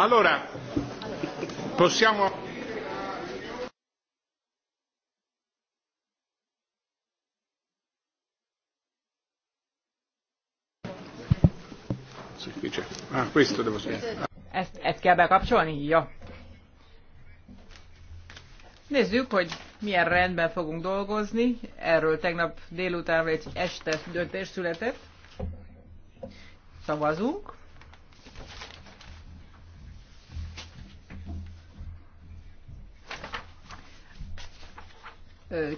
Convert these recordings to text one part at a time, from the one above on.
Allora, possiamo... Ah, questo devo ezt, ezt kell bekapcsolni? Ja. Nézzük, hogy milyen rendben fogunk dolgozni. Erről tegnap délután vagy este döntés született. Szavazunk.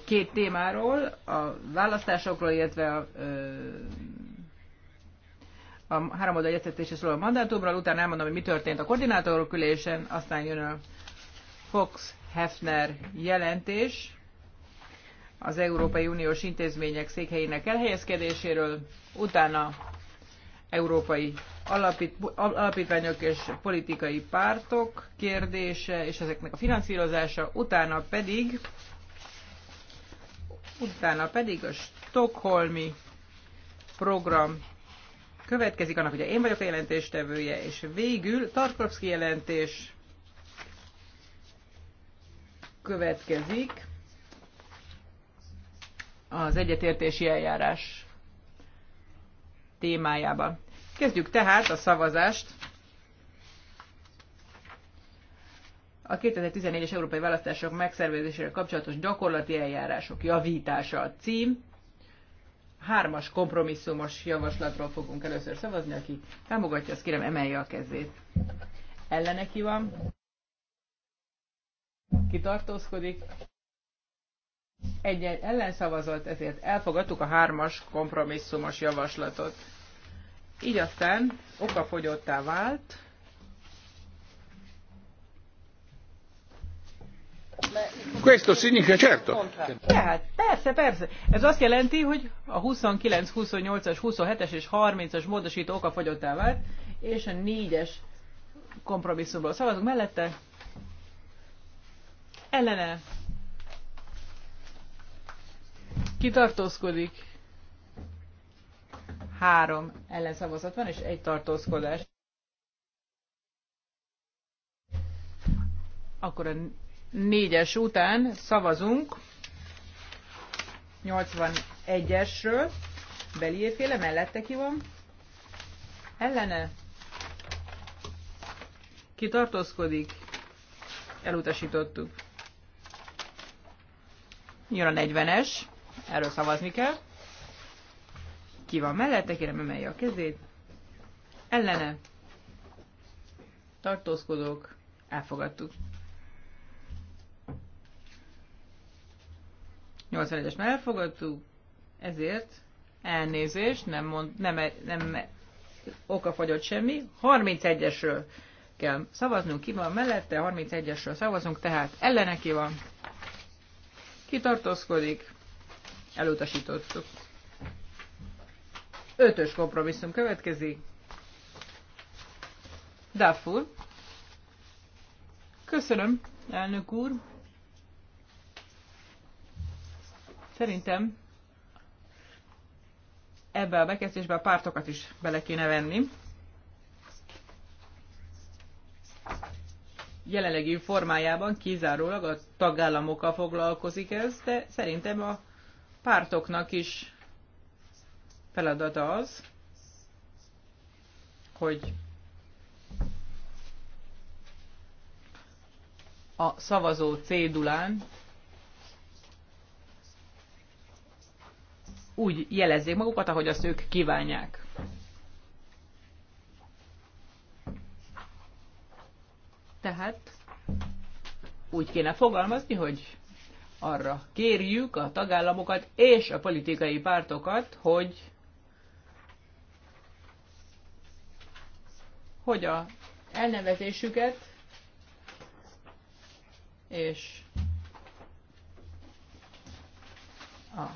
két témáról, a választásokról, illetve a, a háromoldal egyeztetésre szóló mandátumról, utána elmondom, hogy mi történt a koordinátorok ülésen, aztán jön a Fox-Hefner jelentés az Európai Uniós intézmények székhelyének elhelyezkedéséről, utána európai alapít, alapítványok és politikai pártok kérdése és ezeknek a finanszírozása, utána pedig utána pedig a Stockholmi program következik, annak hogy én vagyok a jelentéstevője, és végül Tarkovsky jelentés következik az egyetértési eljárás témájában. Kezdjük tehát a szavazást. a 2014-es európai választások megszervezésére kapcsolatos gyakorlati eljárások javítása a cím. Hármas kompromisszumos javaslatról fogunk először szavazni, aki támogatja, azt kérem emelje a kezét. Ellene ki van? Ki tartózkodik? Egy ellenszavazott, ezért elfogadtuk a hármas kompromisszumos javaslatot. Így aztán okafogyottá vált Questo significa, certo. Tehát, persze, persze. Ez azt jelenti, hogy a 29, 28-as, 27-es és 30-as módosító okafogyottá vált, és a 4-es kompromisszumról szavazunk mellette. Ellene. Kitartózkodik. Három ellenszavazat van, és egy tartózkodás. Akkor a 4-es után szavazunk 81-esről. Beliéféle mellette ki van? Ellene? Ki tartózkodik? Elutasítottuk. Jön a 40-es. Erről szavazni kell. Ki van mellette? Kérem emelje a kezét. Ellene? Tartózkodók. Elfogadtuk. 81-es már elfogadtuk, ezért elnézést, nem, mond, nem, e, nem e, oka fagyott semmi. 31-esről kell szavaznunk, ki van mellette, 31-esről szavazunk, tehát ellene ki van, kitartózkodik, elutasítottuk. Ötös kompromisszum következik. Duffur. Köszönöm, elnök úr. Szerintem ebbe a bekezdésbe a pártokat is bele kéne venni. Jelenlegi formájában kizárólag a tagállamokkal foglalkozik ez, de szerintem a pártoknak is feladata az, hogy a szavazó cédulán úgy jelezzék magukat, ahogy azt ők kívánják. Tehát úgy kéne fogalmazni, hogy arra kérjük a tagállamokat és a politikai pártokat, hogy hogy a elnevezésüket és a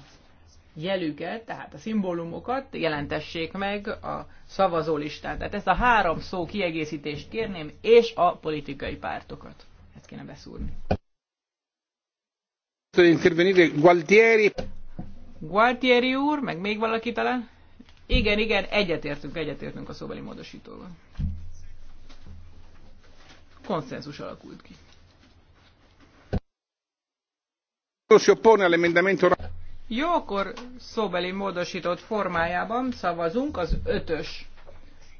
jelüket, tehát a szimbólumokat jelentessék meg a szavazólistán. Tehát ezt a három szó kiegészítést kérném, és a politikai pártokat. Ezt kéne beszúrni. Gualtieri. Gualtieri úr, meg még valaki talán? Igen, igen, egyetértünk, egyetértünk a szóbeli módosítóval. Konszenzus alakult ki. Jó, akkor szóbeli módosított formájában szavazunk az ötös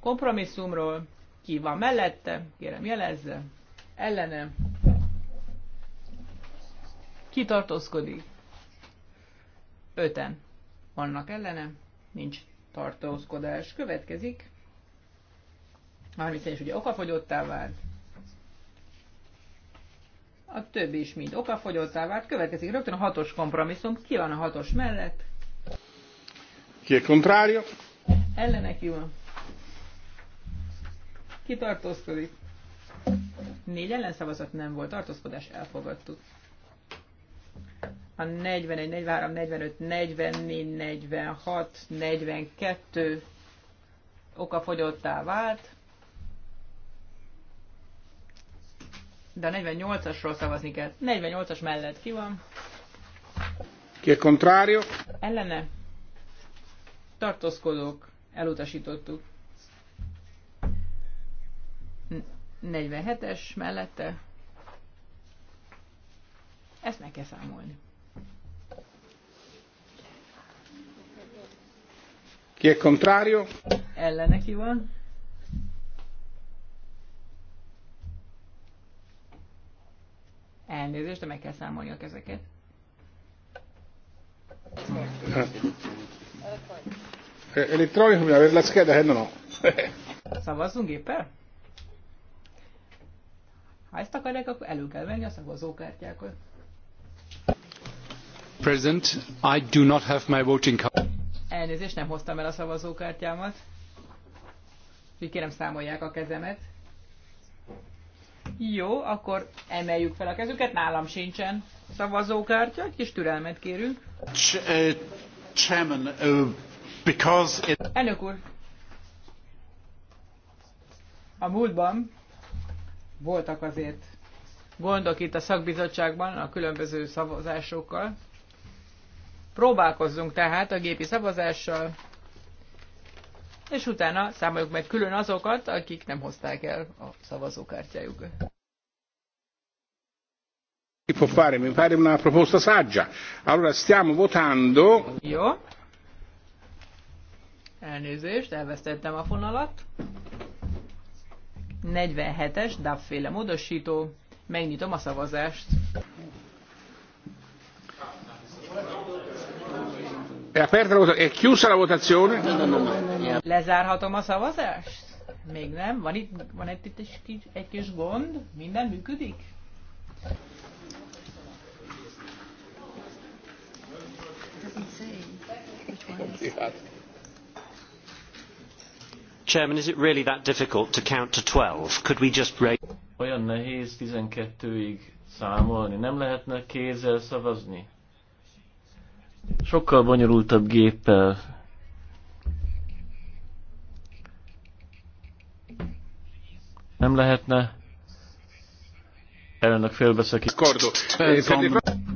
kompromisszumról. Ki van mellette? Kérem jelezze. Ellene. Ki tartózkodik? Öten vannak ellene. Nincs tartózkodás. Következik. 31-es ugye okafogyottá vált a többi is mind okafogyottá vált. Következik rögtön a hatos kompromisszum. Ki van a hatos mellett? Ki a contrario? Ellene ki van. Ki tartózkodik? Négy ellenszavazat nem volt, tartózkodás elfogadtuk. A 41, 43, 45, 44, 46, 42 okafogyottá vált. de a 48-asról szavazni kell. 48-as mellett ki van? Ki a contrario? Ellene. Tartózkodók. Elutasítottuk. 47-es mellette. Ezt meg kell számolni. Ki a contrario? Ellene ki van? Elnézést, de meg kell számolni ezeket. kezeket. lesz Szavazzunk éppen? Ha ezt akarják, akkor elő kell venni a szavazókártyákat. Present, I do not have my voting card. Elnézést, nem hoztam el a szavazókártyámat. Úgyhogy kérem számolják a kezemet. Jó, akkor emeljük fel a kezüket, nálam sincsen szavazókártya, kis türelmet kérünk. Ch uh, chairman, uh, because it... Elnök úr, a múltban voltak azért gondok itt a szakbizottságban a különböző szavazásokkal. Próbálkozzunk tehát a gépi szavazással, és utána számoljuk meg külön azokat, akik nem hozták el a szavazókártyájukat. Può fare, mi pare una proposta saggia. Allora stiamo votando. Io. Elnézést, elvesztettem a fonalat. 47-es, DAF-féle módosító. Megnyitom a szavazást. Lezárhatom a szavazást? Még nem? Van itt, van itt egy kis, egy kis gond? Minden működik? Chairman, is it really that difficult to count to 12? Could we just raise... Olyan nehéz 12-ig számolni. Nem lehetne kézzel szavazni? Sokkal bonyolultabb géppel. Nem lehetne elnök félbeszakít.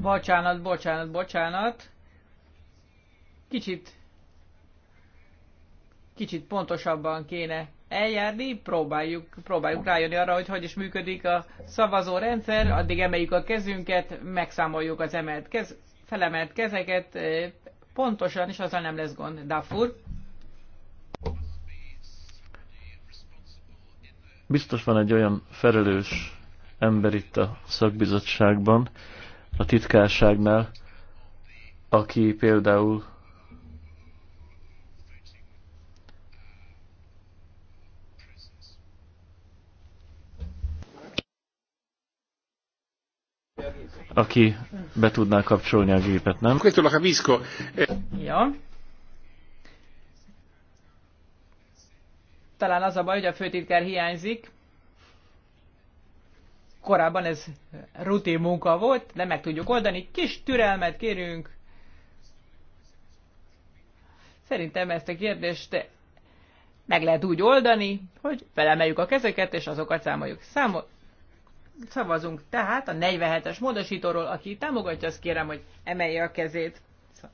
Bocsánat, bocsánat, bocsánat. Kicsit kicsit pontosabban kéne eljárni, próbáljuk, próbáljuk rájönni arra, hogy hogy is működik a szavazórendszer, addig emeljük a kezünket, megszámoljuk az emelt kez, felemelt kezeket, pontosan, és azzal nem lesz gond. Dafur. Biztos van egy olyan felelős ember itt a szakbizottságban, a titkárságnál, aki például aki be tudná kapcsolni a gépet, nem? Ja. Talán az a baj, hogy a főtitkár hiányzik. Korábban ez rutin munka volt, de meg tudjuk oldani. Kis türelmet kérünk. Szerintem ezt a kérdést meg lehet úgy oldani, hogy felemeljük a kezeket, és azokat számoljuk. Számol szavazunk tehát a 47-es módosítóról, aki támogatja, azt kérem, hogy emelje a kezét.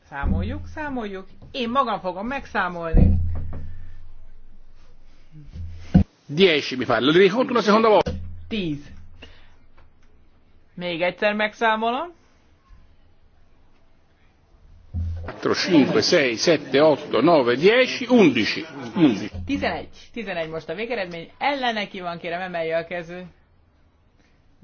Számoljuk, számoljuk. Én magam fogom megszámolni. Diez, mi fáj? Lili, hol tudnak, hogy volt? Tíz. Még egyszer megszámolom. Quattro, cinque, sei, sette, otto, nove, dieci, undici. Tizenegy. Tizenegy most a végeredmény. Ellene ki van, kérem, emelje a kezét.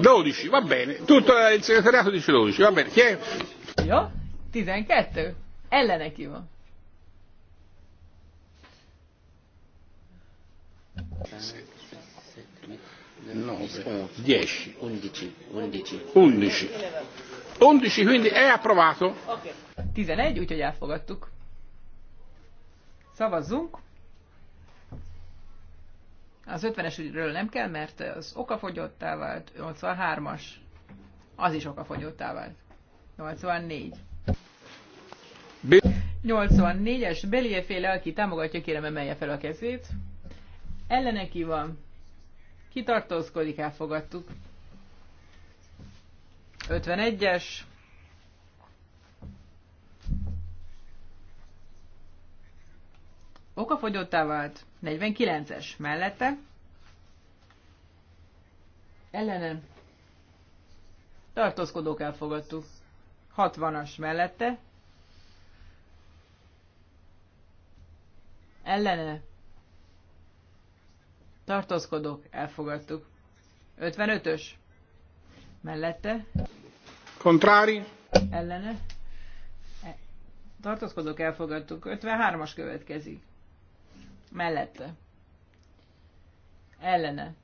12, va bene. Tutto eh, il segretariato dice 12, va bene. Chi è? Io. 12. Ellene chi va? Dieci. Undici. Undici. Undici, quindi è approvato. Okay. 11, úgyhogy elfogadtuk. Szavazzunk. Az 50-es ről nem kell, mert az okafogyottá vált, 83-as, az is okafogyottá vált. 84. 84-es Belieféle, aki támogatja, kérem emelje fel a kezét. Ellene ki van? Kitartózkodik, elfogadtuk. 51-es okafogyottá vált, 49-es mellette, ellenem tartózkodók elfogadtuk, 60-as mellette, ellene tartózkodók elfogadtuk, 55-ös mellette, kontrári, ellene tartózkodók elfogadtuk, 53-as e, következik mellette. Ellene.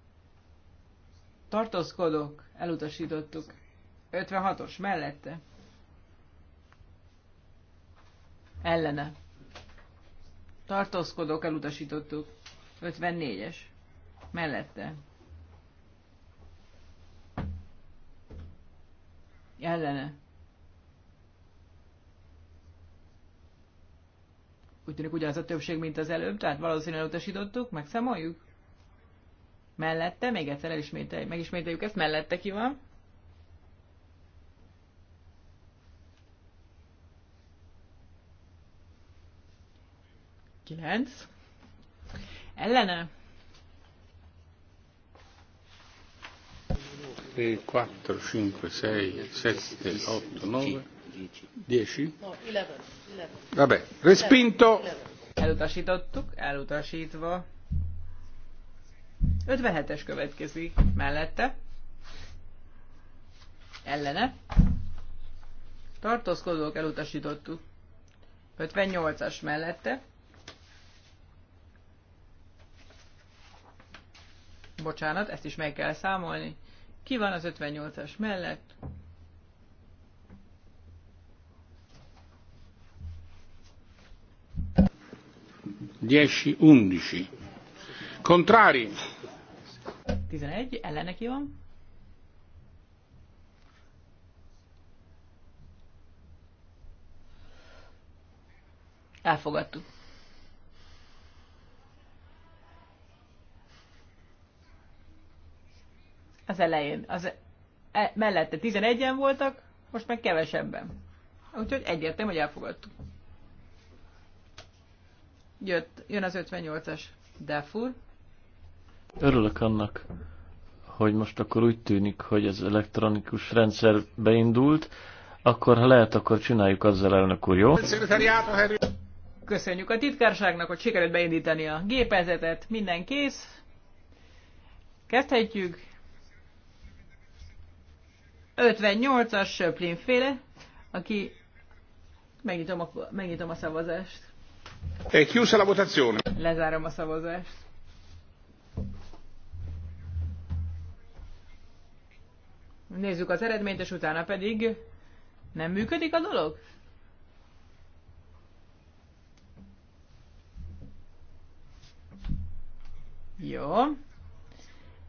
Tartózkodok, elutasítottuk. 56-os mellette. Ellene. Tartózkodok, elutasítottuk. 54-es. Mellette. Ellene. úgy tűnik ugyanaz a többség, mint az előbb, tehát valószínűleg utasítottuk, megszámoljuk. Mellette, még egyszer elismételjük, megismételjük ezt, mellette ki van. Kilenc. Ellene. Quattro, cinque, sei, sette, otto, nove. 10? No, 11. 11. Vabbè, respinto. 11. Elutasítottuk, elutasítva. 57-es következik mellette. Ellene. Tartózkodók elutasítottuk. 58-as mellette. Bocsánat, ezt is meg kell számolni. Ki van az 58-as mellett? 10, 11. Contrari. 11, ellene ki van? Elfogadtuk. Az elején. Az e, mellette 11-en voltak, most meg kevesebben. Úgyhogy egyértelmű, hogy elfogadtuk. Jött, jön az 58-as Defur. Örülök annak, hogy most akkor úgy tűnik, hogy az elektronikus rendszer beindult, akkor ha lehet, akkor csináljuk azzal elnök úr, jó? Köszönjük a titkárságnak, hogy sikerült beindítani a gépezetet, minden kész. Kezdhetjük. 58-as Söplin féle, aki megnyitom a, megnyitom a szavazást chiusa la votazione. Lezárom a szavazást. Nézzük az eredményt, és utána pedig nem működik a dolog? Jó.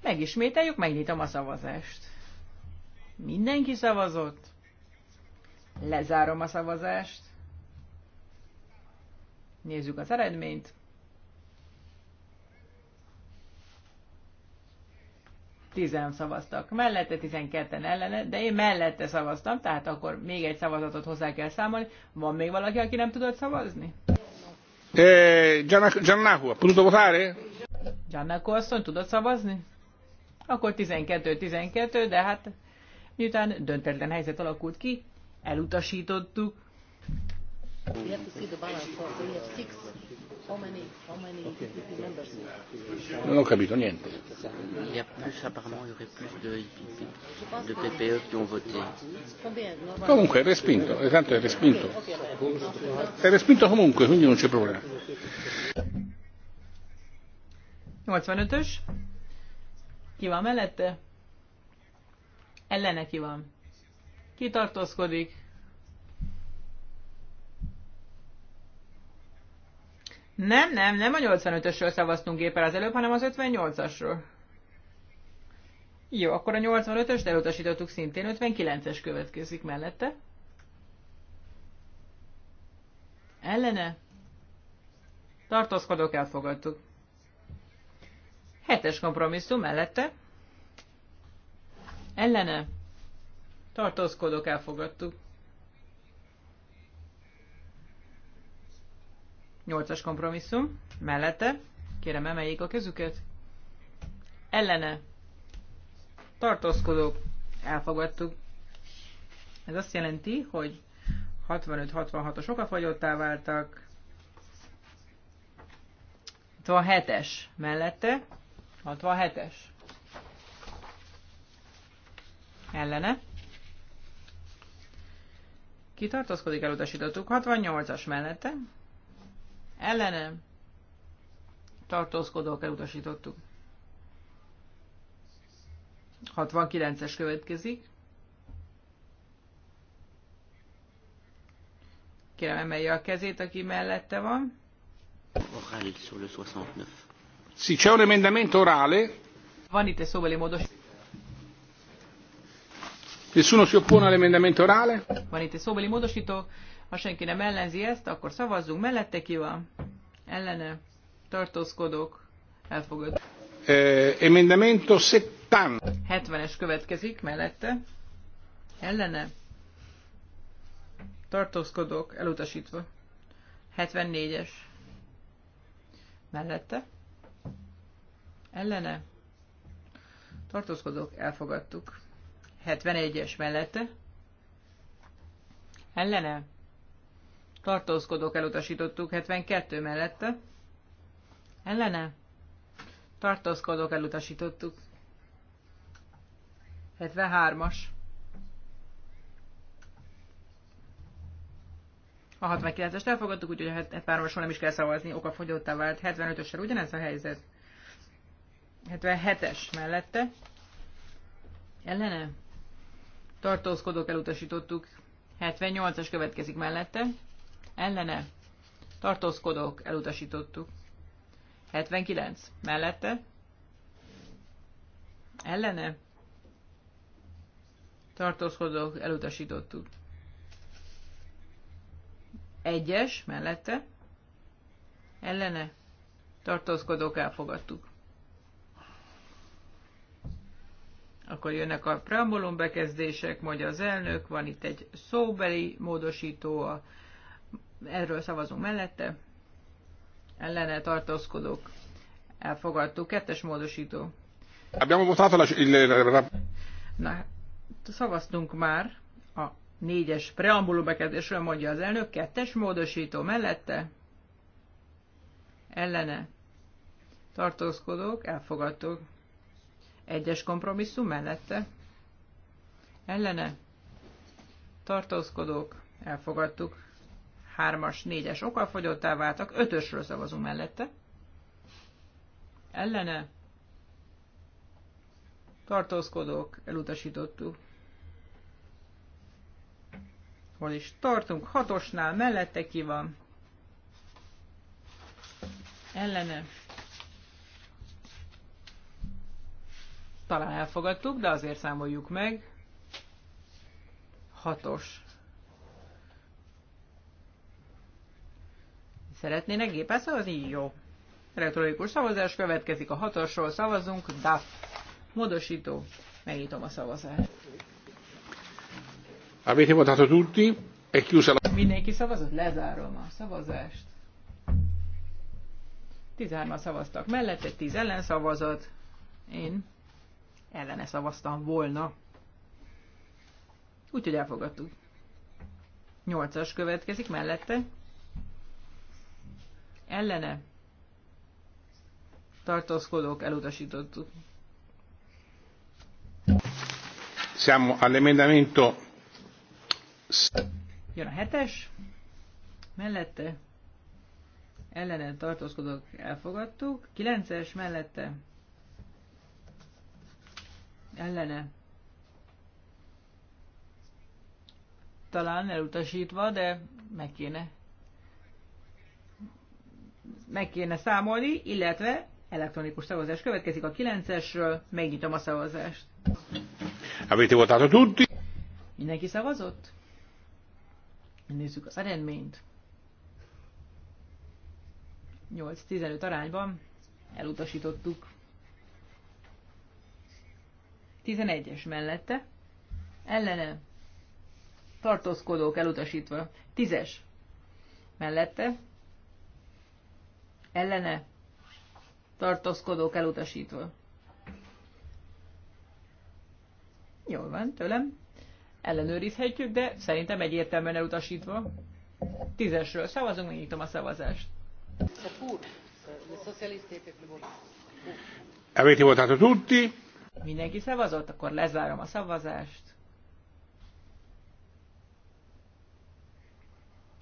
Megismételjük, megnyitom a szavazást. Mindenki szavazott? Lezárom a szavazást. Nézzük az eredményt. Tizen szavaztak mellette, 12 ellene, de én mellette szavaztam, tehát akkor még egy szavazatot hozzá kell számolni. Van még valaki, aki nem tudott szavazni? Eh, Giannaku, ha potuto votare? Giannaku asszony tudott szavazni? Akkor 12-12, de hát miután döntetlen helyzet alakult ki, elutasítottuk We have to see the balance. So we have six. How many? How many okay. members? Non, non, capito niente. Il y a plus apparemment, il y aurait plus de, de PPE qui ont voté. Comunque è respinto, tanto è respinto. È respinto comunque, quindi non c'è problema. 85-ös. Ki van mellette? Ellene ki van. Ki tartózkodik? Nem, nem, nem a 85-ösről szavaztunk éppen az előbb, hanem az 58-asról. Jó, akkor a 85-öst elutasítottuk szintén, 59-es következik mellette. Ellene? Tartózkodók elfogadtuk. 7-es kompromisszum mellette? Ellene? Tartózkodók elfogadtuk. Nyolcas kompromisszum. Mellette. Kérem, emeljék a kezüket. Ellene. Tartózkodók. Elfogadtuk. Ez azt jelenti, hogy 65-66-os okafagyottá váltak. Itt van 7-es mellette. 67-es. Ellene. Ki tartózkodik elutasítottuk? 68-as mellette ellenem tartózkodók elutasítottuk. 69-es következik. Kérem emelje a kezét, aki mellette van. Si sur le c'è un emendamento orale. Van itt egy szóbeli módos. Nessuno si oppone all'emendamento orale? Van itt egy szóbeli ha senki nem ellenzi ezt, akkor szavazzunk. Mellette ki van? Ellene. Tartózkodok. Elfogad. Eh, emendamento 70. 70-es következik mellette. Ellene. Tartózkodok. Elutasítva. 74-es. Mellette. Ellene. Tartózkodók elfogadtuk. 71-es mellette. Ellene tartózkodók elutasítottuk 72 mellette, ellene tartózkodók elutasítottuk 73-as. A 69-est elfogadtuk, úgyhogy a 73-asról nem is kell szavazni, oka fogyottá vált. 75-ösre ugyanez a helyzet. 77-es mellette. Ellene? Tartózkodók elutasítottuk. 78-as következik mellette ellene, Tartózkodok. elutasítottuk. 79 mellette, ellene, Tartózkodok. elutasítottuk. Egyes mellette, ellene, tartózkodók, elfogadtuk. Akkor jönnek a preambulum bekezdések, mondja az elnök, van itt egy szóbeli módosító a erről szavazunk mellette, ellene tartózkodók, elfogadtuk, kettes módosító. Abbiamo votato la... il... Na, szavaztunk már a négyes preambulum bekezdésről, mondja az elnök, kettes módosító mellette, ellene tartózkodók, elfogadtuk, egyes kompromisszum mellette, ellene tartózkodók, elfogadtuk, Hármas-négyes okkal fogyottá váltak, ötösről szavazunk mellette. Ellene tartózkodók, elutasítottuk. Hol is tartunk? Hatosnál mellette ki van. Ellene. Talán elfogadtuk, de azért számoljuk meg. Hatos. Szeretnének gépen szavazni? Jó. Elektronikus szavazás következik, a hatosról szavazunk, DAF. Módosító. Megnyitom a szavazást. Amit nem mondhatod È egy la... Mindenki szavazott? Lezárom a szavazást. 13-an szavaztak mellette, 10 ellen szavazott. Én ellene szavaztam volna. Úgyhogy elfogadtuk. 8-as következik mellette ellene tartózkodók elutasítottuk. Siamo all'emendamento. Jön a hetes, mellette ellene tartózkodók elfogadtuk, kilences mellette ellene talán elutasítva, de meg kéne meg kéne számolni, illetve elektronikus szavazás következik a 9-esről, megnyitom a szavazást. Avete votato tutti? Mindenki szavazott? Nézzük az eredményt. 8-15 arányban elutasítottuk. 11-es mellette, ellene, tartózkodók elutasítva, 10-es mellette, ellene tartózkodók elutasítva. Jól van, tőlem. Ellenőrizhetjük, de szerintem egyértelműen elutasítva. Tízesről szavazunk, megnyitom a szavazást. hát a tutti? Mindenki szavazott, akkor lezárom a szavazást.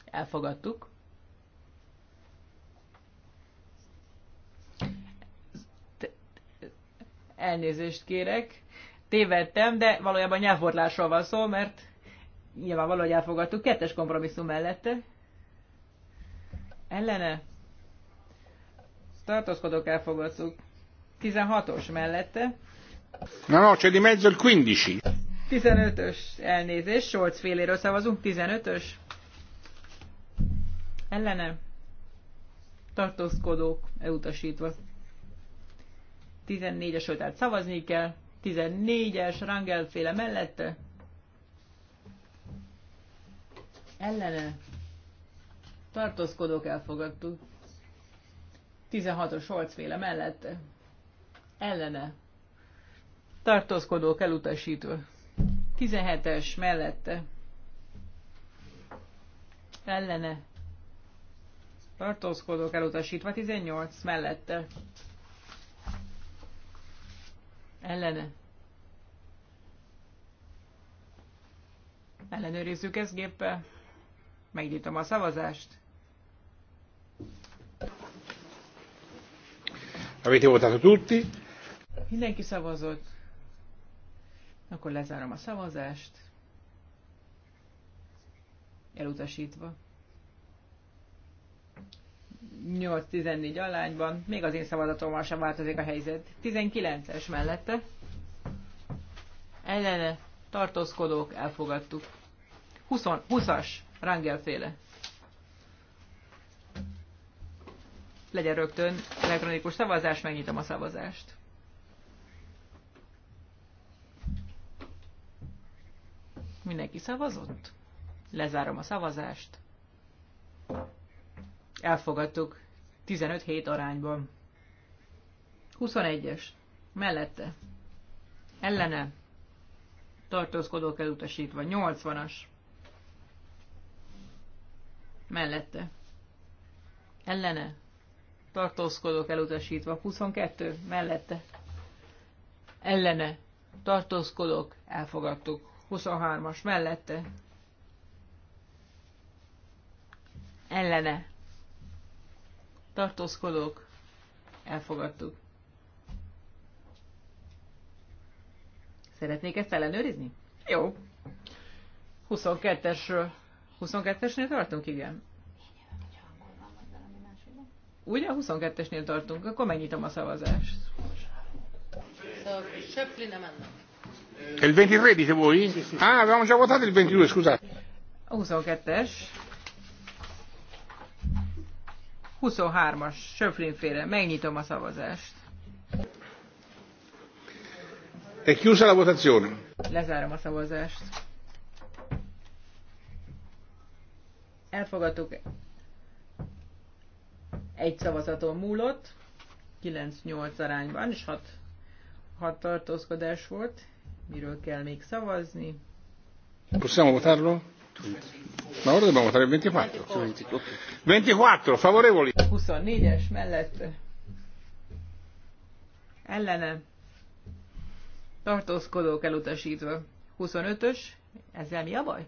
Elfogadtuk. Elnézést kérek. Tévedtem, de valójában nyelvforlásról van szó, mert nyilván valahogy elfogadtuk. Kettes kompromisszum mellette. Ellene. Tartózkodók elfogadtuk. 16-os mellette. Na, no, c'è di mezzo il 15. 15-ös elnézés, Solc féléről szavazunk, 15-ös. Ellene tartózkodók elutasítva. 14-esről, tehát szavazni kell. 14-es, Rangelféle mellette. Ellene. Tartózkodók elfogadtuk. 16-os Holcféle mellette. Ellene. Tartózkodók elutasítva. 17-es mellette. Ellene. Tartózkodók elutasítva. 18 mellette. Ellene. Ellenőrizzük ezt géppel. Megnyitom a szavazást. Avete votato tutti? Mindenki szavazott. Akkor lezárom a szavazást. Elutasítva. 8-14 alányban, még az én szavazatommal sem változik a helyzet. 19-es mellette ellene tartózkodók elfogadtuk. 20, 20-as rangelféle. Legyen rögtön elektronikus szavazás, megnyitom a szavazást. Mindenki szavazott? Lezárom a szavazást. Elfogadtuk 15 hét arányban. 21-es. Mellette. Ellene. Tartózkodók elutasítva. 80-as. Mellette. Ellene. Tartózkodók elutasítva. 22. Mellette. Ellene. Tartózkodók. Elfogadtuk. 23-as. Mellette. Ellene tartózkodók, elfogadtuk. Szeretnék ezt ellenőrizni? Jó. 22 es 22-esnél tartunk, igen. Ugye a 22-esnél tartunk, akkor megnyitom a szavazást. El 23 dice voi? Ah, avevamo già votato il 22, scusate. 22-es. 23-as, söflinféle. Megnyitom a szavazást. E chiusa la votazione. Lezárom a szavazást. Elfogadtuk. Egy szavazaton múlott. 9-8 arányban, és 6, 6 tartózkodás volt. Miről kell még szavazni? Possiamo votarlo? Ma ora dobbiamo votare 24. 24, favorevoli. 24-es mellett. Ellene. Tartózkodók elutasítva. 25-ös. Ezzel mi a baj?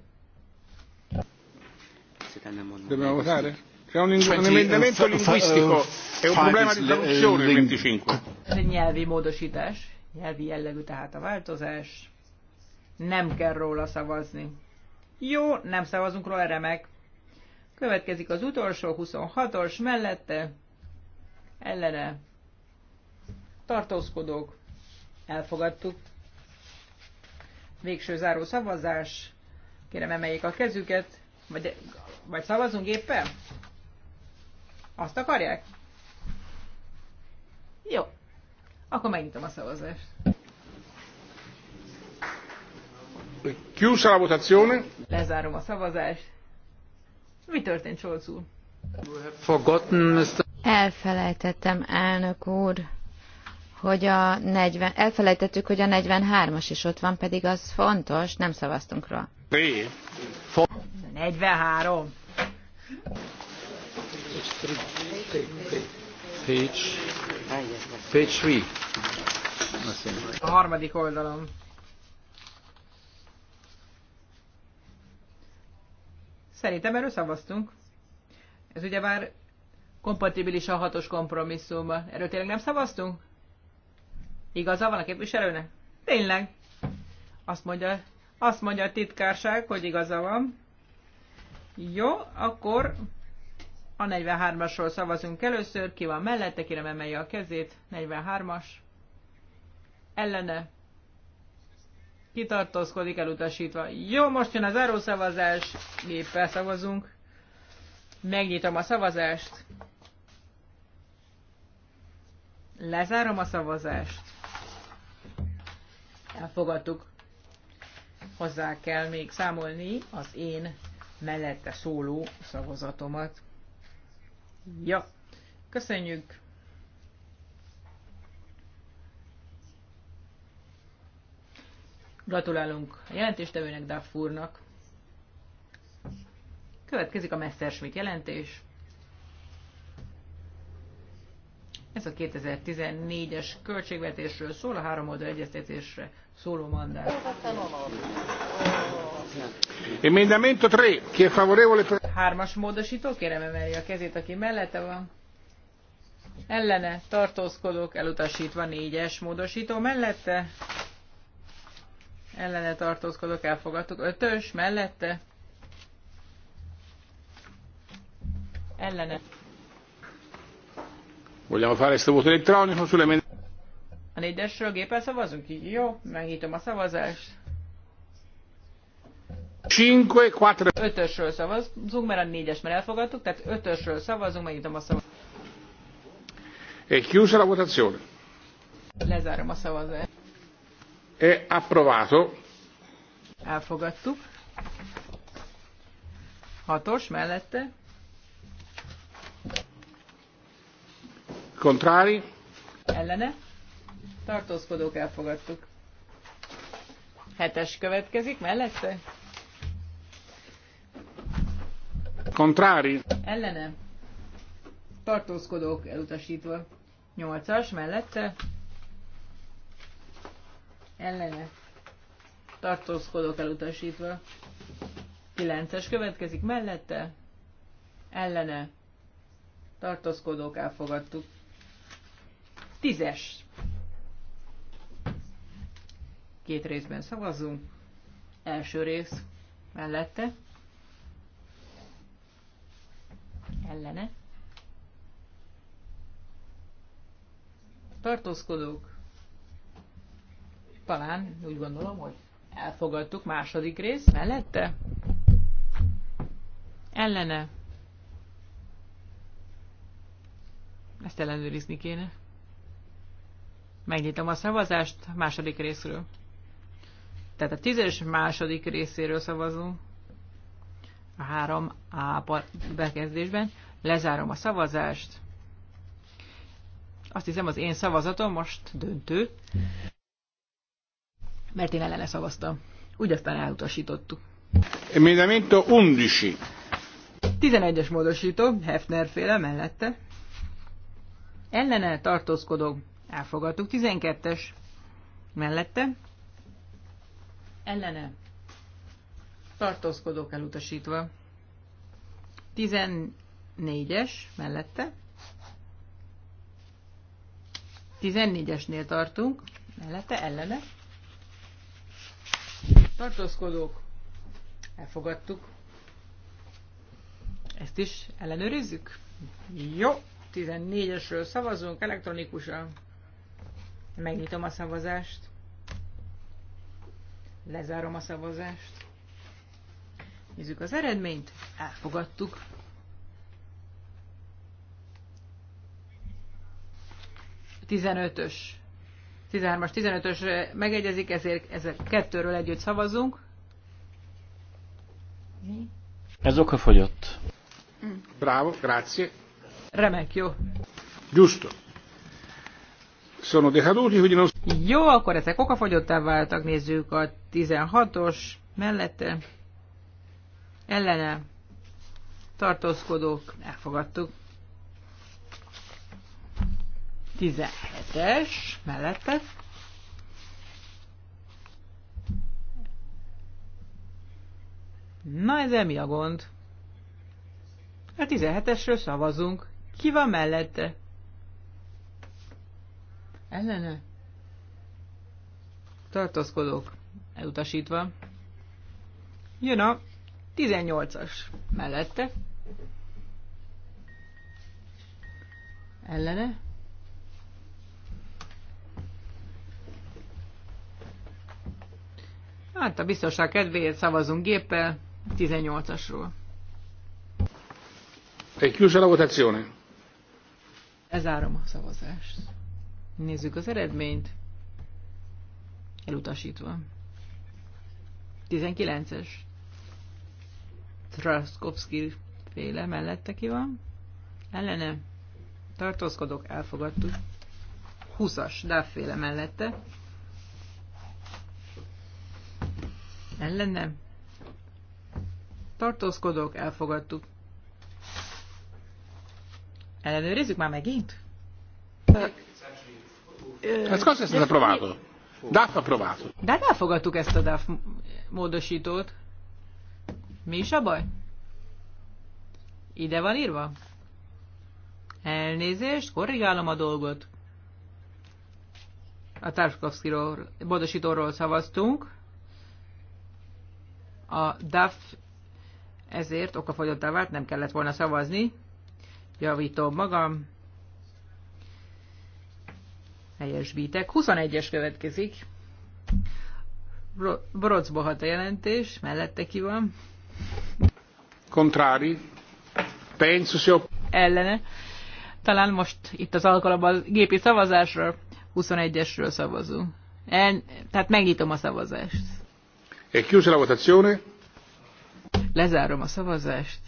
Dobbiamo votare? C'è un, un emendamento eh, linguistico e un problema di traduzione il 25. Ez egy nyelvi módosítás, nyelvi jellegű tehát a változás. Nem kell róla szavazni. Jó, nem szavazunk róla, remek. Következik az utolsó, 26-os, mellette, ellene, tartózkodók, elfogadtuk. Végső záró szavazás, kérem emeljék a kezüket, vagy, vagy szavazunk éppen? Azt akarják? Jó, akkor megnyitom a szavazást. Chiusa la votazione. Lezárom a szavazást. Mi történt, Scholz úr? Elfelejtettem, elnök úr, hogy a 40, elfelejtettük, hogy a 43-as is ott van, pedig az fontos, nem szavaztunk rá. 43. Page, page 3. A harmadik oldalon. Szerintem erről szavaztunk. Ez már kompatibilis a hatos kompromisszummal. Erről tényleg nem szavaztunk? Igaza van a képviselőnek? Tényleg. Azt mondja, azt mondja a titkárság, hogy igaza van. Jó, akkor a 43-asról szavazunk először. Ki van mellette, kérem emelje a kezét. 43-as. Ellene kitartózkodik elutasítva. Jó, most jön az árószavazás, géppel szavazunk. Megnyitom a szavazást. Lezárom a szavazást. Elfogadtuk. Hozzá kell még számolni az én mellette szóló szavazatomat. Ja, köszönjük! Gratulálunk a jelentéstevőnek, Duff úrnak. Következik a Messerschmitt jelentés. Ez a 2014-es költségvetésről szól, a három oldal egyeztetésre szóló mandát. a 3, ki a favorevole... Hármas módosító, kérem emelje a kezét, aki mellette van. Ellene, tartózkodók, elutasítva négyes módosító mellette ellene tartózkodok, elfogadtuk. Ötös mellette ellene. Vogliamo fare questo voto elettronico sulle A négyesről gépen szavazunk így? Jó, megnyitom a szavazást. 5, 4. Ötösről szavazunk, mert a négyes már elfogadtuk, tehát ötösről szavazunk, megnyitom a szavazást. E chiusa la votazione. Lezárom a szavazást. È approvato. Elfogadtuk. Hatos mellette. Contrari. Ellene. Tartózkodók elfogadtuk. Hetes következik mellette. Contrari. Ellene. Tartózkodók elutasítva. Nyolcas mellette ellene tartózkodok elutasítva. 9-es következik mellette, ellene tartózkodók elfogadtuk. 10-es. Két részben szavazunk. Első rész mellette, ellene tartózkodók talán úgy gondolom, hogy elfogadtuk második rész mellette. Ellene. Ezt ellenőrizni kéne. Megnyitom a szavazást második részről. Tehát a tízes második részéről szavazunk. A 3A bekezdésben. Lezárom a szavazást. Azt hiszem az én szavazatom most döntő mert én ellene szavaztam. Úgy aztán elutasítottuk. Emendamento 11. 11-es módosító, Hefner féle mellette. Ellene tartózkodó, elfogadtuk. 12-es mellette. Ellene tartózkodók elutasítva. 14-es mellette. 14-esnél tartunk, mellette, ellene, tartózkodók, elfogadtuk. Ezt is ellenőrizzük? Jó, 14-esről szavazunk elektronikusan. Megnyitom a szavazást. Lezárom a szavazást. Nézzük az eredményt. Elfogadtuk. Tizenötös 13-as, 15-ös megegyezik, ezért ezek kettőről együtt szavazunk. Mi? Ez Mm. Bravo, grazie. Remek, jó. Giusto. Sono decaduti, quindi non... Jó, akkor ezek fogyottá váltak, nézzük a 16-os mellette. Ellene tartózkodók, elfogadtuk. 17-es mellette. Na ez mi a gond? A 17-esről szavazunk. Ki van mellette? Ellene? Tartózkodók. Elutasítva. Jön a 18-as mellette. Ellene? Hát a biztonság kedvéért szavazunk géppel 18-asról. Egy külső a votazione. Lezárom a szavazást. Nézzük az eredményt. Elutasítva. 19-es. Traskowski féle mellette ki van. Ellene. Tartózkodok, elfogadtuk. 20-as, Duff féle mellette Ellenem. tartózkodók, elfogadtuk. Ellenőrizzük már megint? Ez cosa ez a approvato? DAF approvato. De hát elfogadtuk ezt a DAF módosítót. Mi is a baj? Ide van írva? Elnézést, korrigálom a dolgot. A Társakovszkiról, módosítóról szavaztunk. A DAF ezért okafogyottá vált, nem kellett volna szavazni. Javítom magam. Helyesbítek. 21-es következik. Brocbohat a jelentés, mellette ki van. Contrari. Penso sia... Ellene. Talán most itt az alkalommal gépi szavazásra 21-esről szavazunk. En, tehát megnyitom a szavazást chiusa la votazione. Lezárom a szavazást.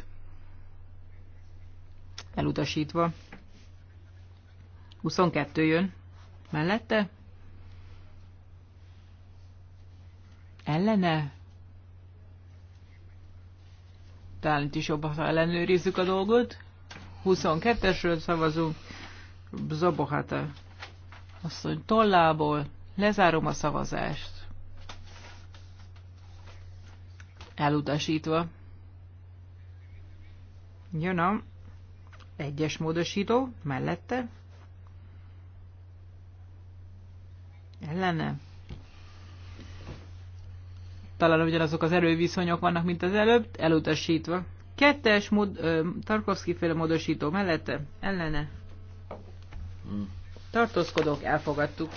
Elutasítva. 22 jön. Mellette? Ellene? Talán itt is jobb, ha ellenőrizzük a dolgot. 22-esről szavazunk. Zabohata mondja, tollából. Lezárom a szavazást. elutasítva. Jön a egyes módosító mellette. Ellene. Talán ugyanazok az erőviszonyok vannak, mint az előbb, elutasítva. Kettes mód, ö, Tarkovsky féle módosító mellette, ellene. Tartózkodók, elfogadtuk.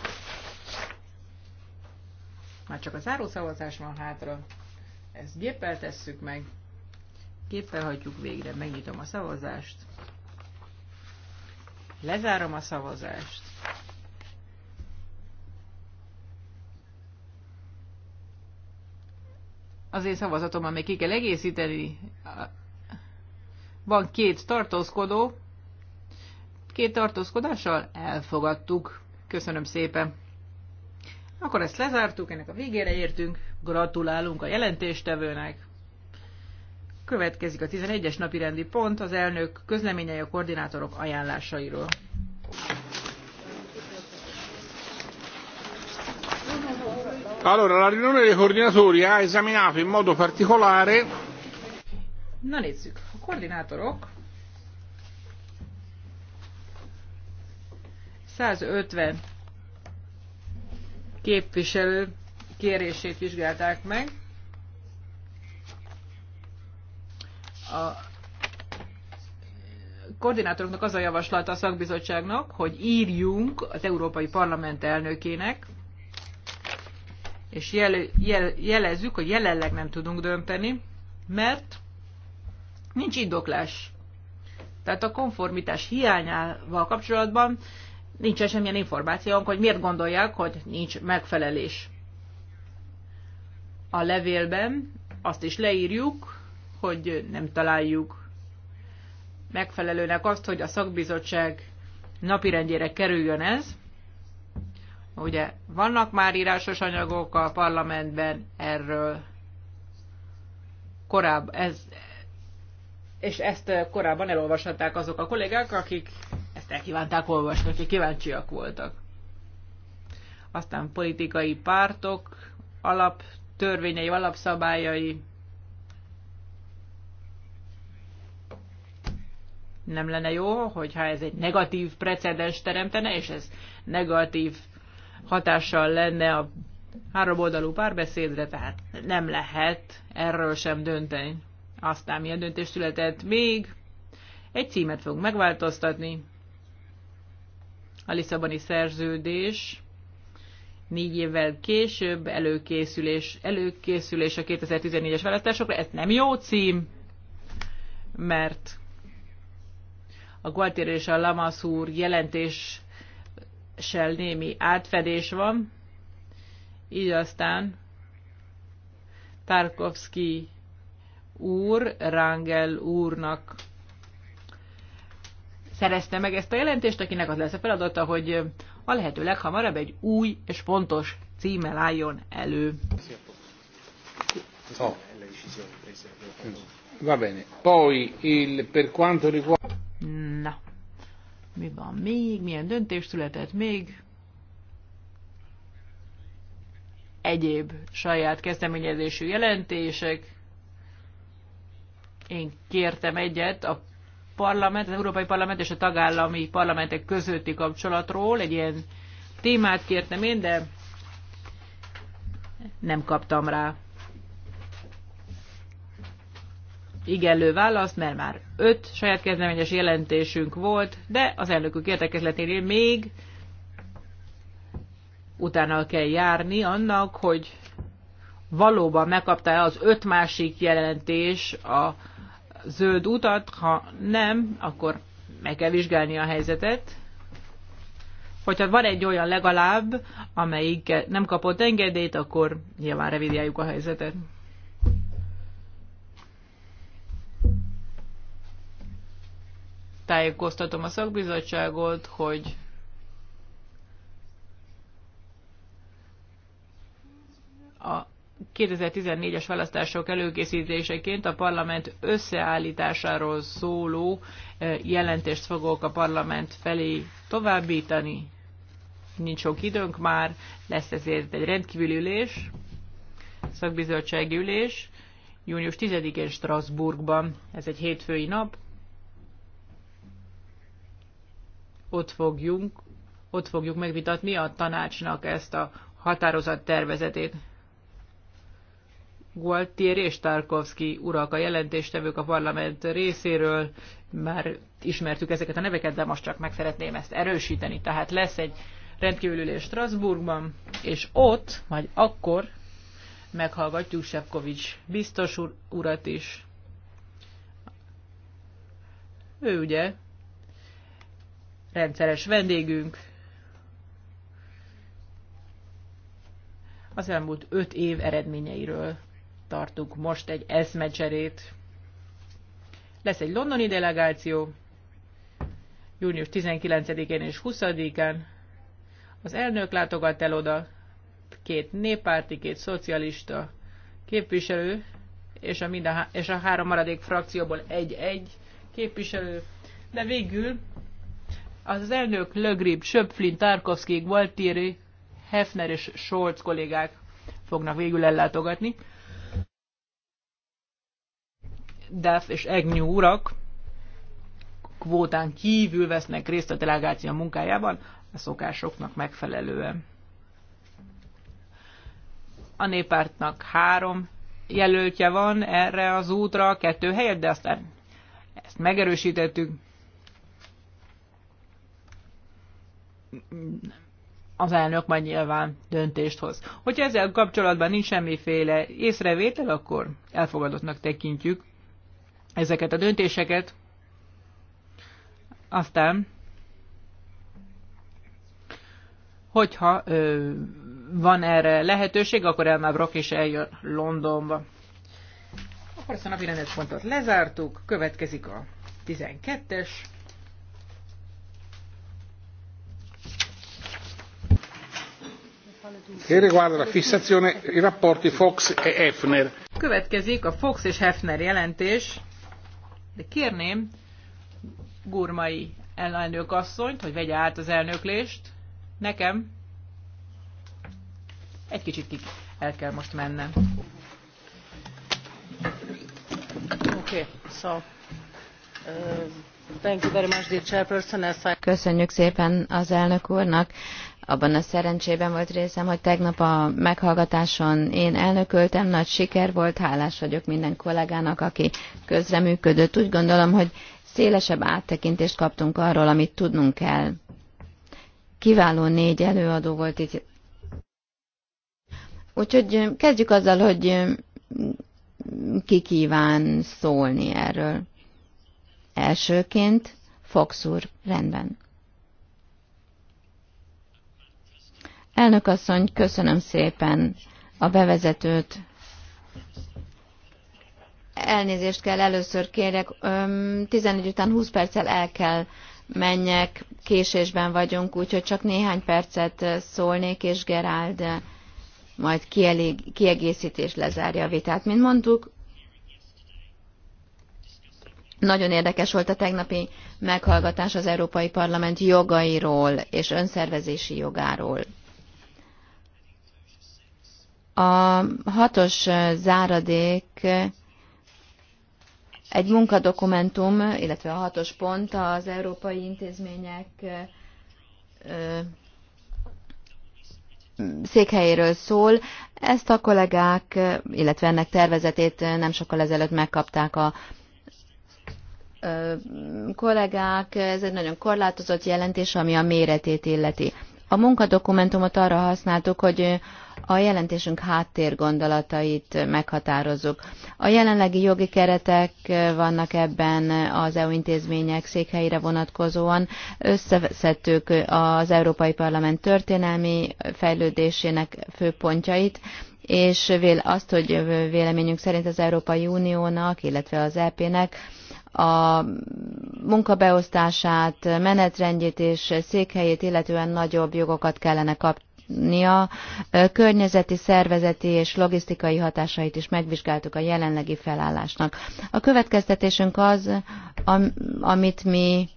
Már csak a zárószavazás van hátra. Ezt géppel tesszük meg. Géppel hagyjuk végre. Megnyitom a szavazást. Lezárom a szavazást. Az én szavazatom, amely ki kell egészíteni. Van két tartózkodó. Két tartózkodással elfogadtuk. Köszönöm szépen. Akkor ezt lezártuk, ennek a végére értünk. Gratulálunk a jelentéstevőnek. Következik a 11-es napi rendi pont, az elnök közleményei a koordinátorok ajánlásairól. Allora, la riunione dei coordinatori ha esaminato in modo particolare... Na nézzük, a koordinátorok 150 képviselő kérését vizsgálták meg. A koordinátoroknak az a javaslata a szakbizottságnak, hogy írjunk az Európai Parlament elnökének, és jel, jel, jelezzük, hogy jelenleg nem tudunk dönteni, mert nincs indoklás. Tehát a konformitás hiányával kapcsolatban nincsen semmilyen információnk, hogy miért gondolják, hogy nincs megfelelés a levélben azt is leírjuk, hogy nem találjuk megfelelőnek azt, hogy a szakbizottság napirendjére kerüljön ez. Ugye vannak már írásos anyagok a parlamentben erről korábban, ez, és ezt korábban elolvashatták azok a kollégák, akik ezt elkívánták olvasni, akik kíváncsiak voltak. Aztán politikai pártok, alap törvényei, alapszabályai nem lenne jó, hogyha ez egy negatív precedens teremtene, és ez negatív hatással lenne a háromoldalú párbeszédre, tehát nem lehet erről sem dönteni. Aztán milyen döntés született még? Egy címet fogunk megváltoztatni. A Lisszaboni szerződés négy évvel később előkészülés, előkészülés a 2014-es választásokra. Ez nem jó cím, mert a Gualtier és a úr jelentéssel némi átfedés van, így aztán Tarkovsky úr Rangel úrnak szerezte meg ezt a jelentést, akinek az lesz a feladata, hogy a lehető leghamarabb egy új és fontos címmel álljon elő. Va bene. Poi il, per quanto riguarda... Na, mi van még? Milyen döntés született még? Egyéb saját kezdeményezésű jelentések. Én kértem egyet a parlament, az Európai Parlament és a tagállami parlamentek közötti kapcsolatról. Egy ilyen témát kértem én, de nem kaptam rá igenlő választ, mert már öt saját kezdeményes jelentésünk volt, de az elnökök értekezleténél még utána kell járni annak, hogy valóban megkapta-e az öt másik jelentés a zöld utat, ha nem, akkor meg kell vizsgálni a helyzetet. Hogyha van egy olyan legalább, amelyik nem kapott engedélyt, akkor nyilván revidiáljuk a helyzetet. Tájékoztatom a szakbizottságot, hogy a 2014-es választások előkészítéseként a parlament összeállításáról szóló e, jelentést fogok a parlament felé továbbítani. Nincs sok időnk már, lesz ezért egy rendkívüli ülés, szakbizottsági ülés, június 10-én Strasbourgban. Ez egy hétfői nap. Ott fogjunk, ott fogjuk megvitatni a tanácsnak ezt a határozat tervezetét. Gualtieri és Tarkovsky urak a jelentéstevők a parlament részéről. Már ismertük ezeket a neveket, de most csak meg szeretném ezt erősíteni. Tehát lesz egy rendkívül ülés Strasbourgban, és ott, majd akkor meghallgatjuk Sefkovics biztos ur- urat is. Ő ugye rendszeres vendégünk. Az elmúlt öt év eredményeiről tartunk most egy eszmecserét. Lesz egy londoni delegáció, június 19-én és 20-án. Az elnök látogat el oda, két néppárti, két szocialista képviselő, és a, minden, és a három maradék frakcióból egy-egy képviselő. De végül az elnök Lögrib, Söpflin, Tarkovsky, Gualtieri, Hefner és Scholz kollégák fognak végül ellátogatni. Duff és Egnyú urak kvótán kívül vesznek részt a delegáció munkájában, a szokásoknak megfelelően. A néppártnak három jelöltje van erre az útra, kettő helyett, de aztán ezt megerősítettük. Az elnök majd nyilván döntést hoz. Hogyha ezzel kapcsolatban nincs semmiféle észrevétel, akkor elfogadottnak tekintjük ezeket a döntéseket. Aztán, hogyha ö, van erre lehetőség, akkor Elmar Brock és eljön Londonba. Akkor ezt a napi pontot lezártuk, következik a 12-es. che riguarda la fissazione i rapporti Fox e Hefner. Következik a Fox és Hefner jelentés de kérném Gurmai elnök asszonyt, hogy vegye át az elnöklést. Nekem egy kicsit ki el kell most mennem. Okay, so, uh, thank you very much, dear chairperson. Köszönjük szépen az elnök úrnak. Abban a szerencsében volt részem, hogy tegnap a meghallgatáson én elnököltem, nagy siker volt, hálás vagyok minden kollégának, aki közreműködött. Úgy gondolom, hogy szélesebb áttekintést kaptunk arról, amit tudnunk kell. Kiváló négy előadó volt itt. Úgyhogy kezdjük azzal, hogy ki kíván szólni erről. Elsőként Fox úr, rendben. Elnök asszony, köszönöm szépen a bevezetőt. Elnézést kell először kérek, 11 után 20 perccel el kell menjek, késésben vagyunk, úgyhogy csak néhány percet szólnék, és Geráld majd kielég, kiegészítés lezárja a vitát. Mint mondtuk, nagyon érdekes volt a tegnapi meghallgatás az Európai Parlament jogairól és önszervezési jogáról. A hatos záradék egy munkadokumentum, illetve a hatos pont az európai intézmények székhelyéről szól. Ezt a kollégák, illetve ennek tervezetét nem sokkal ezelőtt megkapták a kollégák. Ez egy nagyon korlátozott jelentés, ami a méretét illeti. A munkadokumentumot arra használtuk, hogy a jelentésünk háttérgondolatait meghatározzuk. A jelenlegi jogi keretek vannak ebben az EU intézmények székhelyére vonatkozóan. Összeszedtük az Európai Parlament történelmi fejlődésének főpontjait, és azt, hogy véleményünk szerint az Európai Uniónak, illetve az EP-nek a munkabeosztását, menetrendjét és székhelyét illetően nagyobb jogokat kellene kap, Nia környezeti, szervezeti és logisztikai hatásait is megvizsgáltuk a jelenlegi felállásnak. A következtetésünk az, amit mi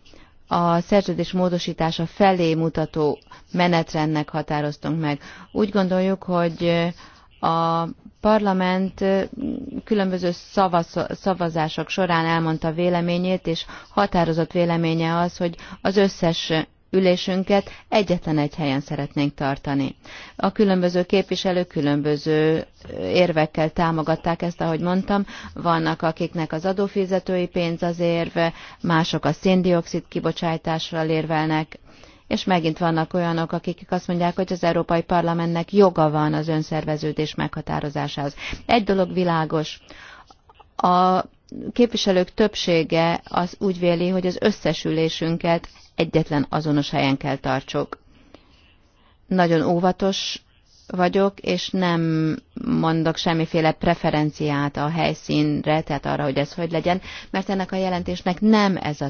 a szerződés módosítása felé mutató menetrendnek határoztunk meg. Úgy gondoljuk, hogy a parlament különböző szavaz, szavazások során elmondta véleményét, és határozott véleménye az, hogy az összes ülésünket egyetlen egy helyen szeretnénk tartani. A különböző képviselők különböző érvekkel támogatták ezt, ahogy mondtam. Vannak, akiknek az adófizetői pénz az érve, mások a széndiokszid kibocsátásra érvelnek, és megint vannak olyanok, akik azt mondják, hogy az Európai Parlamentnek joga van az önszerveződés meghatározásához. Egy dolog világos. A képviselők többsége az úgy véli, hogy az összesülésünket egyetlen azonos helyen kell tartsuk. Nagyon óvatos vagyok, és nem mondok semmiféle preferenciát a helyszínre, tehát arra, hogy ez hogy legyen, mert ennek a jelentésnek nem ez a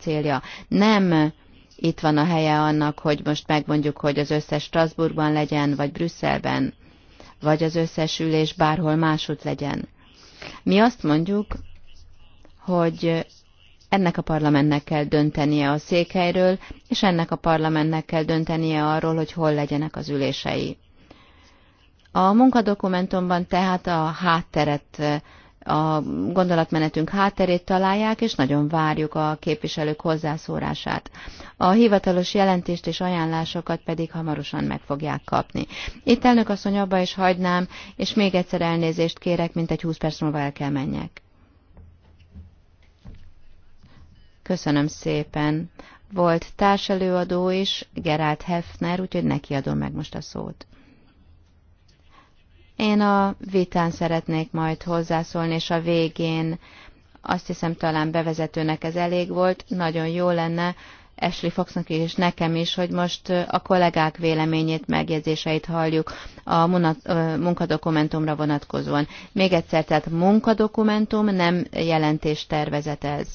célja. Nem itt van a helye annak, hogy most megmondjuk, hogy az összes Strasbourgban legyen, vagy Brüsszelben, vagy az összes ülés bárhol máshogy legyen. Mi azt mondjuk, hogy ennek a parlamentnek kell döntenie a székhelyről, és ennek a parlamentnek kell döntenie arról, hogy hol legyenek az ülései. A munkadokumentumban tehát a hátteret, a gondolatmenetünk hátterét találják, és nagyon várjuk a képviselők hozzászórását. A hivatalos jelentést és ajánlásokat pedig hamarosan meg fogják kapni. Itt elnök asszony abba is hagynám, és még egyszer elnézést kérek, mint egy 20 perc múlva el kell menjek. Köszönöm szépen. Volt társelőadó is, Gerált Hefner, úgyhogy neki adom meg most a szót. Én a vitán szeretnék majd hozzászólni, és a végén azt hiszem talán bevezetőnek ez elég volt. Nagyon jó lenne Ashley Foxnak és nekem is, hogy most a kollégák véleményét, megjegyzéseit halljuk a munkadokumentumra vonatkozóan. Még egyszer, tehát munkadokumentum, nem jelentéstervezet ez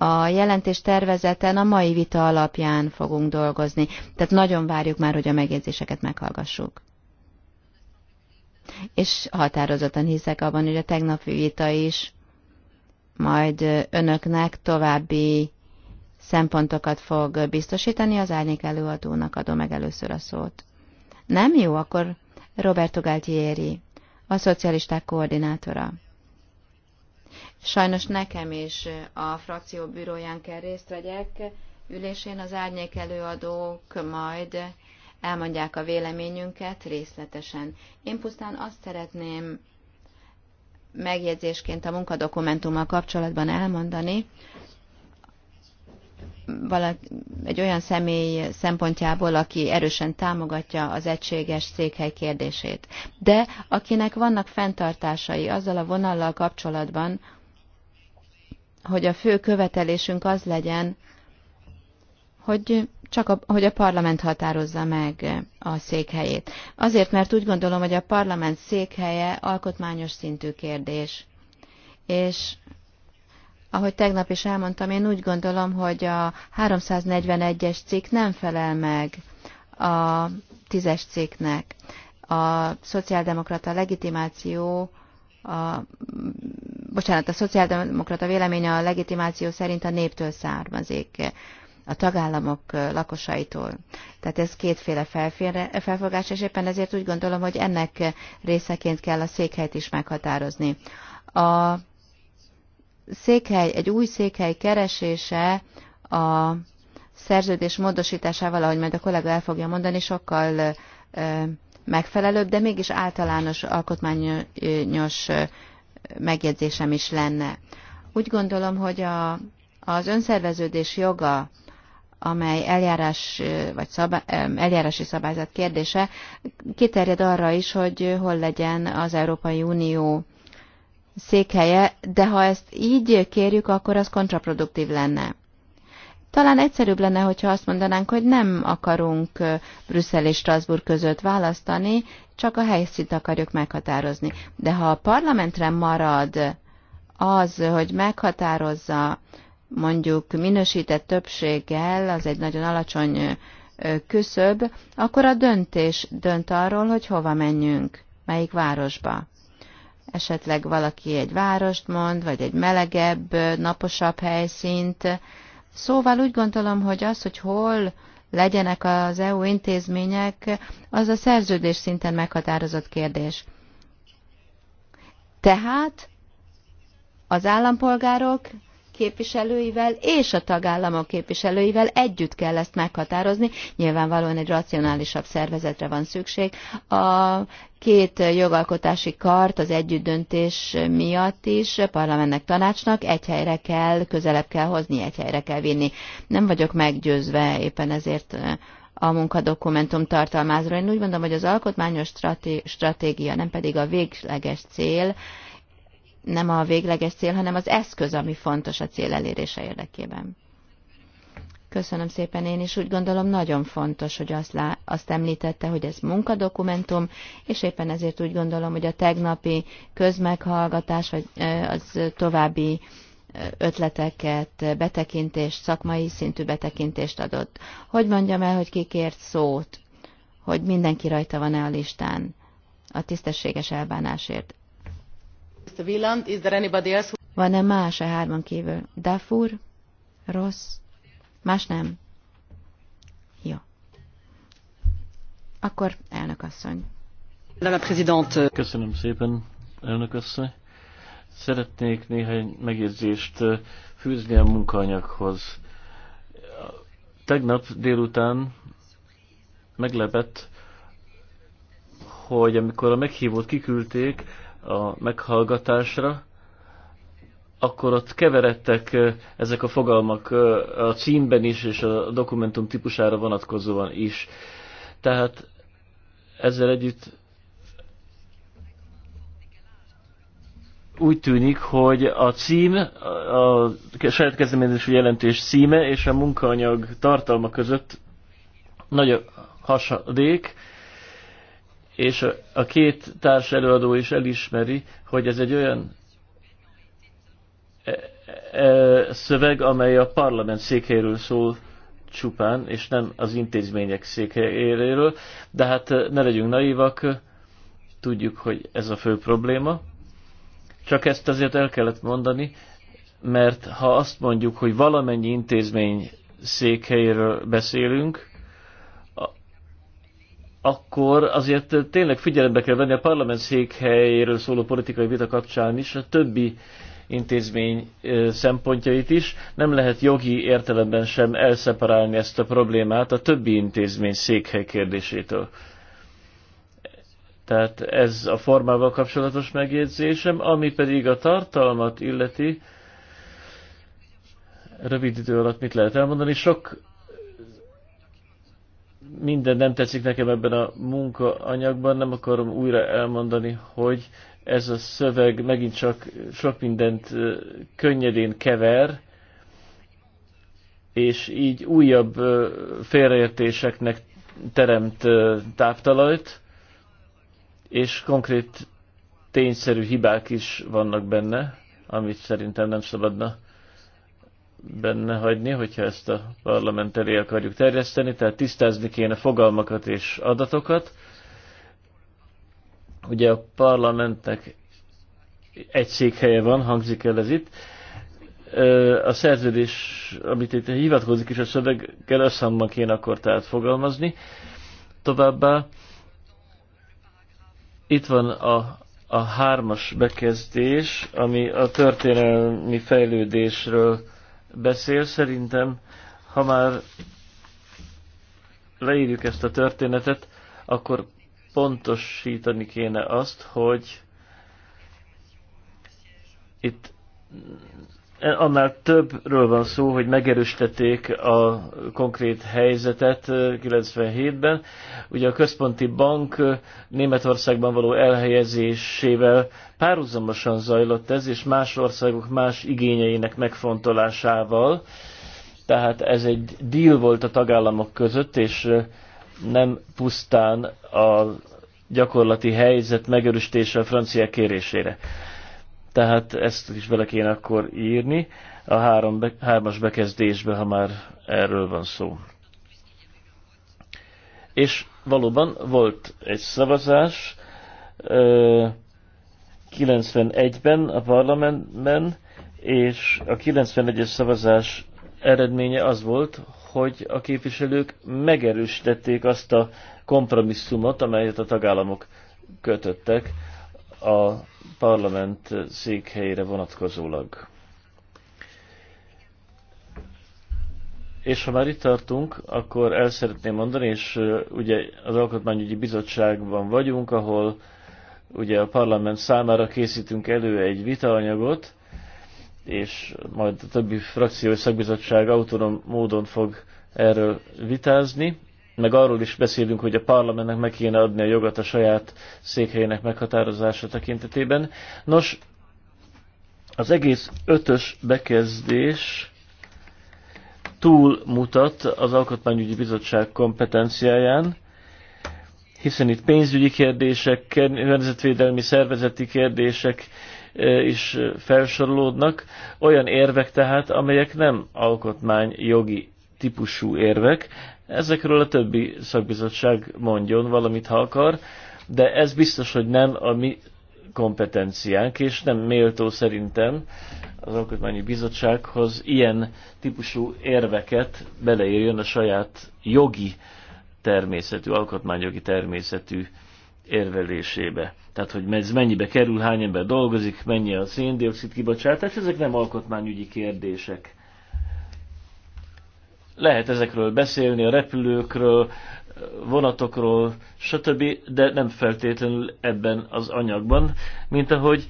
a jelentés tervezeten a mai vita alapján fogunk dolgozni. Tehát nagyon várjuk már, hogy a megjegyzéseket meghallgassuk. És határozottan hiszek abban, hogy a tegnapi vita is majd önöknek további szempontokat fog biztosítani, az árnyék előadónak adom meg először a szót. Nem jó, akkor Roberto Galtieri, a szocialisták koordinátora. Sajnos nekem is a frakció bűróján kell részt vegyek. Ülésén az árnyék előadók majd elmondják a véleményünket részletesen. Én pusztán azt szeretném megjegyzésként a munkadokumentummal kapcsolatban elmondani, valaki, egy olyan személy szempontjából, aki erősen támogatja az egységes székhely kérdését. De akinek vannak fenntartásai azzal a vonallal kapcsolatban, hogy a fő követelésünk az legyen, hogy csak a, hogy a parlament határozza meg a székhelyét. Azért, mert úgy gondolom, hogy a parlament székhelye alkotmányos szintű kérdés. És ahogy tegnap is elmondtam, én úgy gondolom, hogy a 341-es cikk nem felel meg a 10-es cikknek. A szociáldemokrata legitimáció a, bocsánat, a szociáldemokrata véleménye a legitimáció szerint a néptől származik, a tagállamok lakosaitól. Tehát ez kétféle felfogás, és éppen ezért úgy gondolom, hogy ennek részeként kell a székhelyt is meghatározni. A székhely, egy új székhely keresése a szerződés módosításával, ahogy majd a kollega el fogja mondani, sokkal megfelelőbb, de mégis általános alkotmányos megjegyzésem is lenne. Úgy gondolom, hogy a, az önszerveződés joga, amely eljárás, vagy szabály, eljárási szabályzat kérdése, kiterjed arra is, hogy hol legyen az Európai Unió székhelye, de ha ezt így kérjük, akkor az kontraproduktív lenne. Talán egyszerűbb lenne, hogyha azt mondanánk, hogy nem akarunk Brüsszel és Strasbourg között választani, csak a helyszínt akarjuk meghatározni. De ha a parlamentre marad az, hogy meghatározza mondjuk minősített többséggel, az egy nagyon alacsony küszöb, akkor a döntés dönt arról, hogy hova menjünk, melyik városba. Esetleg valaki egy várost mond, vagy egy melegebb, naposabb helyszínt, Szóval úgy gondolom, hogy az, hogy hol legyenek az EU intézmények, az a szerződés szinten meghatározott kérdés. Tehát az állampolgárok képviselőivel és a tagállamok képviselőivel együtt kell ezt meghatározni. Nyilvánvalóan egy racionálisabb szervezetre van szükség. A két jogalkotási kart az együttdöntés miatt is parlamentnek, tanácsnak egy helyre kell, közelebb kell hozni, egy helyre kell vinni. Nem vagyok meggyőzve éppen ezért eh, a munkadokumentum tartalmázról. Én úgy mondom, hogy az alkotmányos straté- stratégia, nem pedig a végleges cél, nem a végleges cél, hanem az eszköz, ami fontos a cél elérése érdekében. Köszönöm szépen, én is úgy gondolom nagyon fontos, hogy azt, lá, azt említette, hogy ez munkadokumentum, és éppen ezért úgy gondolom, hogy a tegnapi közmeghallgatás vagy az további ötleteket, betekintést, szakmai szintű betekintést adott. Hogy mondjam el, hogy kikért szót, hogy mindenki rajta van-e a listán a tisztességes elbánásért. Mr. Wieland, is there anybody else? Van-e más a hárman kívül? Dafur? Rossz? Más nem? Jó. Akkor elnök asszony. Köszönöm szépen, elnök asszony. Szeretnék néhány megjegyzést fűzni a munkaanyaghoz. Tegnap délután meglepett, hogy amikor a meghívót kiküldték, a meghallgatásra, akkor ott keveredtek ezek a fogalmak a címben is, és a dokumentum típusára vonatkozóan is. Tehát ezzel együtt úgy tűnik, hogy a cím, a saját kezdeményezésű jelentés címe és a munkaanyag tartalma között nagy a hasadék, és a két társ előadó is elismeri, hogy ez egy olyan e, e, szöveg, amely a parlament székhelyről szól csupán, és nem az intézmények székhelyéről, de hát e, ne legyünk naívak, tudjuk, hogy ez a fő probléma. Csak ezt azért el kellett mondani, mert ha azt mondjuk, hogy valamennyi intézmény székhelyéről beszélünk, akkor azért tényleg figyelembe kell venni a parlament székhelyéről szóló politikai vita kapcsán is a többi intézmény szempontjait is. Nem lehet jogi értelemben sem elszeparálni ezt a problémát a többi intézmény székhely kérdésétől. Tehát ez a formával kapcsolatos megjegyzésem, ami pedig a tartalmat illeti, rövid idő alatt mit lehet elmondani, sok minden nem tetszik nekem ebben a munkaanyagban, nem akarom újra elmondani, hogy ez a szöveg megint csak sok mindent könnyedén kever, és így újabb félreértéseknek teremt táptalajt, és konkrét tényszerű hibák is vannak benne, amit szerintem nem szabadna benne hagyni, hogyha ezt a parlament elé akarjuk terjeszteni, tehát tisztázni kéne fogalmakat és adatokat. Ugye a parlamentnek egy székhelye van, hangzik el ez itt. A szerződés, amit itt hivatkozik is a szöveggel, összhangban kéne akkor tehát fogalmazni. Továbbá itt van a, a hármas bekezdés, ami a történelmi fejlődésről beszél. Szerintem, ha már leírjuk ezt a történetet, akkor pontosítani kéne azt, hogy itt E, annál többről van szó, hogy megerősítették a konkrét helyzetet 97-ben. E, Ugye a központi bank e, Németországban való elhelyezésével párhuzamosan zajlott ez, és más országok más igényeinek megfontolásával. Tehát ez egy deal volt a tagállamok között, és nem pusztán a gyakorlati helyzet megerősítése a franciák kérésére tehát ezt is bele kéne akkor írni a három be, hármas bekezdésbe, ha már erről van szó. És valóban volt egy szavazás 91-ben a parlamentben, és a 91-es szavazás eredménye az volt, hogy a képviselők megerősítették azt a kompromisszumot, amelyet a tagállamok kötöttek a parlament székhelyére vonatkozólag. És ha már itt tartunk, akkor el szeretném mondani, és ugye az Alkotmányügyi Bizottságban vagyunk, ahol ugye a parlament számára készítünk elő egy vitaanyagot, és majd a többi frakció és szakbizottság autonóm módon fog erről vitázni meg arról is beszélünk, hogy a parlamentnek meg kéne adni a jogat a saját székhelyének meghatározása tekintetében. Nos, az egész ötös bekezdés túlmutat az Alkotmányügyi Bizottság kompetenciáján, hiszen itt pénzügyi kérdések, környezetvédelmi szervezeti kérdések e, is felsorolódnak, olyan érvek tehát, amelyek nem alkotmányjogi típusú érvek, Ezekről a többi szakbizottság mondjon valamit, ha akar, de ez biztos, hogy nem a mi kompetenciánk, és nem méltó szerintem az Alkotmányi Bizottsághoz ilyen típusú érveket beleírjon a saját jogi természetű, alkotmányjogi természetű érvelésébe. Tehát, hogy ez mennyibe kerül, hány ember dolgozik, mennyi a széndiokszid kibocsátás, ezek nem alkotmányügyi kérdések. Lehet ezekről beszélni, a repülőkről, vonatokról, stb., de nem feltétlenül ebben az anyagban, mint ahogy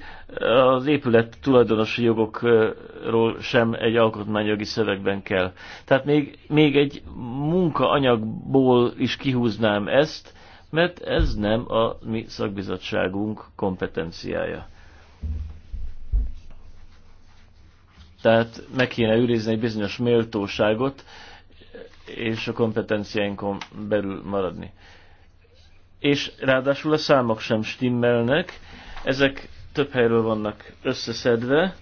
az épület tulajdonosi jogokról sem egy alkotmányjogi szövegben kell. Tehát még, még egy munkaanyagból is kihúznám ezt, mert ez nem a mi szakbizottságunk kompetenciája. Tehát meg kéne őrizni egy bizonyos méltóságot, és a kompetenciáinkon belül maradni. És ráadásul a számok sem stimmelnek, ezek több helyről vannak összeszedve,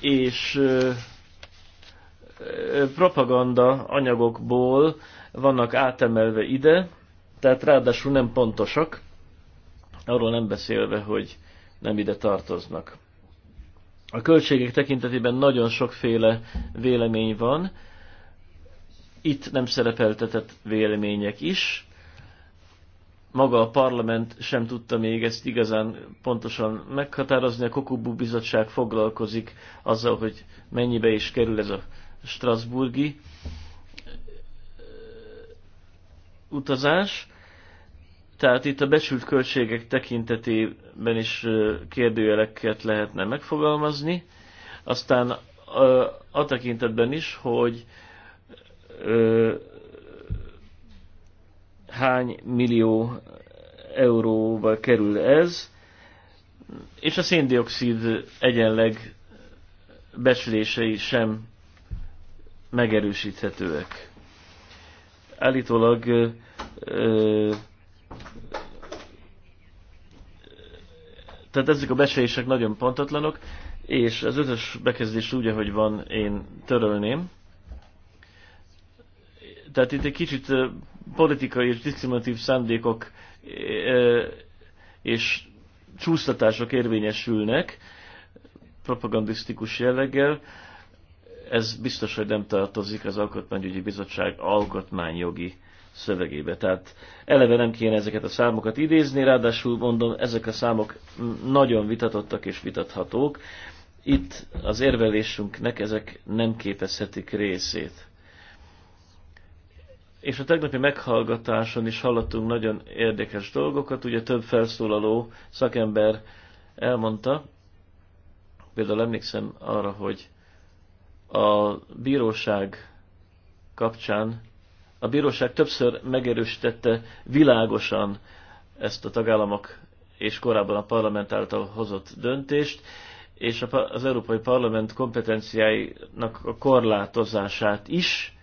és propaganda anyagokból vannak átemelve ide, tehát ráadásul nem pontosak, arról nem beszélve, hogy nem ide tartoznak. A költségek tekintetében nagyon sokféle vélemény van, itt nem szerepeltetett vélemények is. Maga a parlament sem tudta még ezt igazán pontosan meghatározni. A Kokubu Bizottság foglalkozik azzal, hogy mennyibe is kerül ez a Strasburgi eh, utazás. Tehát itt a becsült költségek tekintetében is eh, kérdőjeleket lehetne megfogalmazni. Aztán eh, a tekintetben is, hogy ö, hány millió euróba kerül ez, és a széndiokszid egyenleg becslései sem megerősíthetőek. Állítólag tehát ezek a beszélések nagyon pontatlanok, és az ötös bekezdést úgy, ahogy van, én törölném. Tehát itt egy kicsit politikai és diszkriminatív szándékok és csúsztatások érvényesülnek propagandisztikus jelleggel. Ez biztos, hogy nem tartozik az Alkotmányügyi Bizottság alkotmányjogi szövegébe. Tehát eleve nem kéne ezeket a számokat idézni, ráadásul mondom, ezek a számok nagyon vitatottak és vitathatók. Itt az érvelésünknek ezek nem képezhetik részét és a tegnapi meghallgatáson is hallottunk nagyon érdekes dolgokat, ugye több felszólaló szakember elmondta, például emlékszem arra, hogy a bíróság kapcsán a bíróság többször megerősítette világosan ezt a tagállamok és korábban a parlament által hozott döntést, és az Európai Parlament kompetenciáinak a korlátozását is,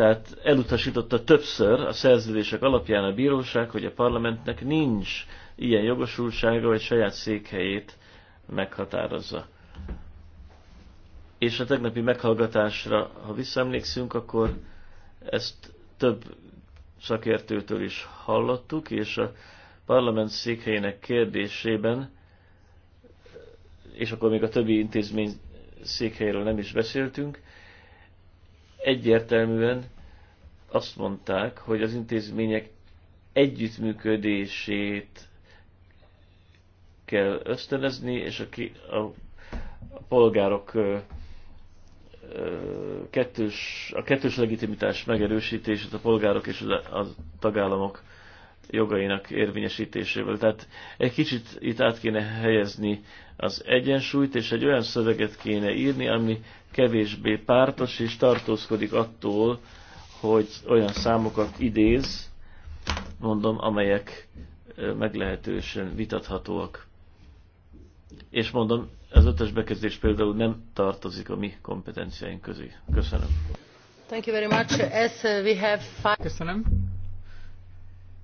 tehát elutasította többször a szerződések alapján a bíróság, hogy a parlamentnek nincs ilyen jogosultsága, hogy saját székhelyét meghatározza. És a tegnapi meghallgatásra, ha visszaemlékszünk, akkor ezt több szakértőtől is hallottuk, és a parlament székhelyének kérdésében, és akkor még a többi intézmény székhelyéről nem is beszéltünk, egyértelműen azt mondták, hogy az intézmények együttműködését kell ösztönözni, és a, ki, a, a polgárok ö, ö, kettős, a kettős legitimitás megerősítését a polgárok és a, a tagállamok jogainak érvényesítésével. Tehát egy kicsit itt át kéne helyezni az egyensúlyt, és egy olyan szöveget kéne írni, ami kevésbé pártos, és tartózkodik attól, hogy olyan számokat idéz, mondom, amelyek meglehetősen vitathatóak. És mondom, az ötös bekezdés például nem tartozik a mi kompetenciáink közé. Köszönöm. Thank you very much. As we have five... Köszönöm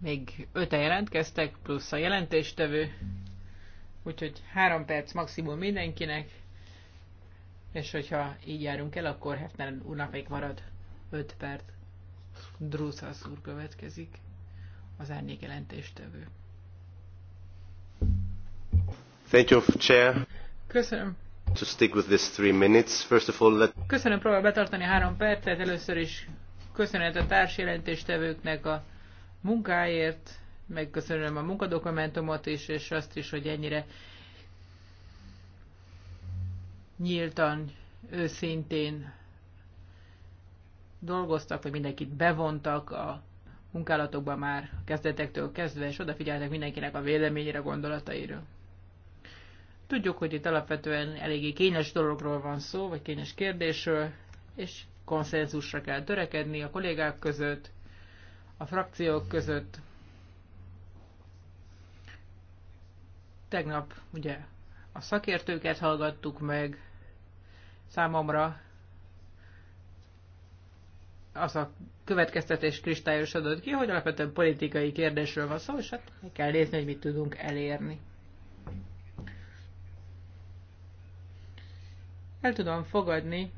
még öten jelentkeztek, plusz a jelentéstevő, úgyhogy három perc maximum mindenkinek, és hogyha így járunk el, akkor Hefner úrnak még marad öt perc. Drúszász úr következik, az árnyék jelentéstevő. Thank you, Chair. Köszönöm. To stick with this three minutes. First of all, let... Köszönöm, próbál betartani három percet. Először is köszönet a társjelentéstevőknek a munkáért, megköszönöm a munkadokumentumot is, és azt is, hogy ennyire nyíltan, őszintén dolgoztak, vagy mindenkit bevontak a munkálatokba már kezdetektől kezdve, és odafigyeltek mindenkinek a véleményére, gondolataira. Tudjuk, hogy itt alapvetően eléggé kényes dologról van szó, vagy kényes kérdésről, és konszenzusra kell törekedni a kollégák között, a frakciók között. Tegnap ugye a szakértőket hallgattuk meg, számomra az a következtetés kristályosodott ki, hogy alapvetően politikai kérdésről van szó, és hát meg kell nézni, hogy mit tudunk elérni. El tudom fogadni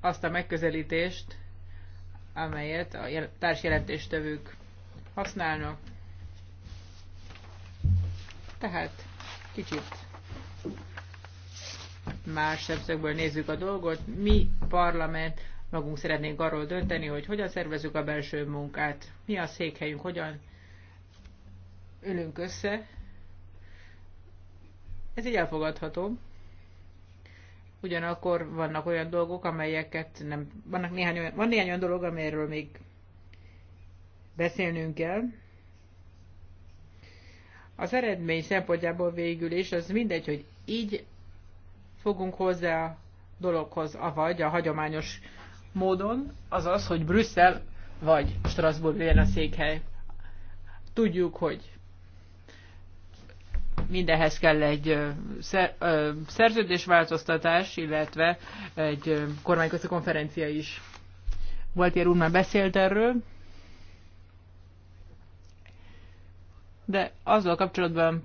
azt a megközelítést, amelyet a társjelentéstevők használnak. Tehát kicsit más szemszögből nézzük a dolgot. Mi, parlament, magunk szeretnénk arról dönteni, hogy hogyan szervezzük a belső munkát, mi a székhelyünk, hogyan ülünk össze. Ez így elfogadható. Ugyanakkor vannak olyan dolgok, amelyeket nem, vannak néhány olyan, van néhány olyan dolog, amelyről még beszélnünk kell. Az eredmény szempontjából végül is az mindegy, hogy így fogunk hozzá a dologhoz, avagy a hagyományos módon, azaz, hogy Brüsszel vagy Strasbourg legyen a székhely. Tudjuk, hogy mindehhez kell egy szerződésváltoztatás, illetve egy kormányközi konferencia is. Voltier úr már beszélt erről, de azzal kapcsolatban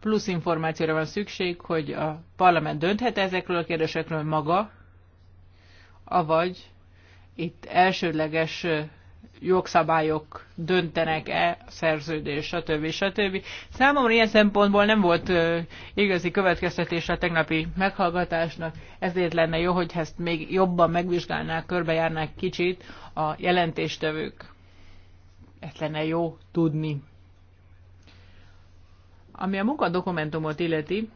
plusz információra van szükség, hogy a parlament dönthet ezekről a kérdésekről maga, avagy itt elsődleges jogszabályok döntenek-e, szerződés, stb. stb. Számomra ilyen szempontból nem volt igazi következtetés a tegnapi meghallgatásnak, ezért lenne jó, hogy ezt még jobban megvizsgálnák, körbejárnák kicsit a jelentéstevők. Ezt lenne jó tudni. Ami a munkadokumentumot illeti,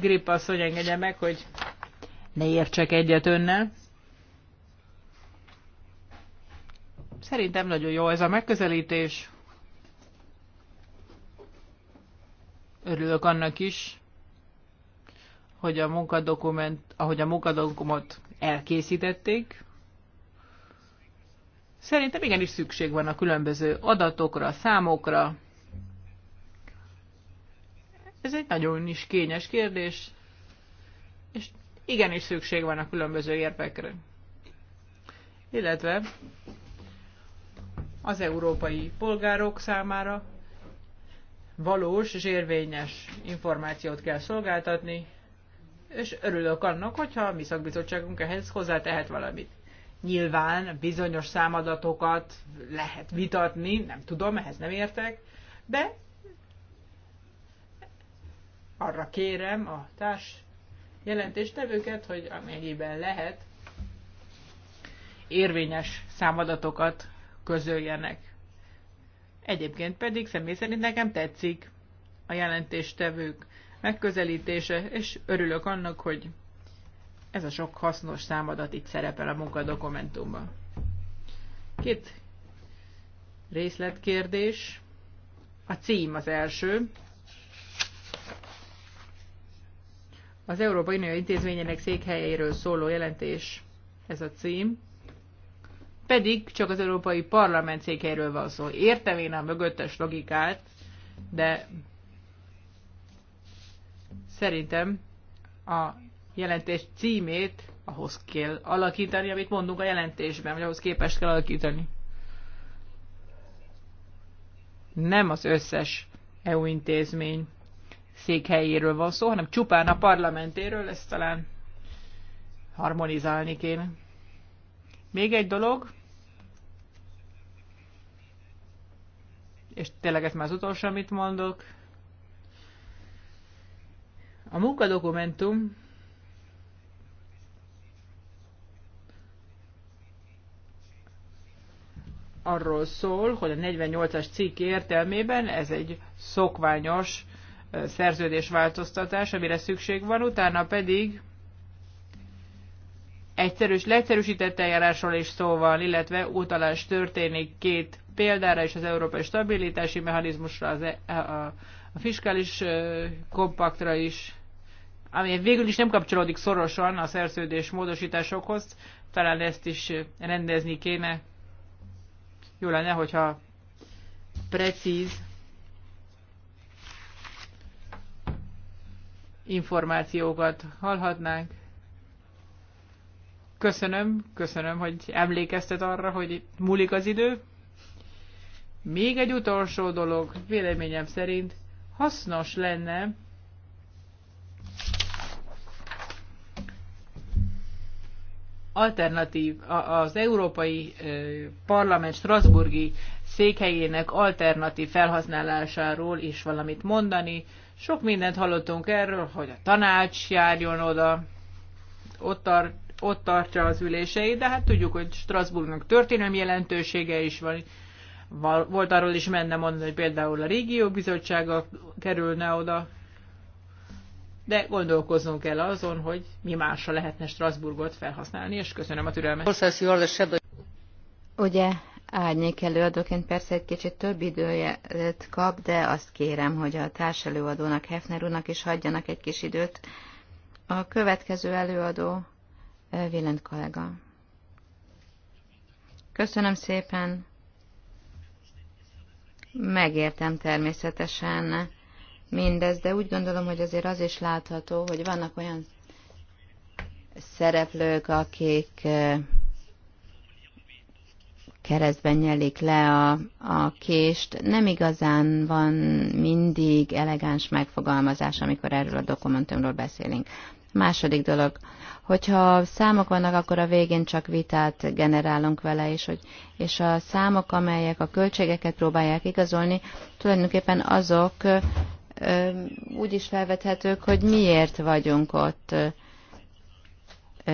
Grip asszony engedje meg, hogy ne értsek egyet önnel. Szerintem nagyon jó ez a megközelítés. Örülök annak is, hogy a munkadokument, ahogy a munkadokumot elkészítették. Szerintem igenis szükség van a különböző adatokra, számokra. Ez egy nagyon is kényes kérdés, és igenis szükség van a különböző érvekre. Illetve az európai polgárok számára valós és érvényes információt kell szolgáltatni, és örülök annak, hogyha a mi szakbizottságunk ehhez hozzátehet valamit. Nyilván bizonyos számadatokat lehet vitatni, nem tudom, ehhez nem értek, de arra kérem a társ jelentéstevőket, hogy amennyiben lehet, érvényes számadatokat közöljenek. Egyébként pedig személy szerint nekem tetszik a jelentéstevők megközelítése, és örülök annak, hogy ez a sok hasznos számadat itt szerepel a munkadokumentumban. Két részletkérdés. A cím az első. Az Európai Unió intézményének székhelyéről szóló jelentés, ez a cím, pedig csak az Európai Parlament székhelyről van szó. Értem én a mögöttes logikát, de szerintem a jelentés címét ahhoz kell alakítani, amit mondunk a jelentésben, vagy ahhoz képest kell alakítani. Nem az összes EU intézmény székhelyéről van szó, hanem csupán a parlamentéről, ezt talán harmonizálni kéne. Még egy dolog, és tényleg ez már az utolsó, amit mondok. A munkadokumentum arról szól, hogy a 48-as cikk értelmében ez egy szokványos szerződés változtatás, amire szükség van, utána pedig egyszerűs, leegyszerűsített eljárásról is szó van, illetve utalás történik két példára is az európai stabilitási mechanizmusra, az, e, a, a fiskális kompaktra is, ami végül is nem kapcsolódik szorosan a szerződés módosításokhoz, talán ezt is rendezni kéne. Jó lenne, hogyha precíz információkat hallhatnánk. Köszönöm, köszönöm, hogy emlékeztet arra, hogy itt múlik az idő. Még egy utolsó dolog, véleményem szerint hasznos lenne alternatív, az Európai Parlament Strasburgi székhelyének alternatív felhasználásáról is valamit mondani. Sok mindent hallottunk erről, hogy a tanács járjon oda, ott, tar- ott tartsa az üléseit, de hát tudjuk, hogy Strasbourgnak történelmi jelentősége is van. Volt arról is menne mondani, hogy például a régió bizottsága kerülne oda, de gondolkozzunk el azon, hogy mi másra lehetne Strasbourgot felhasználni, és köszönöm a türelmet. Ugye árnyék előadóként persze egy kicsit több időt kap, de azt kérem, hogy a társelőadónak, Hefner úrnak is hagyjanak egy kis időt. A következő előadó Vélent eh, kollega. Köszönöm szépen. Megértem természetesen mindez, de úgy gondolom, hogy azért az is látható, hogy vannak olyan szereplők, akik eh, keresztben nyelik le a, a kést. Nem igazán van mindig elegáns megfogalmazás, amikor erről a dokumentumról beszélünk. Második dolog, hogyha számok vannak, akkor a végén csak vitát generálunk vele, és, hogy, és a számok, amelyek a költségeket próbálják igazolni, tulajdonképpen azok úgy is felvethetők, hogy miért vagyunk ott. Ö,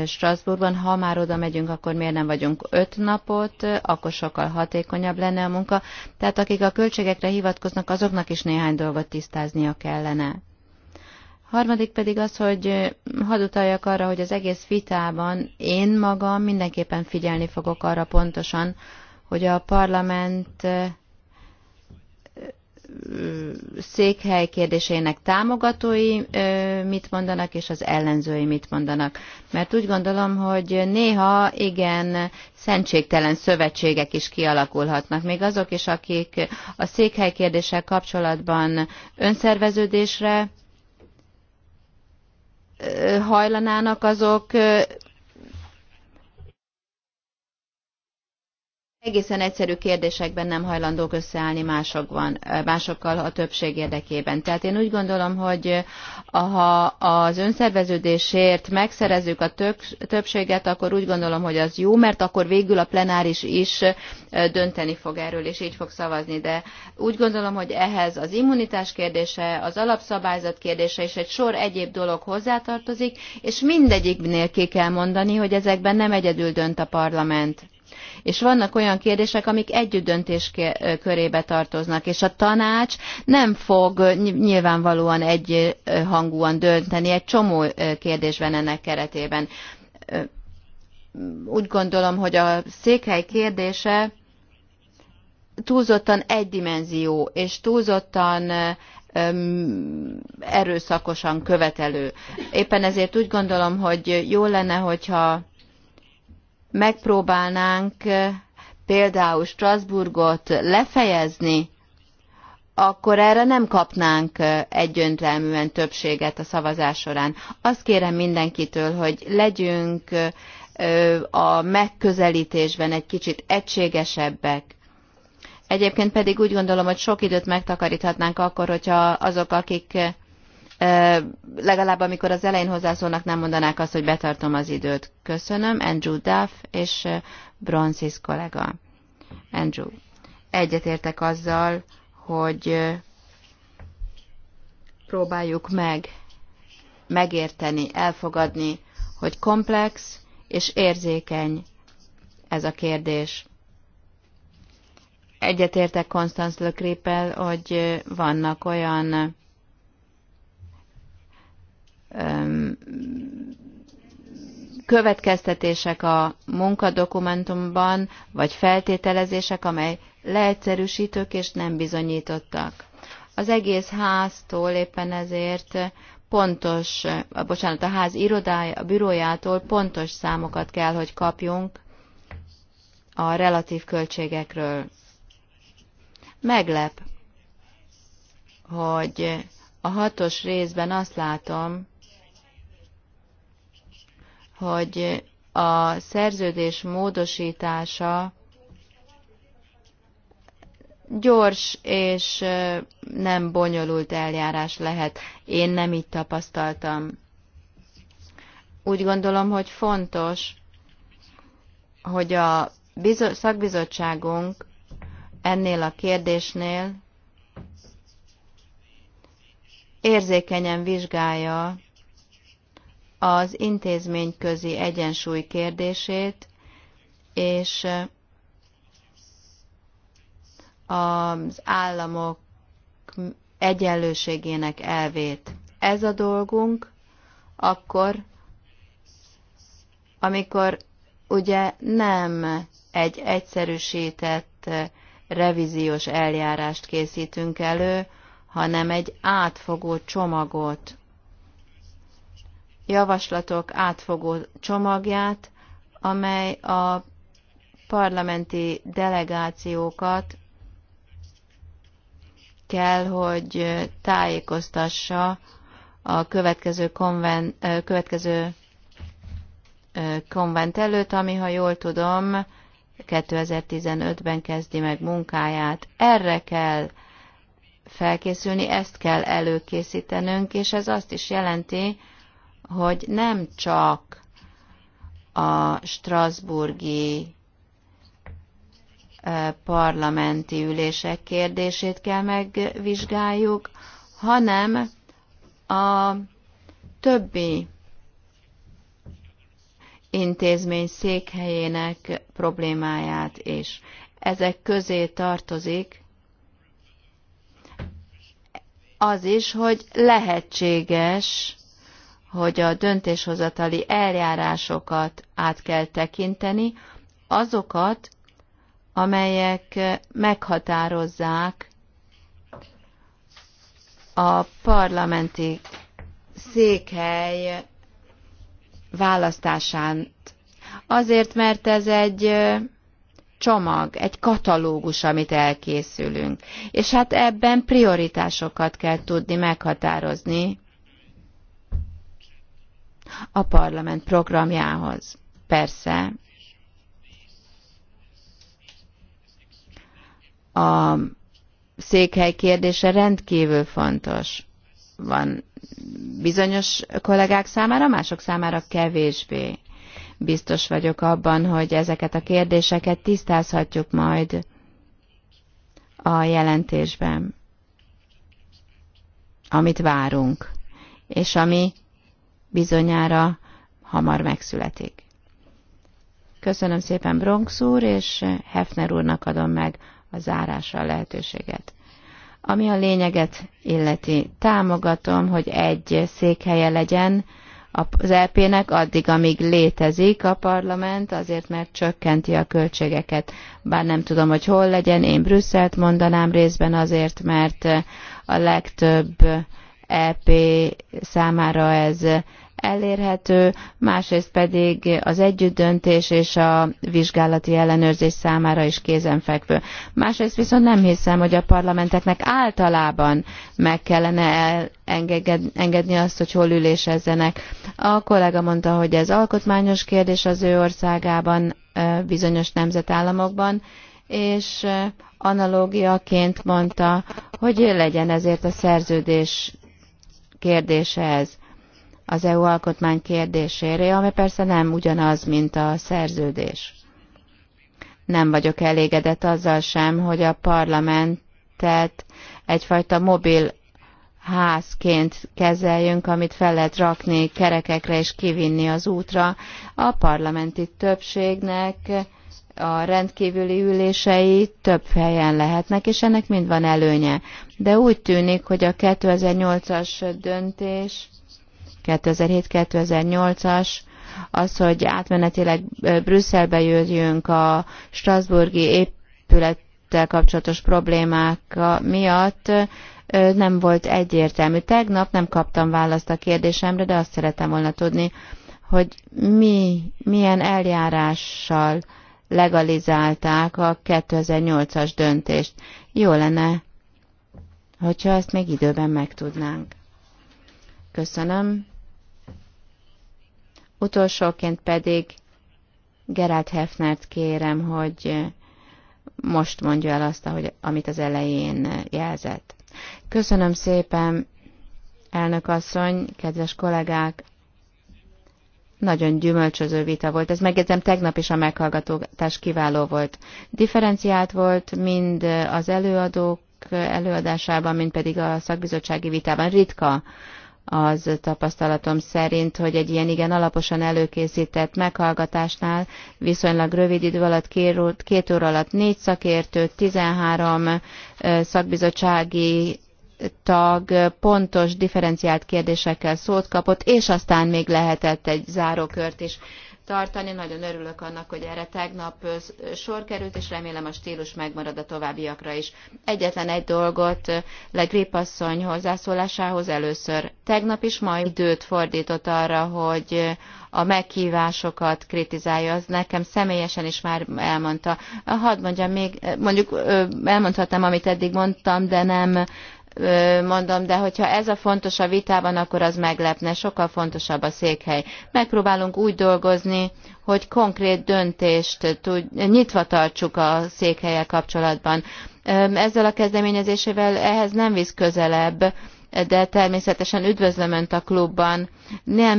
Strasbourgban, ha már oda megyünk, akkor miért nem vagyunk öt napot, akkor sokkal hatékonyabb lenne a munka. Tehát akik a költségekre hivatkoznak, azoknak is néhány dolgot tisztáznia kellene. Harmadik pedig az, hogy hadd utaljak arra, hogy az egész vitában én magam mindenképpen figyelni fogok arra pontosan, hogy a parlament székhely kérdésének támogatói mit mondanak, és az ellenzői mit mondanak. Mert úgy gondolom, hogy néha igen szentségtelen szövetségek is kialakulhatnak. Még azok is, akik a székhely kérdéssel kapcsolatban önszerveződésre hajlanának, azok egészen egyszerű kérdésekben nem hajlandók összeállni másokban, másokkal a többség érdekében. Tehát én úgy gondolom, hogy eh, ha az önszerveződésért megszerezzük a többséget, akkor úgy gondolom, hogy az jó, mert akkor végül a plenáris is eh, dönteni fog erről, és így fog szavazni. De úgy gondolom, hogy ehhez az immunitás kérdése, az alapszabályzat kérdése és egy sor egyéb dolog hozzátartozik, és mindegyiknél ki kell mondani, hogy ezekben nem egyedül dönt a parlament és vannak olyan kérdések, amik együttdöntés körébe tartoznak, és a tanács nem fog nyilvánvalóan egyhangúan dönteni egy csomó kérdésben ennek keretében. Úgy gondolom, hogy a székhely kérdése túlzottan egydimenzió, és túlzottan erőszakosan követelő. Éppen ezért úgy gondolom, hogy jó lenne, hogyha megpróbálnánk eh, például Strasbourgot lefejezni, akkor erre nem kapnánk eh, egyöntelműen többséget a szavazás során. Azt kérem mindenkitől, hogy legyünk eh, a megközelítésben egy kicsit egységesebbek. Egyébként pedig úgy gondolom, hogy sok időt megtakaríthatnánk akkor, hogyha azok, akik legalább amikor az elején hozzászólnak, nem mondanák azt, hogy betartom az időt. Köszönöm, Andrew Duff és Bronzis kollega. Andrew, egyetértek azzal, hogy próbáljuk meg megérteni, elfogadni, hogy komplex és érzékeny ez a kérdés. Egyetértek Constance Le hogy vannak olyan következtetések a munkadokumentumban, vagy feltételezések, amely leegyszerűsítők és nem bizonyítottak. Az egész háztól éppen ezért pontos, bocsánat, a ház irodája, a bürójától pontos számokat kell, hogy kapjunk a relatív költségekről. Meglep, hogy a hatos részben azt látom, hogy a szerződés módosítása gyors és nem bonyolult eljárás lehet. Én nem így tapasztaltam. Úgy gondolom, hogy fontos, hogy a szakbizottságunk ennél a kérdésnél érzékenyen vizsgálja az intézményközi egyensúly kérdését, és az államok egyenlőségének elvét. Ez a dolgunk akkor, amikor ugye nem egy egyszerűsített revíziós eljárást készítünk elő, hanem egy átfogó csomagot, javaslatok átfogó csomagját, amely a parlamenti delegációkat kell, hogy tájékoztassa a következő, konven, következő konvent előtt, ami, ha jól tudom, 2015-ben kezdi meg munkáját. Erre kell felkészülni, ezt kell előkészítenünk, és ez azt is jelenti, hogy nem csak a Strasburgi parlamenti ülések kérdését kell megvizsgáljuk, hanem a többi intézmény székhelyének problémáját is. Ezek közé tartozik az is, hogy lehetséges hogy a döntéshozatali eljárásokat át kell tekinteni, azokat, amelyek meghatározzák a parlamenti székhely választását. Azért, mert ez egy csomag, egy katalógus, amit elkészülünk. És hát ebben prioritásokat kell tudni meghatározni, a parlament programjához. Persze a székhely kérdése rendkívül fontos. Van bizonyos kollégák számára, mások számára kevésbé. Biztos vagyok abban, hogy ezeket a kérdéseket tisztázhatjuk majd a jelentésben, amit várunk, és ami bizonyára hamar megszületik. Köszönöm szépen Bronx úr, és Hefner úrnak adom meg a zárásra a lehetőséget. Ami a lényeget illeti, támogatom, hogy egy székhelye legyen az lp e nek addig, amíg létezik a parlament, azért mert csökkenti a költségeket. Bár nem tudom, hogy hol legyen, én Brüsszelt mondanám részben azért, mert a legtöbb LP e számára ez elérhető, másrészt pedig az együttdöntés és a vizsgálati ellenőrzés számára is kézenfekvő. Másrészt viszont nem hiszem, hogy a parlamenteknek általában meg kellene engedni azt, hogy hol ülésezzenek. A kollega mondta, hogy ez alkotmányos kérdés az ő országában, bizonyos nemzetállamokban, és analógiaként mondta, hogy legyen ezért a szerződés kérdése ez az EU alkotmány kérdésére, ami persze nem ugyanaz, mint a szerződés. Nem vagyok elégedett azzal sem, hogy a parlamentet egyfajta mobil házként kezeljünk, amit fel lehet rakni kerekekre és kivinni az útra. A parlamenti többségnek a rendkívüli ülései több helyen lehetnek, és ennek mind van előnye. De úgy tűnik, hogy a 2008-as döntés 2007-2008-as, az, hogy átmenetileg Brüsszelbe jöjjünk a Strasburgi épülettel kapcsolatos problémák miatt, nem volt egyértelmű. Tegnap nem kaptam választ a kérdésemre, de azt szeretem volna tudni, hogy mi, milyen eljárással legalizálták a 2008-as döntést. Jó lenne, hogyha ezt még időben megtudnánk. Köszönöm. Utolsóként pedig Gerald Hefnert kérem, hogy most mondja el azt, ahogy, amit az elején jelzett. Köszönöm szépen, elnök asszony, kedves kollégák! Nagyon gyümölcsöző vita volt. Ez megjegyzem, tegnap is a meghallgatás kiváló volt. Differenciált volt mind az előadók előadásában, mind pedig a szakbizottsági vitában. Ritka, az tapasztalatom szerint, hogy egy ilyen igen alaposan előkészített meghallgatásnál viszonylag rövid idő alatt, két, két óra alatt négy szakértő, 13 szakbizottsági tag pontos, differenciált kérdésekkel szót kapott, és aztán még lehetett egy zárókört is tartani. Nagyon örülök annak, hogy erre tegnap sor került, és remélem a stílus megmarad a továbbiakra is. Egyetlen egy dolgot legrépasszony hozzászólásához először tegnap is, majd időt fordított arra, hogy a meghívásokat kritizálja, az nekem személyesen is már elmondta. Hadd mondjam még, mondjuk elmondhatnám, amit eddig mondtam, de nem mondom, de hogyha ez a fontos a vitában, akkor az meglepne, sokkal fontosabb a székhely. Megpróbálunk úgy dolgozni, hogy konkrét döntést tud, nyitva tartsuk a székhelyek kapcsolatban. Ezzel a kezdeményezésével ehhez nem visz közelebb, de természetesen üdvözlöm Önt a klubban. Nem,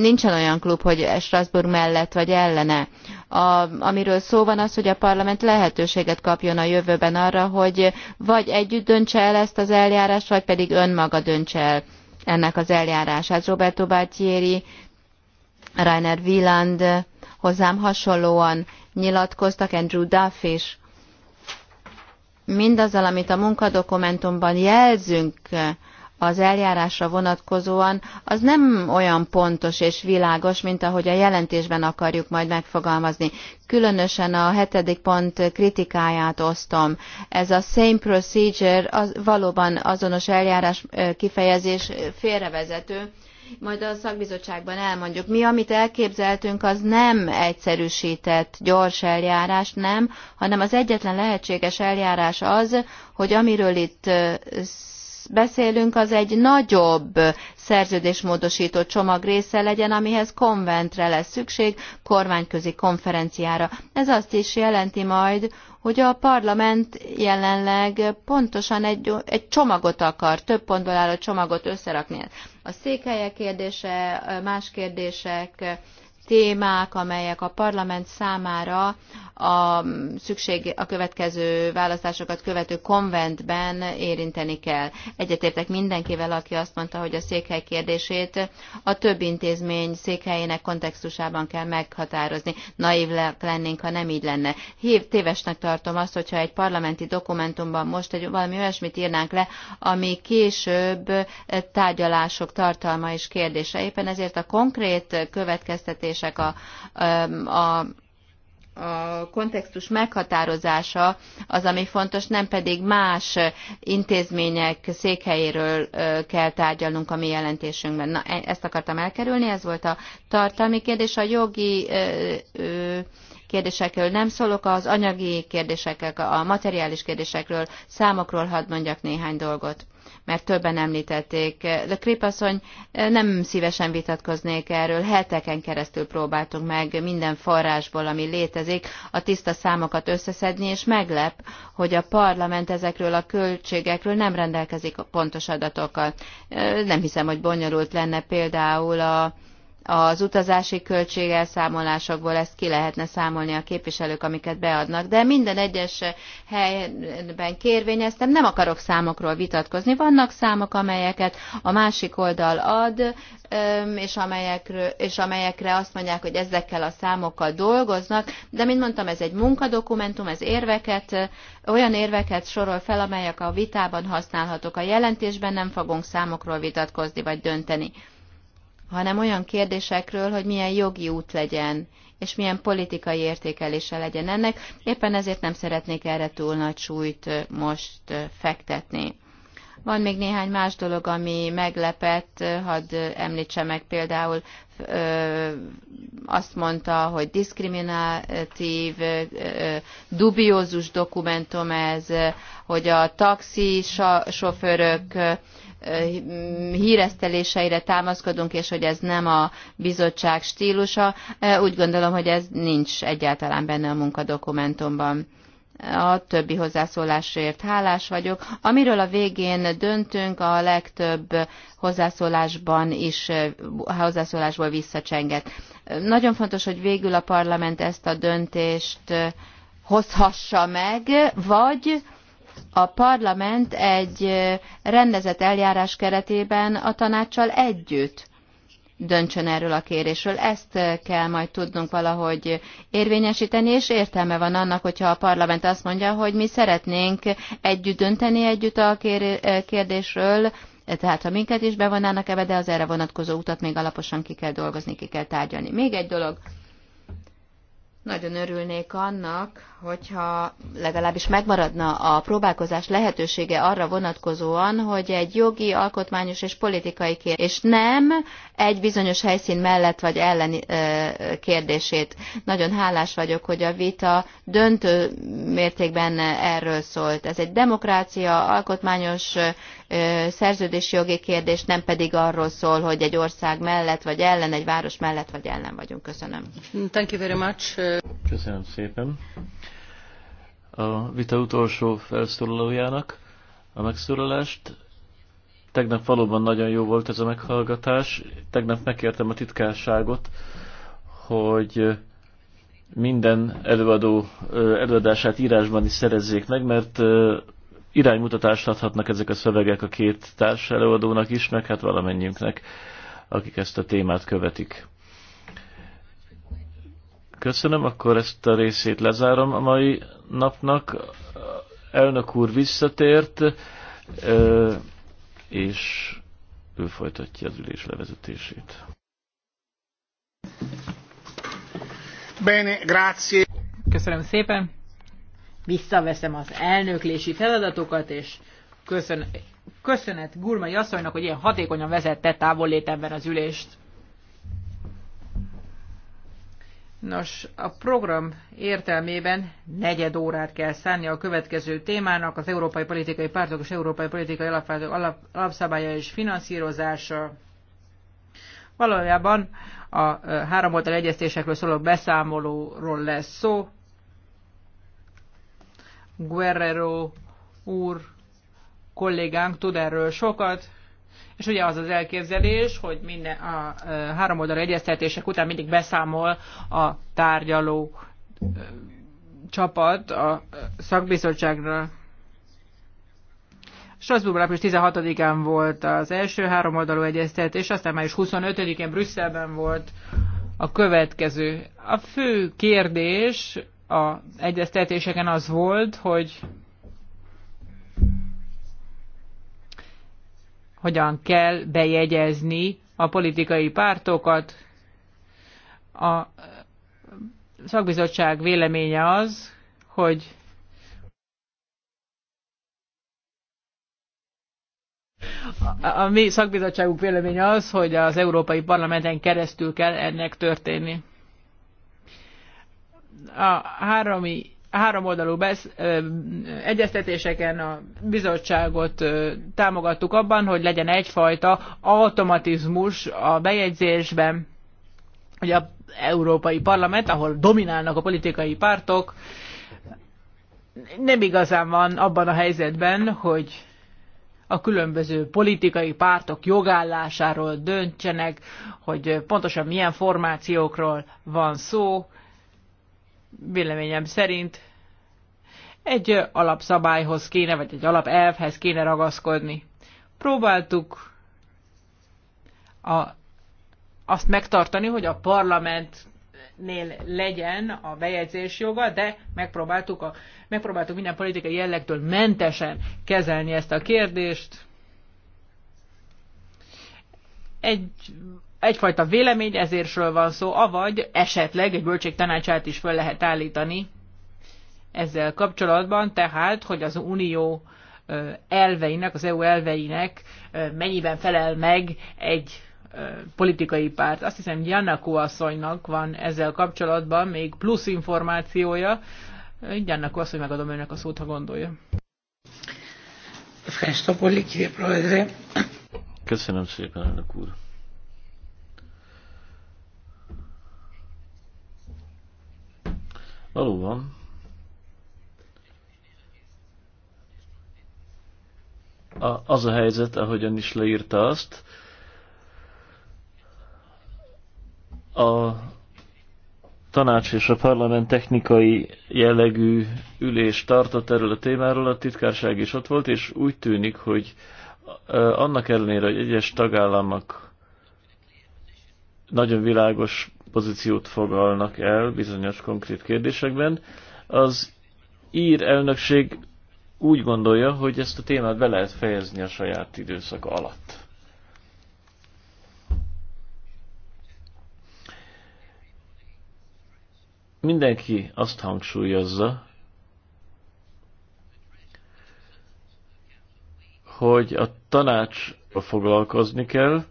nincsen olyan klub, hogy Strasbourg mellett vagy ellene a, amiről szó van az, hogy a parlament lehetőséget kapjon a jövőben arra, hogy vagy együtt döntse el ezt az eljárást, vagy pedig önmaga döntse el ennek az eljárását. Roberto Bartieri, Rainer Wieland hozzám hasonlóan nyilatkoztak, Andrew Duff is. Mindazzal, amit a munkadokumentumban jelzünk, az eljárásra vonatkozóan, az nem olyan pontos és világos, mint ahogy a jelentésben akarjuk majd megfogalmazni. Különösen a hetedik pont kritikáját osztom. Ez a same procedure az valóban azonos eljárás kifejezés félrevezető, majd a szakbizottságban elmondjuk. Mi, amit elképzeltünk, az nem egyszerűsített gyors eljárás, nem, hanem az egyetlen lehetséges eljárás az, hogy amiről itt beszélünk, az egy nagyobb szerződésmódosító csomag része legyen, amihez konventre lesz szükség, kormányközi konferenciára. Ez azt is jelenti majd, hogy a parlament jelenleg pontosan egy, egy csomagot akar, több pontból álló csomagot összerakni. A székhelyek kérdése, más kérdések, témák, amelyek a parlament számára a, szükség, a következő választásokat követő konventben érinteni kell. Egyetértek mindenkivel, aki azt mondta, hogy a székhely kérdését a több intézmény székhelyének kontextusában kell meghatározni. Naív lennénk, ha nem így lenne. Hív, tévesnek tartom azt, hogyha egy parlamenti dokumentumban most egy, valami olyasmit írnánk le, ami később tárgyalások tartalma és kérdése. Éppen ezért a konkrét következtetés kérdések, a, a a kontextus meghatározása az, ami fontos, nem pedig más intézmények székhelyéről kell tárgyalnunk a mi jelentésünkben. Na, e, ezt akartam elkerülni, ez volt a tartalmi kérdés. A jogi kérdésekről nem szólok, az anyagi kérdésekkel, a materiális kérdésekről, számokról hadd mondjak néhány dolgot mert többen említették. De Krépasszony, nem szívesen vitatkoznék erről. Heteken keresztül próbáltunk meg minden forrásból, ami létezik, a tiszta számokat összeszedni, és meglep, hogy a parlament ezekről a költségekről nem rendelkezik pontos adatokkal. Nem hiszem, hogy bonyolult lenne például a az utazási költség elszámolásokból ezt ki lehetne számolni a képviselők, amiket beadnak, de minden egyes helyben kérvényeztem, nem akarok számokról vitatkozni, vannak számok, amelyeket a másik oldal ad, és, amelyekről, és amelyekre azt mondják, hogy ezekkel a számokkal dolgoznak, de mint mondtam, ez egy munkadokumentum, ez érveket, olyan érveket sorol fel, amelyek a vitában használhatók. A jelentésben nem fogunk számokról vitatkozni vagy dönteni hanem olyan kérdésekről, hogy milyen jogi út legyen, és milyen politikai értékelése legyen ennek. Éppen ezért nem szeretnék erre túl nagy súlyt most fektetni. Van még néhány más dolog, ami meglepett, hadd említse meg például ö, azt mondta, hogy diszkriminatív, ö, dubiózus dokumentum ez, hogy a taxisofőrök Mm, híreszteléseire támaszkodunk, és hogy ez nem a bizottság stílusa, úgy gondolom, hogy ez nincs egyáltalán benne a munkadokumentumban. A többi hozzászólásért hálás vagyok. Amiről a végén döntünk, a legtöbb hozzászólásban is, hozzászólásból visszacsenget. Nagyon fontos, hogy végül a parlament ezt a döntést hozhassa meg, vagy a parlament egy rendezett eljárás keretében a tanácssal együtt döntsön erről a kérésről. Ezt kell majd tudnunk valahogy érvényesíteni, és értelme van annak, hogyha a parlament azt mondja, hogy mi szeretnénk együtt dönteni együtt a kérdésről, tehát ha minket is bevonnának ebbe, de az erre vonatkozó utat még alaposan ki kell dolgozni, ki kell tárgyalni. Még egy dolog, nagyon örülnék annak, hogyha legalábbis megmaradna a próbálkozás lehetősége arra vonatkozóan, hogy egy jogi, alkotmányos és politikai kérdés, és nem egy bizonyos helyszín mellett vagy ellen kérdését. Nagyon hálás vagyok, hogy a vita döntő mértékben erről szólt. Ez egy demokrácia, alkotmányos szerződési jogi kérdés, nem pedig arról szól, hogy egy ország mellett vagy ellen, egy város mellett vagy ellen vagyunk. Köszönöm. Thank you very much. Köszönöm szépen. A vita utolsó felszólalójának a megszólalást Tegnap valóban nagyon jó volt ez a meghallgatás. Tegnap megkértem a titkárságot, hogy minden előadó előadását írásban is szerezzék meg, mert iránymutatást adhatnak ezek a szövegek a két társ előadónak is, meg hát valamennyiünknek, akik ezt a témát követik. Köszönöm, akkor ezt a részét lezárom a mai napnak. Elnök úr visszatért és ő folytatja az ülés levezetését. Bene, grazie. Köszönöm szépen. Visszaveszem az elnöklési feladatokat, és köszön, köszönet Gurmai asszonynak, hogy ilyen hatékonyan vezette távollétemben az ülést. Nos, a program értelmében negyed órát kell szánni a következő témának, az európai politikai pártok és európai politikai alap, alap, alapszabálya és finanszírozása. Valójában a három oldal egyeztésekről szóló beszámolóról lesz szó. Guerrero úr kollégánk tud erről sokat, és ugye az az elképzelés, hogy minden a háromoldalú egyeztetések után mindig beszámol a tárgyaló csapat a szakbizottságra. Strasbourgban április 16-án volt az első háromoldalú egyeztetés, aztán május 25-én Brüsszelben volt a következő. A fő kérdés az egyeztetéseken az volt, hogy hogyan kell bejegyezni a politikai pártokat. A szakbizottság véleménye az, hogy A mi szakbizottságunk véleménye az, hogy az Európai Parlamenten keresztül kell ennek történni. A háromi háromoldalú besz, ö, egyeztetéseken a bizottságot ö, támogattuk abban, hogy legyen egyfajta automatizmus a bejegyzésben, hogy az Európai Parlament, ahol dominálnak a politikai pártok, nem igazán van abban a helyzetben, hogy a különböző politikai pártok jogállásáról döntsenek, hogy pontosan milyen formációkról van szó, véleményem szerint egy alapszabályhoz kéne, vagy egy alapelvhez kéne ragaszkodni. Próbáltuk a, azt megtartani, hogy a parlamentnél legyen a bejegyzés joga, de megpróbáltuk, a, megpróbáltuk minden politikai jellegtől mentesen kezelni ezt a kérdést. Egy egyfajta véleményezésről van szó, avagy esetleg egy tanácsát is föl lehet állítani ezzel kapcsolatban, tehát, hogy az unió elveinek, az EU elveinek mennyiben felel meg egy politikai párt. Azt hiszem, Janakó asszonynak van ezzel kapcsolatban még plusz információja. Janakó asszony, megadom önnek a szót, ha gondolja. Köszönöm szépen, elnök úr. Valóban. A, az a helyzet, ahogyan is leírta azt, a tanács és a parlament technikai jellegű ülés tartott erről a témáról, a titkárság is ott volt, és úgy tűnik, hogy annak ellenére, hogy egyes tagállamok nagyon világos pozíciót fogalnak el bizonyos konkrét kérdésekben. Az ír elnökség úgy gondolja, hogy ezt a témát be lehet fejezni a saját időszak alatt. Mindenki azt hangsúlyozza, hogy a tanács foglalkozni kell,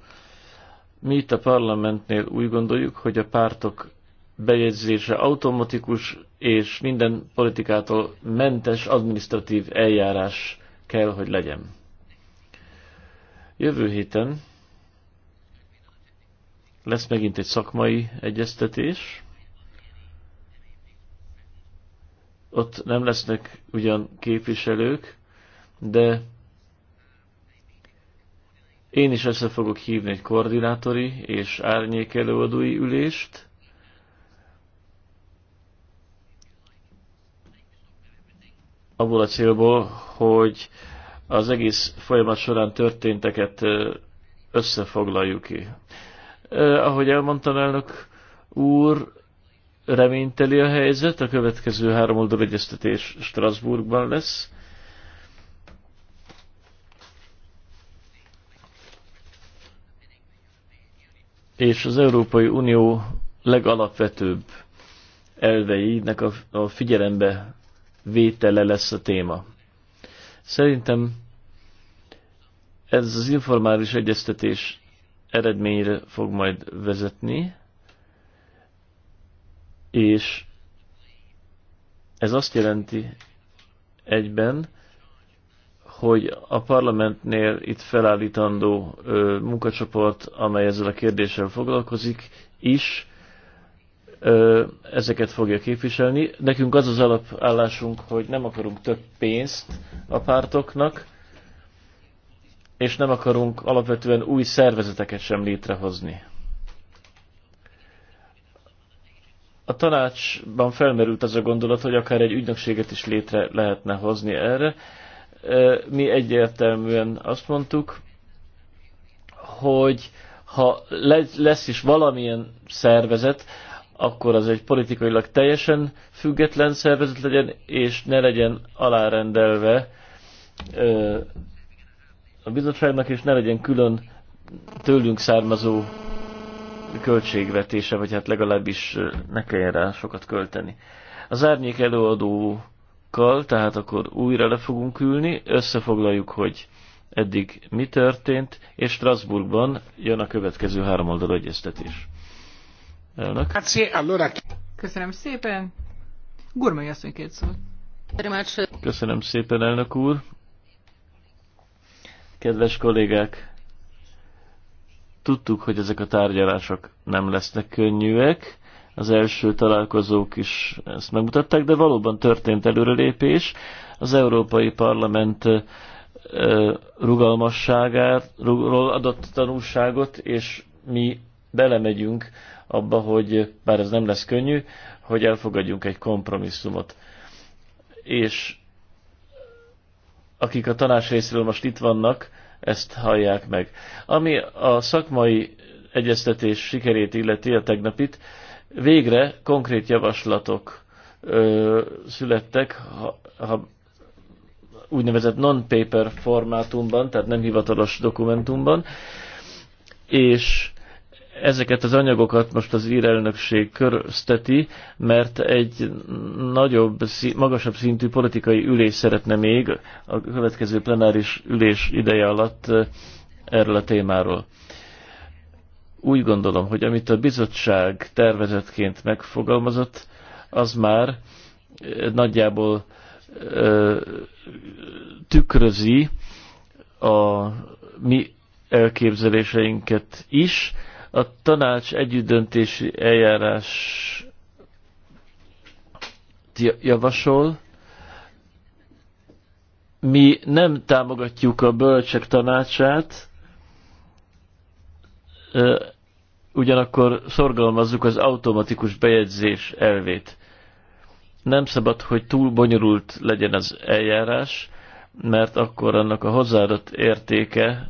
mi itt a parlamentnél úgy gondoljuk, hogy a pártok bejegyzése automatikus és minden politikától mentes administratív eljárás kell, hogy legyen. Jövő héten lesz megint egy szakmai egyeztetés. Ott nem lesznek ugyan képviselők, de én is össze fogok hívni egy koordinátori és árnyék előadói ülést. Abból a célból, hogy az egész folyamat során történteket összefoglaljuk ki. Ahogy elmondtam, elnök úr, reményteli a helyzet, a következő három oldal egyeztetés Strasbourgban lesz és az Európai Unió legalapvetőbb elveinek a, a figyelembe vétele lesz a téma. Szerintem ez az informális egyeztetés eredményre fog majd vezetni, és ez azt jelenti egyben, hogy a parlamentnél itt felállítandó ö, munkacsoport, amely ezzel a kérdéssel foglalkozik, is ö, ezeket fogja képviselni. Nekünk az az alapállásunk, hogy nem akarunk több pénzt a pártoknak, és nem akarunk alapvetően új szervezeteket sem létrehozni. A tanácsban felmerült az a gondolat, hogy akár egy ügynökséget is létre lehetne hozni erre, mi egyértelműen azt mondtuk, hogy ha lesz is valamilyen szervezet, akkor az egy politikailag teljesen független szervezet legyen, és ne legyen alárendelve a bizottságnak, és ne legyen külön tőlünk származó költségvetése, vagy hát legalábbis ne kelljen rá sokat költeni. Az árnyék előadó kal, tehát akkor újra le fogunk ülni, összefoglaljuk, hogy eddig mi történt, és Strasbourgban jön a következő három oldal egyeztetés. Elnök. Köszönöm szépen. Gurmai asszony két szót. Köszönöm szépen, elnök úr. Kedves kollégák, tudtuk, hogy ezek a tárgyalások nem lesznek könnyűek, az első találkozók is ezt megmutatták, de valóban történt előrelépés. Az Európai Parlament rugalmasságáról adott tanulságot, és mi belemegyünk abba, hogy bár ez nem lesz könnyű, hogy elfogadjunk egy kompromisszumot. És akik a tanás részéről most itt vannak, ezt hallják meg. Ami a szakmai egyeztetés sikerét illeti a tegnapit, Végre konkrét javaslatok ö, születtek, ha, ha úgynevezett non-paper formátumban, tehát nem hivatalos dokumentumban, és ezeket az anyagokat most az írelnökség körözteti, mert egy nagyobb, magasabb szintű politikai ülés szeretne még a következő plenáris ülés ideje alatt erről a témáról úgy gondolom, hogy amit a bizottság tervezetként megfogalmazott, az már eh, nagyjából ö, eh, tükrözi a mi elképzeléseinket is. A tanács együttdöntési eljárás javasol. Mi nem támogatjuk a bölcsek tanácsát, ugyanakkor szorgalmazzuk az automatikus bejegyzés elvét. Nem szabad, hogy túl bonyolult legyen az eljárás, mert akkor annak a hozzáadott értéke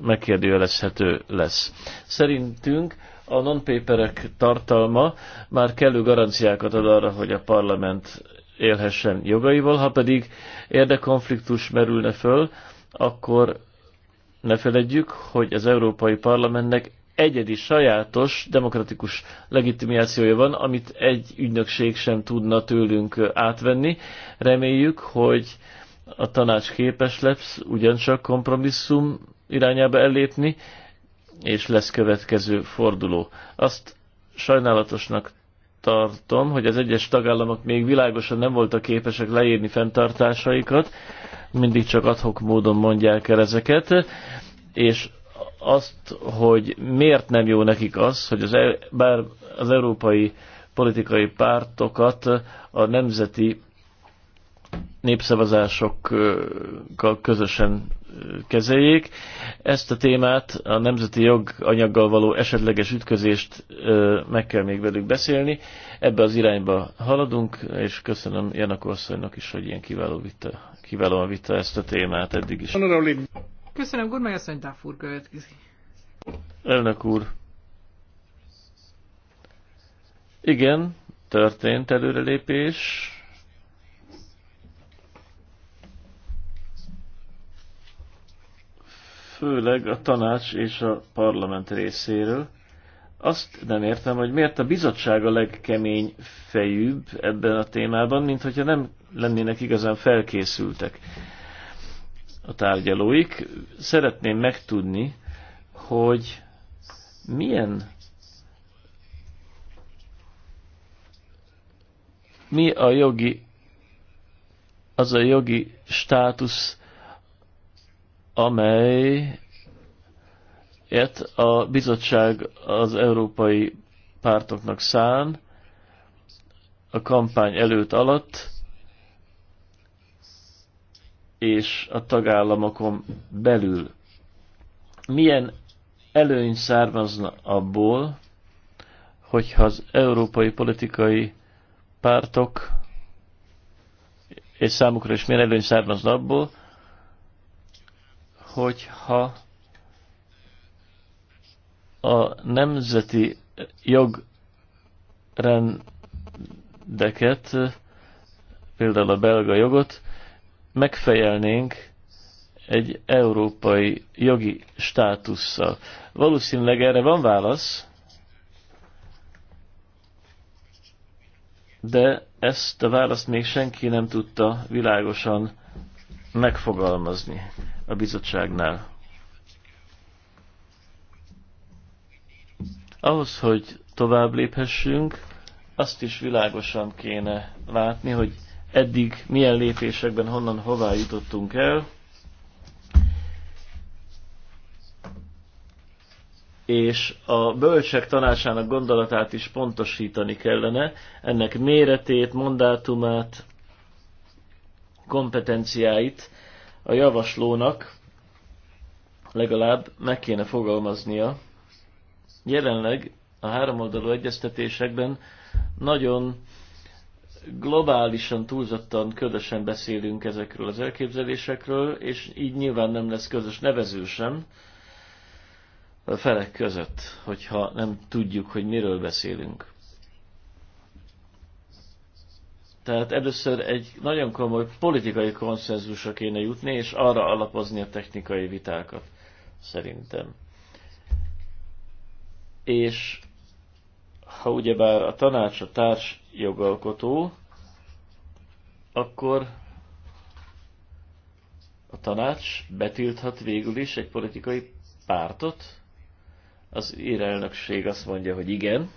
megkérdőjelezhető lesz. Szerintünk a non-paperek tartalma már kellő garanciákat ad arra, hogy a parlament élhessen jogaival, ha pedig érdekonfliktus merülne föl, akkor ne feledjük, hogy az Európai Parlamentnek egyedi, sajátos, demokratikus legitimációja van, amit egy ügynökség sem tudna tőlünk átvenni. Reméljük, hogy a tanács képes lesz ugyancsak kompromisszum irányába ellépni, és lesz következő forduló. Azt sajnálatosnak tartom, hogy az egyes tagállamok még világosan nem voltak képesek leírni fenntartásaikat, mindig csak adhok módon mondják el ezeket, és azt, hogy miért nem jó nekik az, hogy az, e- bár az európai politikai pártokat a nemzeti népszavazásokkal közösen kezeljék. Ezt a témát, a nemzeti joganyaggal való esetleges ütközést meg kell még velük beszélni. Ebbe az irányba haladunk, és köszönöm Janak Orszajnak is, hogy ilyen kiváló vita, kiválóan vita ezt a témát eddig is. Köszönöm, Gurmai asszony, Dáfúr következik. Elnök úr. Igen, történt előrelépés főleg a tanács és a parlament részéről. Azt nem értem, hogy miért a bizottság a legkemény fejűbb ebben a témában, mint hogyha nem lennének igazán felkészültek a tárgyalóik. Szeretném megtudni, hogy milyen mi a jogi, az a jogi státusz, amelyet a bizottság az európai pártoknak szán a kampány előtt alatt, és a tagállamokon belül. Milyen előny származna abból, hogyha az európai politikai pártok, és számukra is milyen előny származna abból, hogyha a nemzeti jogrendeket, például a belga jogot, megfejelnénk egy európai jogi státusszal. Valószínűleg erre van válasz, de ezt a választ még senki nem tudta világosan megfogalmazni a bizottságnál. Ahhoz, hogy tovább léphessünk, azt is világosan kéne látni, hogy eddig milyen lépésekben honnan hová jutottunk el, és a bölcsek tanácsának gondolatát is pontosítani kellene, ennek méretét, mondátumát, kompetenciáit a javaslónak legalább meg kéne fogalmaznia. Jelenleg a háromoldalú egyeztetésekben nagyon globálisan, túlzottan, ködösen beszélünk ezekről az elképzelésekről, és így nyilván nem lesz közös nevező sem a felek között, hogyha nem tudjuk, hogy miről beszélünk. Tehát először egy nagyon komoly politikai konszenzusra kéne jutni, és arra alapozni a technikai vitákat, szerintem. És ha ugyebár a tanács a társ jogalkotó, akkor a tanács betilthat végül is egy politikai pártot. Az írelnökség azt mondja, hogy igen,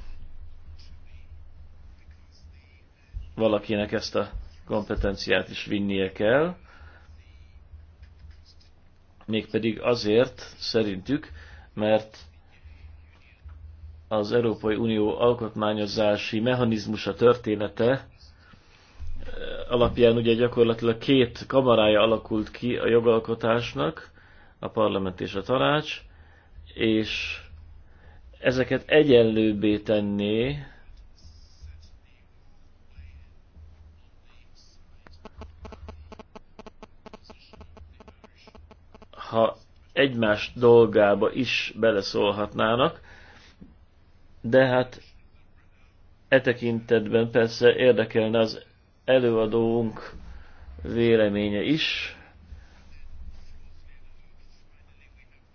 valakinek ezt a kompetenciát is vinnie kell, mégpedig azért szerintük, mert az Európai Unió alkotmányozási mechanizmusa története eh, alapján ugye gyakorlatilag két kamarája alakult ki a jogalkotásnak, a parlament és a tanács, és ezeket egyenlőbbé tenné ha egymás dolgába is beleszólhatnának, de hát e tekintetben persze érdekelne az előadónk véleménye is.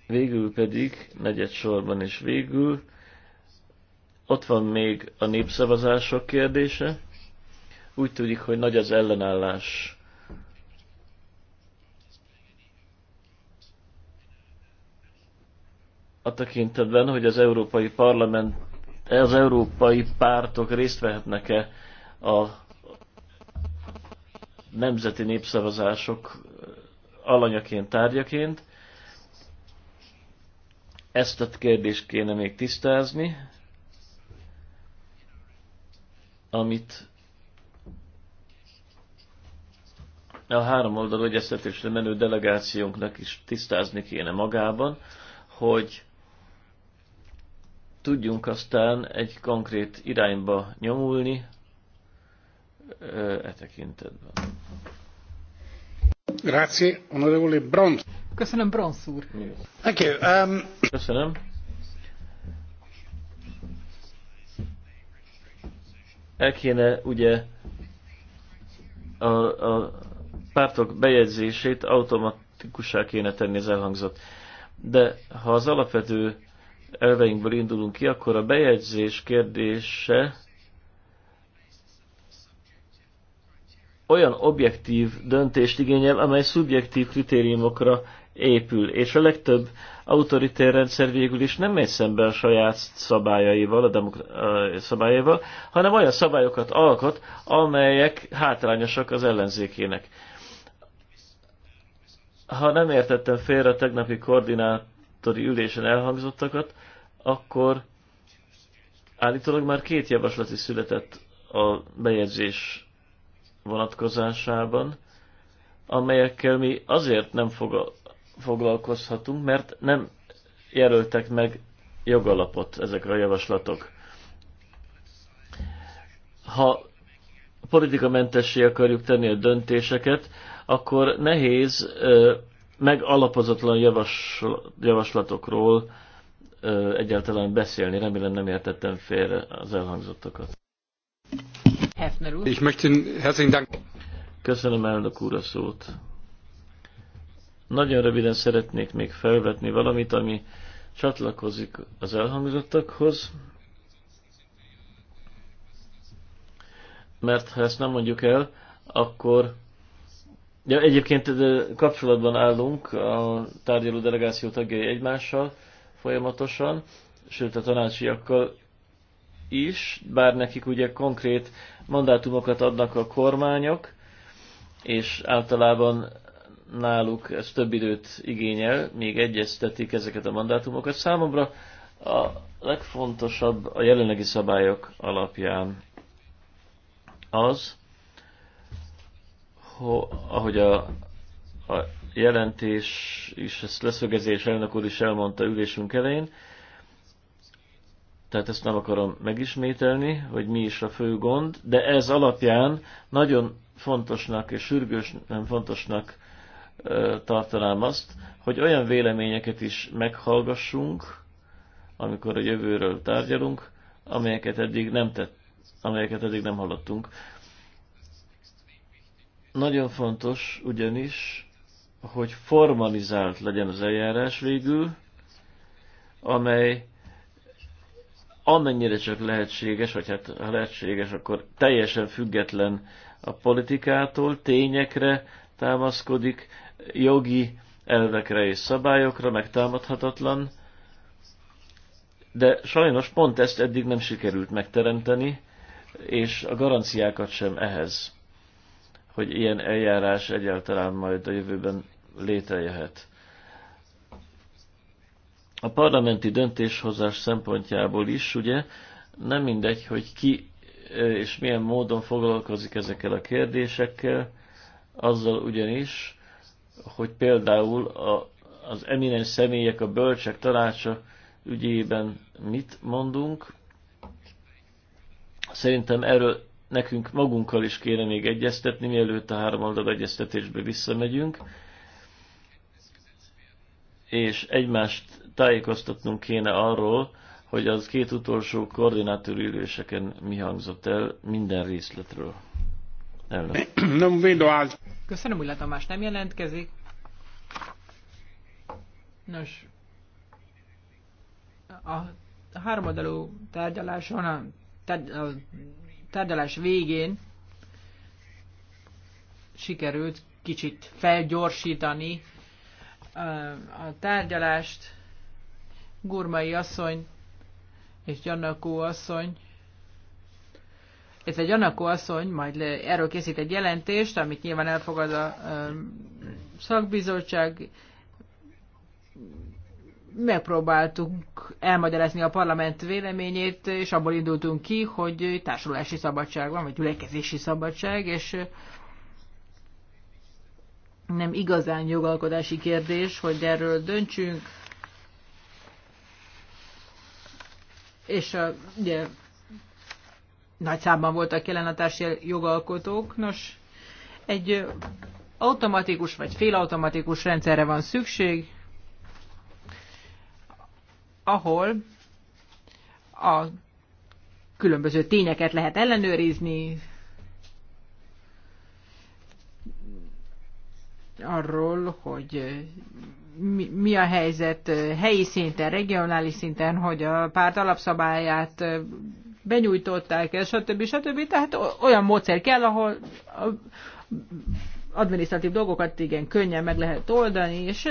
Végül pedig, negyed sorban is végül, ott van még a népszavazások kérdése. Úgy tudjuk, hogy nagy az ellenállás a tekintetben, hogy az Európai Parlament, az európai pártok részt vehetnek-e a nemzeti népszavazások alanyaként, tárgyaként. Ezt a kérdést kéne még tisztázni, amit a három oldalú egyeztetésre menő delegációnknak is tisztázni kéne magában, hogy tudjunk aztán egy konkrét irányba nyomulni e tekintetben. Grazie, onorevole Brons. Köszönöm, Brons úr. Thank you. Um... Köszönöm. El kéne ugye a, a pártok bejegyzését automatikussá kéne tenni, ez elhangzott. De ha az alapvető elveinkből indulunk ki, akkor a bejegyzés kérdése olyan objektív döntést igényel, amely szubjektív kritériumokra épül, és a legtöbb autoritér rendszer végül is nem megy szembe a saját szabályaival, a, demok- szabályaival, hanem olyan szabályokat alkot, amelyek hátrányosak az ellenzékének. Ha nem értettem félre a tegnapi koordinát koordinátori ülésen elhangzottakat, akkor állítólag már két javaslat is született a bejegyzés vonatkozásában, amelyekkel mi azért nem foglalkozhatunk, mert nem jelöltek meg jogalapot ezek a javaslatok. Ha politikamentessé akarjuk tenni a döntéseket, akkor nehéz megalapozatlan javasl- javaslatokról ö, egyáltalán beszélni. Remélem nem értettem félre az elhangzottakat. Hefner úr. Ich möchte herzlichen Dank. Köszönöm elnök úr a szót. Nagyon röviden szeretnék még felvetni valamit, ami csatlakozik az elhangzottakhoz, mert ha ezt nem mondjuk el, akkor Ja, egyébként kapcsolatban állunk a tárgyaló delegáció tagjai egymással folyamatosan, sőt a tanácsiakkal is, bár nekik ugye konkrét mandátumokat adnak a kormányok, és általában náluk ez több időt igényel, még egyeztetik ezeket a mandátumokat. Számomra a legfontosabb a jelenlegi szabályok alapján az, ahogy a, a jelentés is ezt leszögezés elnök úr is elmondta ülésünk elején, tehát ezt nem akarom megismételni, hogy mi is a fő gond, de ez alapján nagyon fontosnak és sürgősen fontosnak tartanám azt, hogy olyan véleményeket is meghallgassunk, amikor a jövőről tárgyalunk, amelyeket eddig nem tett, amelyeket eddig nem hallottunk. Nagyon fontos ugyanis, hogy formalizált legyen az eljárás végül, amely amennyire csak lehetséges, vagy hát ha lehetséges, akkor teljesen független a politikától, tényekre támaszkodik, jogi elvekre és szabályokra, megtámadhatatlan, de sajnos pont ezt eddig nem sikerült megteremteni, és a garanciákat sem ehhez hogy ilyen eljárás egyáltalán majd a jövőben létrejöhet. A parlamenti döntéshozás szempontjából is, ugye, nem mindegy, hogy ki és milyen módon foglalkozik ezekkel a kérdésekkel, azzal ugyanis, hogy például a, az eminens személyek, a bölcsek tanácsa ügyében mit mondunk. Szerintem erről nekünk magunkkal is kéne még egyeztetni, mielőtt a oldal egyeztetésbe visszamegyünk, és egymást tájékoztatnunk kéne arról, hogy az két utolsó koordinátorüléseken mi hangzott el minden részletről. Nem védő Köszönöm, úgy látom, más nem jelentkezik. Nos, a háromadalú tárgyaláson a, tárgy, a tárgyalás végén sikerült kicsit felgyorsítani a tárgyalást. Gurmai asszony és Gyanakó asszony ez egy Gyanakó asszony majd le, erről készít egy jelentést, amit nyilván elfogad a szakbizottság, megpróbáltunk elmagyarázni a parlament véleményét, és abból indultunk ki, hogy társulási szabadság van, vagy gyülekezési szabadság, és nem igazán jogalkodási kérdés, hogy erről döntsünk. És a, ugye, nagy számban voltak jelen a jogalkotók. Nos, egy automatikus vagy félautomatikus rendszerre van szükség, ahol a különböző tényeket lehet ellenőrizni, arról, hogy mi, mi a helyzet helyi szinten, regionális szinten, hogy a párt alapszabályát benyújtották el, stb. stb. Tehát olyan módszer kell, ahol a adminisztratív dolgokat igen könnyen meg lehet oldani, és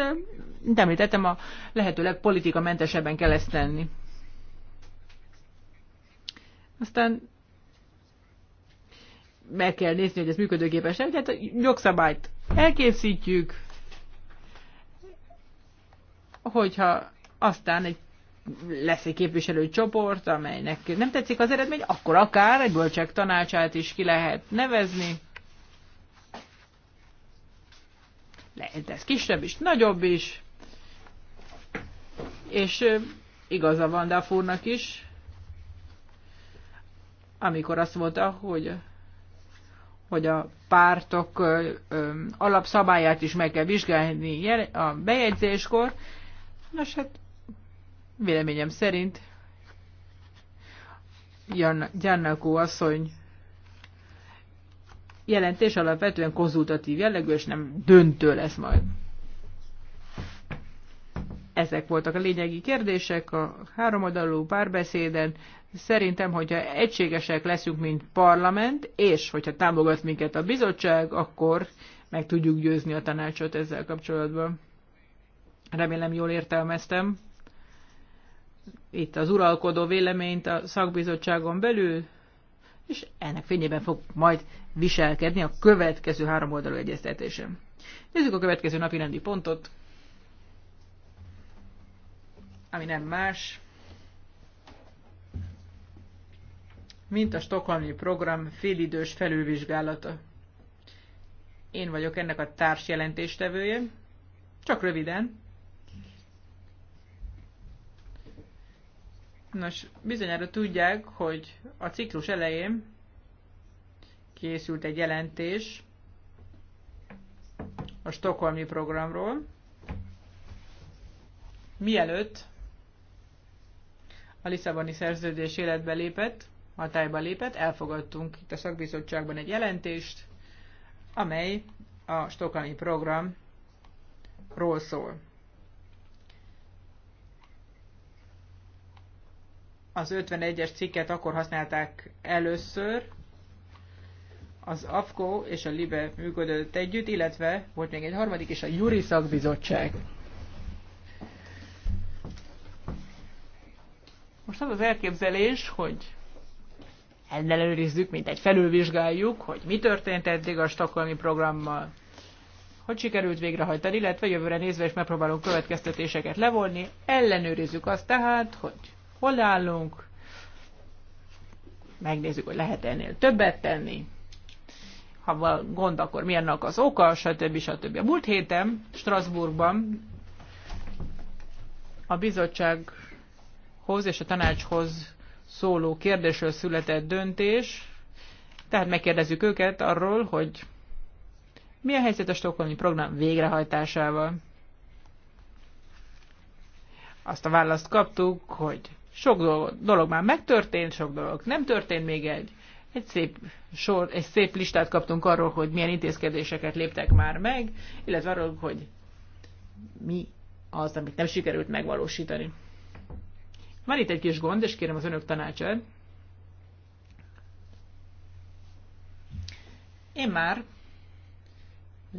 mint említettem, a lehetőleg mentesebben kell ezt tenni. Aztán meg kell nézni, hogy ez működőképes-e. Tehát a jogszabályt elkészítjük, hogyha aztán egy lesz egy képviselőcsoport, amelynek nem tetszik az eredmény, akkor akár egy bölcsek tanácsát is ki lehet nevezni. Lehet ez kisebb is, nagyobb is és igaza van Dafurnak is, amikor azt mondta, hogy, hogy a pártok alapszabályát is meg kell vizsgálni a bejegyzéskor. Nos, hát véleményem szerint Gyannakó asszony jelentés alapvetően konzultatív jellegű, és nem döntő lesz majd. Ezek voltak a lényegi kérdések a háromadalú párbeszéden. Szerintem, hogyha egységesek leszünk, mint parlament, és hogyha támogat minket a bizottság, akkor meg tudjuk győzni a tanácsot ezzel kapcsolatban. Remélem jól értelmeztem. Itt az uralkodó véleményt a szakbizottságon belül, és ennek fényében fog majd viselkedni a következő háromoldalú egyeztetésem. Nézzük a következő napi rendi pontot ami nem más, mint a Stockholmi Program félidős felülvizsgálata. Én vagyok ennek a társ jelentéstevője, csak röviden. Nos, bizonyára tudják, hogy a ciklus elején készült egy jelentés a Stockholmi programról, mielőtt Lisszaboni szerződés életbe lépett, hatályba lépett, elfogadtunk itt a szakbizottságban egy jelentést, amely a stokani programról szól. Az 51-es cikket akkor használták először, az AFKO és a LIBE működött együtt, illetve volt még egy harmadik, és a Juri szakbizottság. Most az az elképzelés, hogy ellenőrizzük, mint egy felülvizsgáljuk, hogy mi történt eddig a stokholmi programmal, hogy sikerült végrehajtani, illetve jövőre nézve is megpróbálunk következtetéseket levonni. Ellenőrizzük azt tehát, hogy hol állunk, megnézzük, hogy lehet ennél többet tenni, ha van gond, akkor mi annak az oka, stb. stb. A múlt héten Strasbourgban a bizottság tanácshoz és a tanácshoz szóló kérdésről született döntés, tehát megkérdezzük őket arról, hogy mi a helyzet a stokholmi program végrehajtásával. Azt a választ kaptuk, hogy sok dolog, dolog már megtörtént, sok dolog nem történt még egy. Egy szép, sor, egy szép listát kaptunk arról, hogy milyen intézkedéseket léptek már meg, illetve arról, hogy mi az, amit nem sikerült megvalósítani. Van itt egy kis gond, és kérem az önök tanácsát. Én már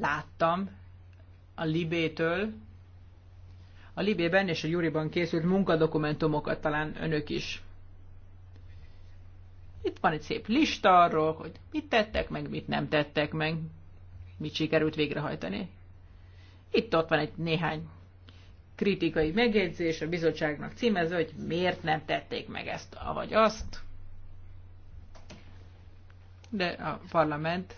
láttam a Libétől, a Libében és a Juriban készült munkadokumentumokat talán önök is. Itt van egy szép lista arról, hogy mit tettek meg, mit nem tettek meg, mit sikerült végrehajtani. Itt ott van egy néhány kritikai megjegyzés a bizottságnak címezve, hogy miért nem tették meg ezt, avagy azt. De a parlament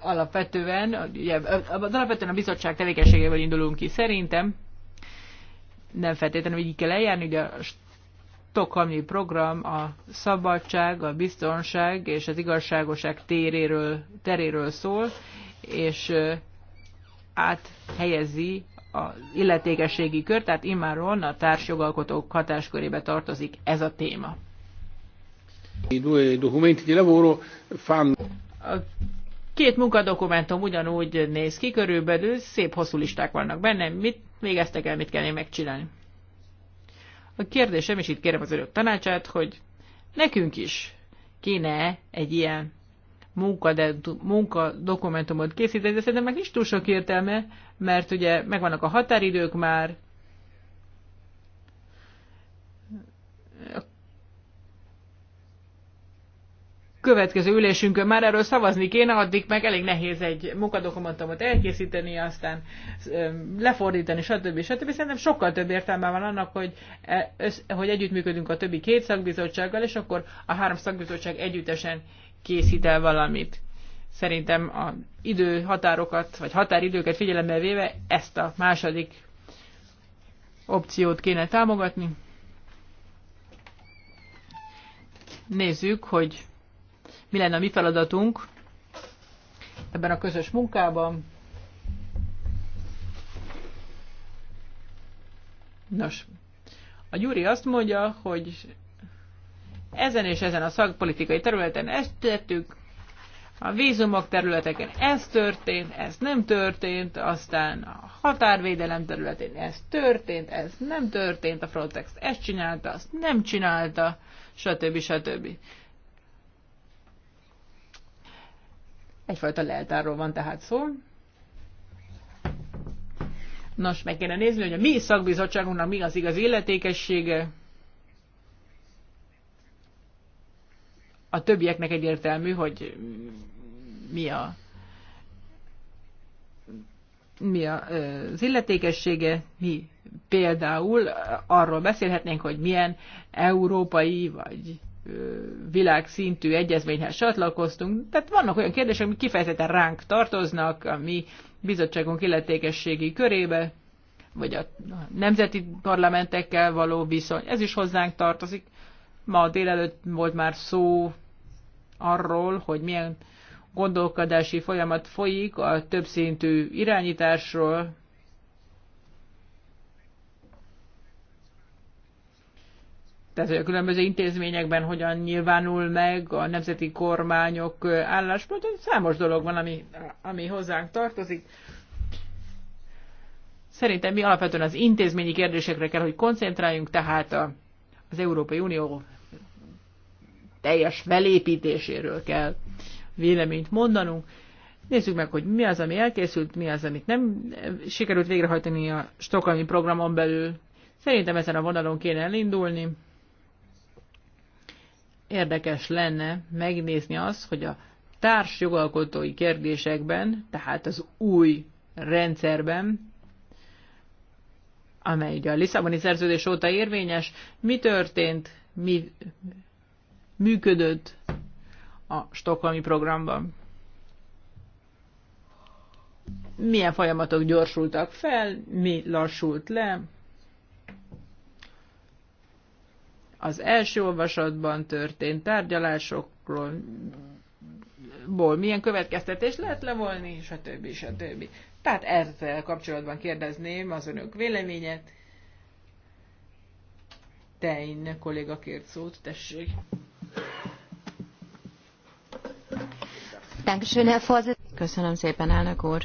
alapvetően, ugye, alapvetően a bizottság tevékenységével indulunk ki szerintem, nem feltétlenül így kell eljárni, ugye a Stockholmi program a szabadság, a biztonság és az igazságoság téréről, teréről szól, és áthelyezi az illetékességi kör, tehát immáron a társjogalkotók hatáskörébe tartozik ez a téma. A két munkadokumentum ugyanúgy néz ki körülbelül, szép hosszú listák vannak benne, mit végeztek el, mit kell én megcsinálni. A kérdésem, és itt kérem az önök tanácsát, hogy nekünk is kéne egy ilyen munkadokumentumot készíteni, de szerintem meg nincs túl sok értelme, mert ugye megvannak a határidők már, következő ülésünkön már erről szavazni kéne, addig meg elég nehéz egy munkadokumentumot elkészíteni, aztán lefordítani, stb. stb. Szerintem sokkal több értelme van annak, hogy, e, hogy együttműködünk a többi két szakbizottsággal, és akkor a három szakbizottság együttesen készít el valamit. Szerintem az időhatárokat, vagy határidőket figyelembe véve ezt a második opciót kéne támogatni. Nézzük, hogy mi lenne a mi feladatunk ebben a közös munkában. Nos, a Gyuri azt mondja, hogy ezen és ezen a szakpolitikai területen ezt tettük, a vízumok területeken ez történt, ez nem történt, aztán a határvédelem területén ez történt, ez nem történt, a Frontex ezt csinálta, azt nem csinálta, stb. stb. Egyfajta leltárról van tehát szó. Nos, meg kéne nézni, hogy a mi szakbizottságunknak mi az igazi illetékessége, a többieknek egyértelmű, hogy mi a mi a, az illetékessége, mi például arról beszélhetnénk, hogy milyen európai vagy világszintű egyezményhez csatlakoztunk. Tehát vannak olyan kérdések, amik kifejezetten ránk tartoznak, a mi bizottságunk illetékességi körébe, vagy a nemzeti parlamentekkel való viszony. Ez is hozzánk tartozik. Ma délelőtt volt már szó arról, hogy milyen gondolkodási folyamat folyik a többszintű irányításról. Tehát, hogy a különböző intézményekben hogyan nyilvánul meg a nemzeti kormányok álláspontja, számos dolog van, ami, ami hozzánk tartozik. Szerintem mi alapvetően az intézményi kérdésekre kell, hogy koncentráljunk, tehát a, az Európai Unió teljes felépítéséről kell véleményt mondanunk. Nézzük meg, hogy mi az, ami elkészült, mi az, amit nem sikerült végrehajtani a stokalmi programon belül. Szerintem ezen a vonalon kéne elindulni. Érdekes lenne megnézni azt, hogy a társ jogalkotói kérdésekben, tehát az új rendszerben, amely ugye a Lisszaboni szerződés óta érvényes, mi történt, mi működött a stokholmi programban. Milyen folyamatok gyorsultak fel, mi lassult le. Az első olvasatban történt tárgyalásokról ból milyen következtetés lehet levolni, stb. stb. Tehát ezzel kapcsolatban kérdezném az önök véleményet. innen kolléga kért szót, tessék. Köszönöm szépen, elnök úr.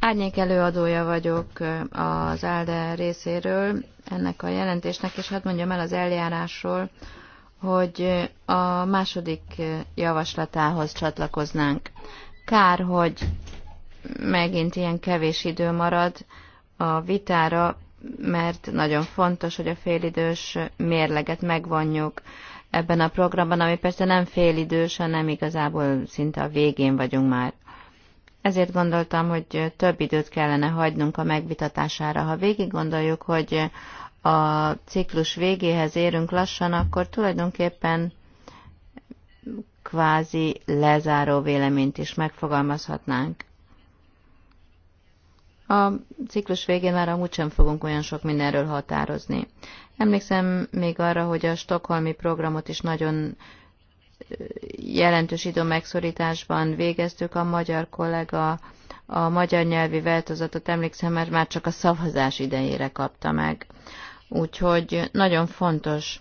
Árnyék előadója vagyok az ALDE részéről ennek a jelentésnek, és hát mondjam el az eljárásról, hogy a második javaslatához csatlakoznánk. Kár, hogy megint ilyen kevés idő marad a vitára, mert nagyon fontos, hogy a félidős mérleget megvonjuk ebben a programban, ami persze nem idős, hanem igazából szinte a végén vagyunk már. Ezért gondoltam, hogy több időt kellene hagynunk a megvitatására. Ha végig gondoljuk, hogy a ciklus végéhez érünk lassan, akkor tulajdonképpen kvázi lezáró véleményt is megfogalmazhatnánk. A ciklus végén már amúgy sem fogunk olyan sok mindenről határozni. Emlékszem még arra, hogy a stokholmi programot is nagyon jelentős idő megszorításban végeztük. A magyar kollega a magyar nyelvi változatot emlékszem, mert már csak a szavazás idejére kapta meg. Úgyhogy nagyon fontos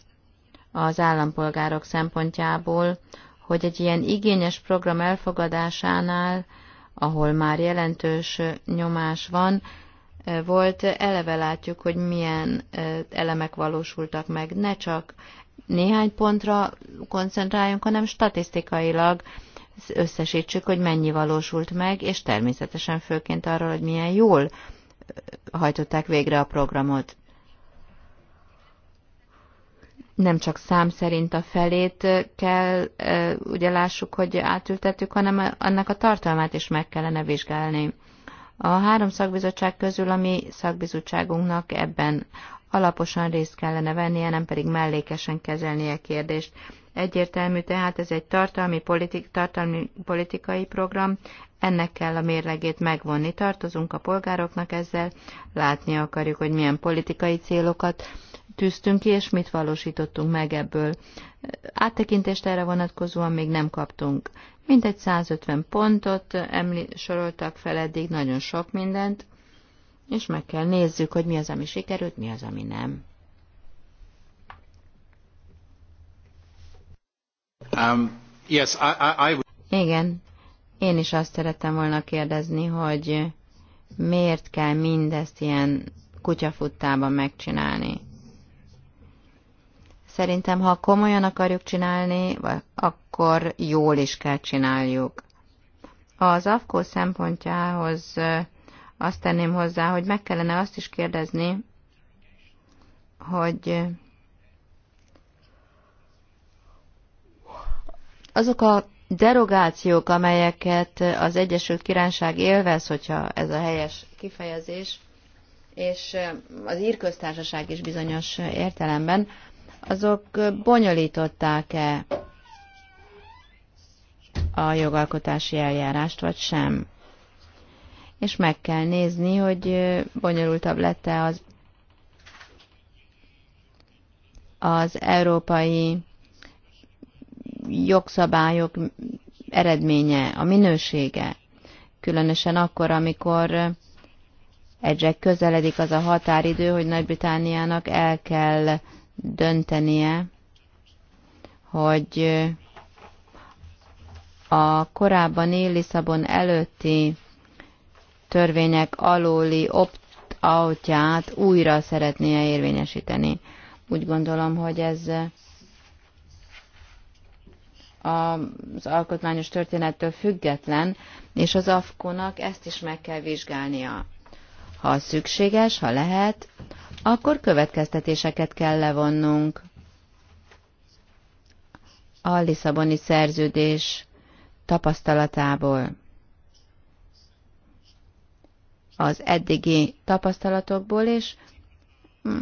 az állampolgárok szempontjából, hogy egy ilyen igényes program elfogadásánál, ahol már jelentős nyomás van, volt, eleve látjuk, hogy milyen elemek valósultak meg. Ne csak néhány pontra koncentráljunk, hanem statisztikailag összesítsük, hogy mennyi valósult meg, és természetesen főként arról, hogy milyen jól hajtották végre a programot. Nem csak szám szerint a felét kell, ugye lássuk, hogy átültettük, hanem annak a tartalmát is meg kellene vizsgálni. A három szakbizottság közül a mi szakbizottságunknak ebben alaposan részt kellene vennie, nem pedig mellékesen kezelnie kérdést. Egyértelmű tehát ez egy tartalmi, politik, tartalmi politikai program, ennek kell a mérlegét megvonni. Tartozunk a polgároknak ezzel, látni akarjuk, hogy milyen politikai célokat tűztünk ki, és mit valósítottunk meg ebből. Áttekintést erre vonatkozóan még nem kaptunk. Mintegy 150 pontot eml- soroltak fel eddig, nagyon sok mindent, és meg kell nézzük, hogy mi az, ami sikerült, mi az, ami nem. Um, yes, I, I, I... Igen, én is azt szerettem volna kérdezni, hogy miért kell mindezt ilyen kutyafuttában megcsinálni. Szerintem, ha komolyan akarjuk csinálni, akkor jól is kell csináljuk. Az AFKO szempontjához azt tenném hozzá, hogy meg kellene azt is kérdezni, hogy azok a derogációk, amelyeket az Egyesült Királyság élvez, hogyha ez a helyes kifejezés, és az írköztársaság is bizonyos értelemben, azok bonyolították-e a jogalkotási eljárást, vagy sem. És meg kell nézni, hogy bonyolultabb lett-e az, az európai jogszabályok eredménye, a minősége, különösen akkor, amikor egyre közeledik az a határidő, hogy Nagy-Britániának el kell döntenie, hogy a korábban Éliszabon előtti törvények alóli opt-outját újra szeretnie érvényesíteni. Úgy gondolom, hogy ez az alkotmányos történettől független, és az afkónak ezt is meg kell vizsgálnia. Ha szükséges, ha lehet, akkor következtetéseket kell levonnunk. A Lisszaboni szerződés tapasztalatából. Az eddigi tapasztalatokból, és mm,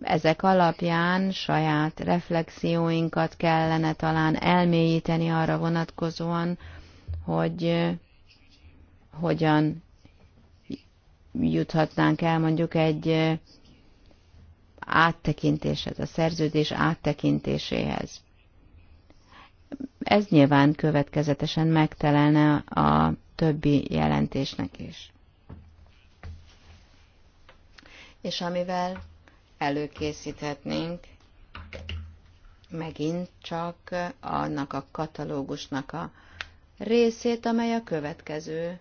ezek alapján saját reflexióinkat kellene talán elmélyíteni arra vonatkozóan, hogy eh, hogyan juthatnánk el mondjuk egy áttekintéshez, a szerződés áttekintéséhez. Ez nyilván következetesen megtelelne a többi jelentésnek is. És amivel előkészíthetnénk megint csak annak a katalógusnak a részét, amely a következő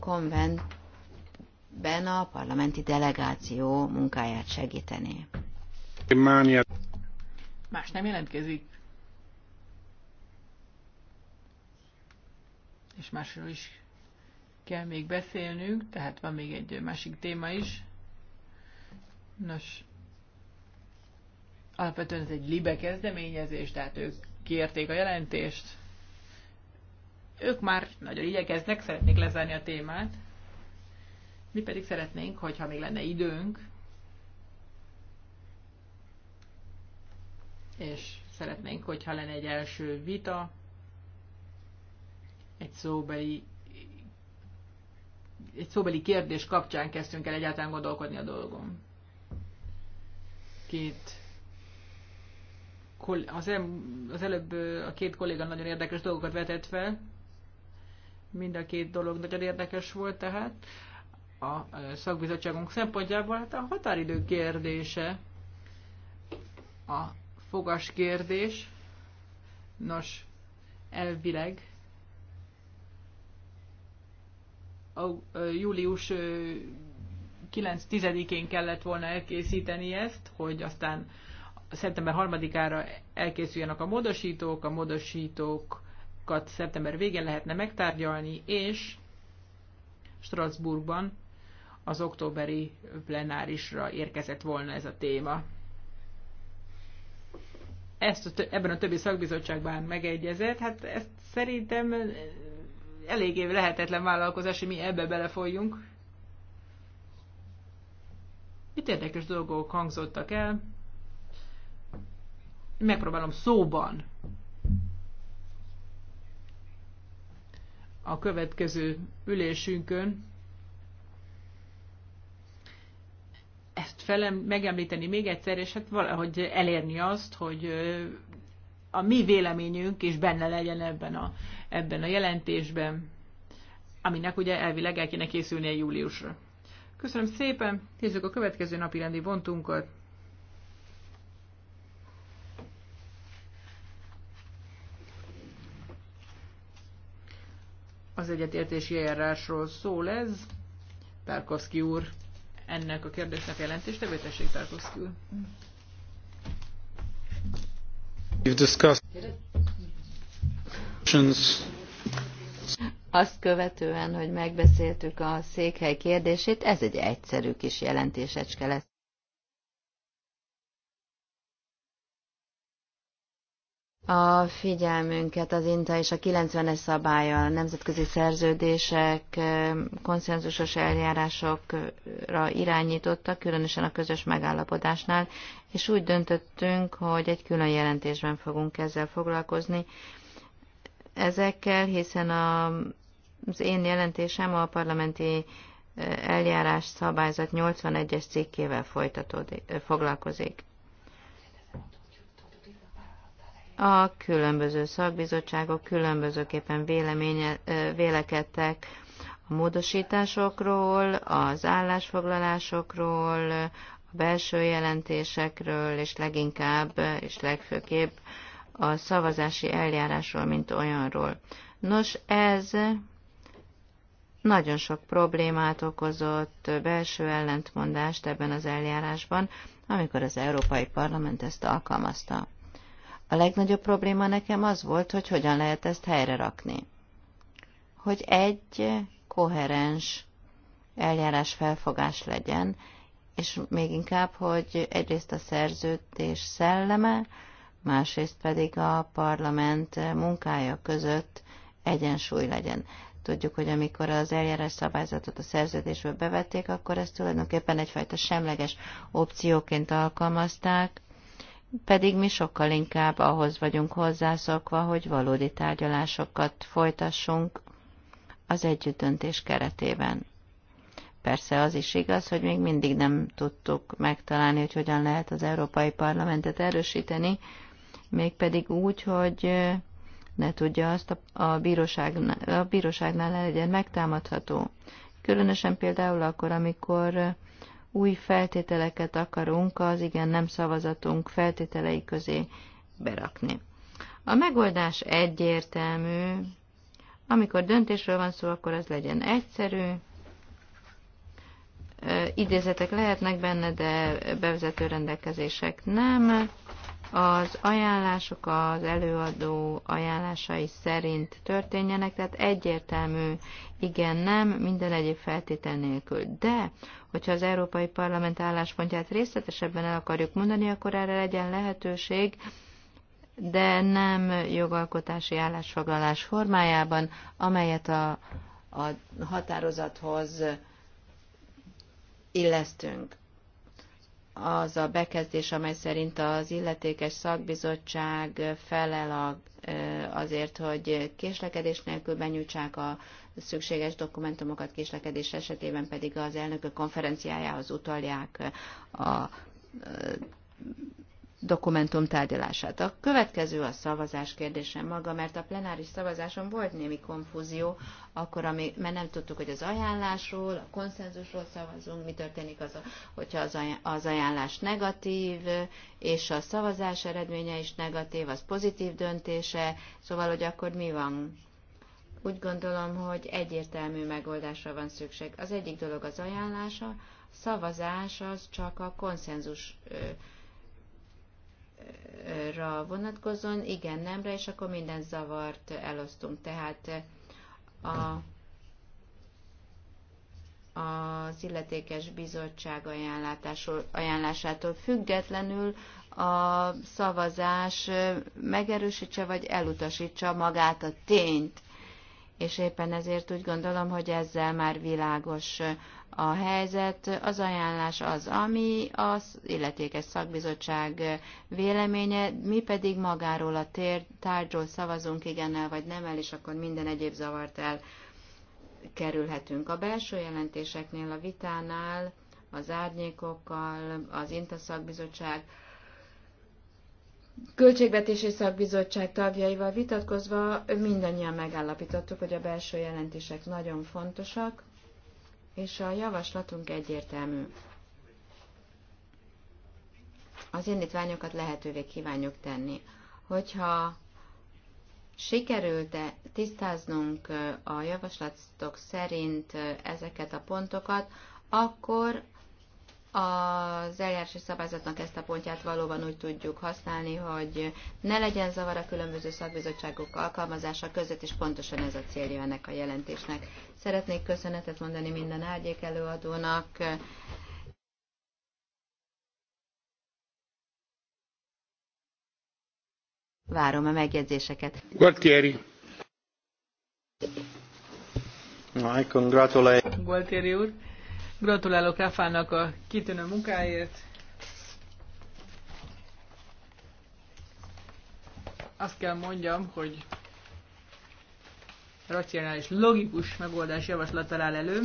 konvent ben a parlamenti delegáció munkáját segíteni. Más nem jelentkezik. És másról is kell még beszélnünk, tehát van még egy másik téma is. Nos, alapvetően ez egy libe kezdeményezés, tehát ők kérték a jelentést. Ők már nagyon igyekeznek, szeretnék lezárni a témát. Mi pedig szeretnénk, hogyha még lenne időnk, és szeretnénk, hogyha lenne egy első vita, egy szóbeli egy szóbeli kérdés kapcsán kezdtünk el egyáltalán gondolkodni a dolgon. Két az, el, az előbb a két kolléga nagyon érdekes dolgokat vetett fel. Mind a két dolog nagyon érdekes volt tehát a e, szakbizottságunk szempontjából hát a határidő kérdése, a fogas kérdés. Nos, elvileg a, e, július 9-10-én e, kellett volna elkészíteni ezt, hogy aztán szeptember 3-ára elkészüljenek a módosítók, a módosítókat szeptember végén lehetne megtárgyalni, és Strasbourgban az októberi plenárisra érkezett volna ez a téma. Ezt a, ebben a többi szakbizottságban megegyezett, hát ezt szerintem eléggé lehetetlen vállalkozás, hogy mi ebbe belefolyjunk. Itt érdekes dolgok hangzottak el. Megpróbálom szóban a következő ülésünkön felem, megemlíteni még egyszer, és hát valahogy elérni azt, hogy a mi véleményünk is benne legyen ebben a, ebben a jelentésben, aminek ugye elvileg el kéne készülnie júliusra. Köszönöm szépen, nézzük a következő napi rendi pontunkat. Az egyetértési eljárásról szól ez. Tarkovsky úr ennek a kérdésnek jelentést, de tessék Tarkovszki Azt követően, hogy megbeszéltük a székhely kérdését, ez egy egyszerű kis jelentésecske lesz. a figyelmünket az INTA és a 90-es szabálya, a nemzetközi szerződések, konszenzusos eljárásokra irányítottak, különösen a közös megállapodásnál, és úgy döntöttünk, hogy egy külön jelentésben fogunk ezzel foglalkozni. Ezekkel, hiszen a, az én jelentésem a parlamenti eljárás szabályzat 81-es cikkével folytatódik, foglalkozik. a különböző szakbizottságok különbözőképpen véleménye, vélekedtek a módosításokról, az állásfoglalásokról, a belső jelentésekről, és leginkább és legfőképp a szavazási eljárásról, mint olyanról. Nos, ez nagyon sok problémát okozott, belső ellentmondást ebben az eljárásban, amikor az Európai Parlament ezt alkalmazta. A legnagyobb probléma nekem az volt, hogy hogyan lehet ezt helyre rakni. Hogy egy koherens eljárás felfogás legyen, és még inkább, hogy egyrészt a szerződés szelleme, másrészt pedig a parlament munkája között egyensúly legyen. Tudjuk, hogy amikor az eljárás szabályzatot a szerződésből bevették, akkor ezt tulajdonképpen egyfajta semleges opcióként alkalmazták, pedig mi sokkal inkább ahhoz vagyunk hozzászokva, hogy valódi tárgyalásokat folytassunk az együttdöntés keretében. Persze az is igaz, hogy még mindig nem tudtuk megtalálni, hogy hogyan lehet az Európai Parlamentet erősíteni, mégpedig úgy, hogy ne tudja azt a, a, bíróságnál, a bíróságnál legyen megtámadható. Különösen például akkor, amikor új feltételeket akarunk az igen-nem szavazatunk feltételei közé berakni. A megoldás egyértelmű, amikor döntésről van szó, akkor az legyen egyszerű, idézetek lehetnek benne, de bevezető rendelkezések nem az ajánlások az előadó ajánlásai szerint történjenek, tehát egyértelmű igen, nem, minden egyéb feltétel nélkül. De, hogyha az Európai Parlament álláspontját részletesebben el akarjuk mondani, akkor erre legyen lehetőség, de nem jogalkotási állásfoglalás formájában, amelyet a, a határozathoz illesztünk az a bekezdés, amely szerint az illetékes szakbizottság felel a, azért, hogy késlekedés nélkül benyújtsák a szükséges dokumentumokat, késlekedés esetében pedig az elnökök konferenciájához utalják a dokumentum tárgyalását. A következő a szavazás kérdésem maga, mert a plenáris szavazáson volt némi konfúzió, akkor, ami, mert nem tudtuk, hogy az ajánlásról, a konszenzusról szavazunk, mi történik, az, hogyha az, az ajánlás negatív, és a szavazás eredménye is negatív, az pozitív döntése, szóval, hogy akkor mi van? Úgy gondolom, hogy egyértelmű megoldásra van szükség. Az egyik dolog az ajánlása, szavazás az csak a konszenzus ö, ra vonatkozóan, igen, nemre, és akkor minden zavart elosztunk. Tehát a, az illetékes bizottság ajánlásától függetlenül a szavazás megerősítse vagy elutasítsa magát a tényt. És éppen ezért úgy gondolom, hogy ezzel már világos a helyzet, az ajánlás az, ami az illetékes szakbizottság véleménye, mi pedig magáról a tér, tárgyról szavazunk igennel vagy nemmel, és akkor minden egyéb zavart el kerülhetünk. A belső jelentéseknél, a vitánál, az árnyékokkal, az intaszakbizottság, Költségvetési Szakbizottság tagjaival vitatkozva mindannyian megállapítottuk, hogy a belső jelentések nagyon fontosak, és a javaslatunk egyértelmű. Az indítványokat lehetővé kívánjuk tenni. Hogyha sikerült -e tisztáznunk a javaslatok szerint ezeket a pontokat, akkor az eljárási szabályzatnak ezt a pontját valóban úgy tudjuk használni, hogy ne legyen zavar a különböző szakbizottságok alkalmazása között, és pontosan ez a célja ennek a jelentésnek. Szeretnék köszönetet mondani minden árgyék előadónak, Várom a megjegyzéseket. Gualtieri. I congratulate. Gualtieri úr. Gratulálok Ráfának a kitűnő munkáért. Azt kell mondjam, hogy racionális, logikus megoldás javaslat talál elő.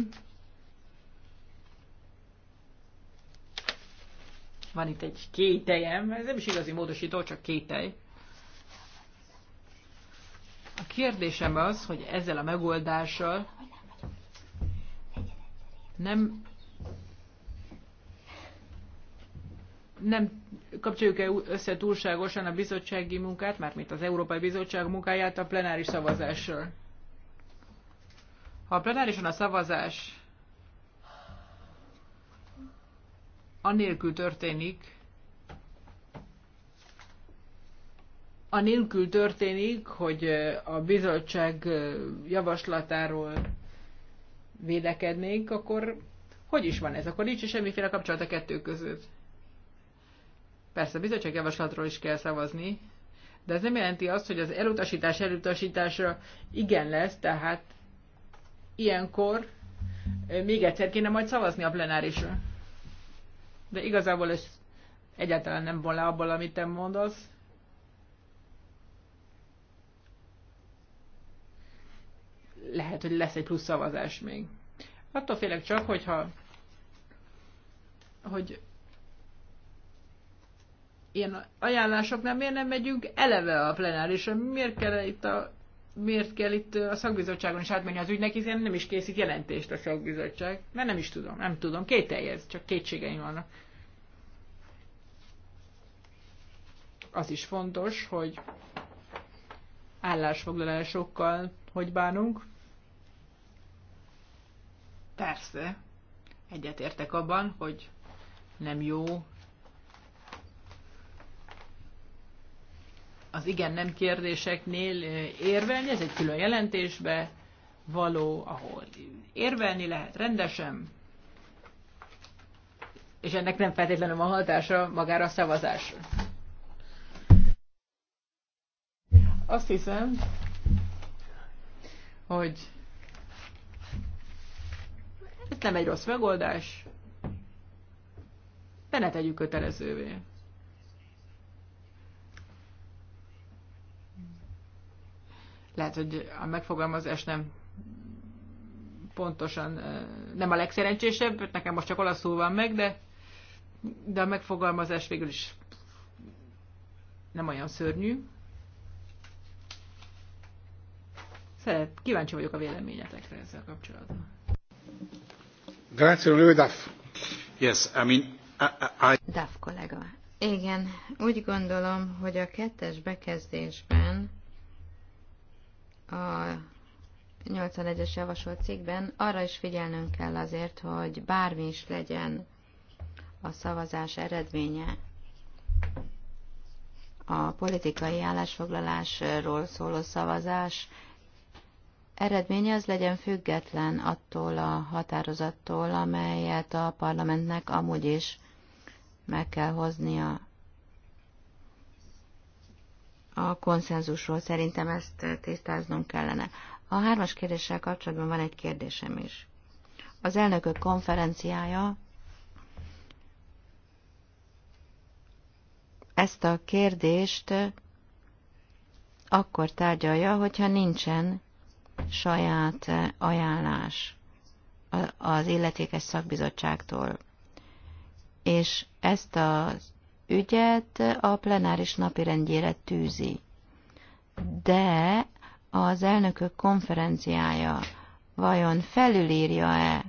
Van itt egy kételjem, ez nem is igazi módosító, csak kételj. A kérdésem az, hogy ezzel a megoldással nem nem kapcsoljuk -e össze túlságosan a bizottsági munkát, mármint az Európai Bizottság munkáját a plenáris szavazással. Ha a plenárison a szavazás anélkül történik, anélkül történik, hogy a bizottság javaslatáról védekednénk, akkor hogy is van ez? Akkor nincs semmiféle kapcsolat a kettő között. Persze, bizottságjavaslatról is kell szavazni, de ez nem jelenti azt, hogy az elutasítás elutasításra igen lesz, tehát ilyenkor még egyszer kéne majd szavazni a plenárisra. De igazából ez egyáltalán nem volna abból, amit te mondasz. lehet, hogy lesz egy plusz szavazás még. Attól félek csak, hogyha hogy ilyen ajánlásoknál miért nem megyünk eleve a plenárisra, miért kell itt a miért kell itt a szakbizottságon is átmenni az ügynek, hiszen nem is készít jelentést a szakbizottság, mert nem is tudom, nem tudom, kételjez, csak kétségeim vannak. Az is fontos, hogy állásfoglalásokkal hogy bánunk, Persze, egyetértek abban, hogy nem jó az igen-nem kérdéseknél érvelni, ez egy külön jelentésbe való, ahol érvelni lehet rendesen, és ennek nem feltétlenül van hatása magára a szavazásra. Azt hiszem, hogy nem egy rossz megoldás, de ne tegyük kötelezővé. Lehet, hogy a megfogalmazás nem pontosan nem a legszerencsésebb, nekem most csak olaszul van meg, de, de a megfogalmazás végül is nem olyan szörnyű. Szeret, kíváncsi vagyok a véleményetekre ezzel kapcsolatban. Duff. kollega. Igen, úgy gondolom, hogy a kettes bekezdésben a 81-es javasolt cikkben arra is figyelnünk kell azért, hogy bármi is legyen a szavazás eredménye, a politikai állásfoglalásról szóló szavazás eredménye az legyen független attól a határozattól, amelyet a parlamentnek amúgy is meg kell hoznia a konszenzusról. Szerintem ezt tisztáznunk kellene. A hármas kérdéssel kapcsolatban van egy kérdésem is. Az elnökök konferenciája ezt a kérdést akkor tárgyalja, hogyha nincsen saját eh, ajánlás az illetékes szakbizottságtól. És ezt az ügyet a plenáris rendjére tűzi. De az elnökök konferenciája vajon felülírja-e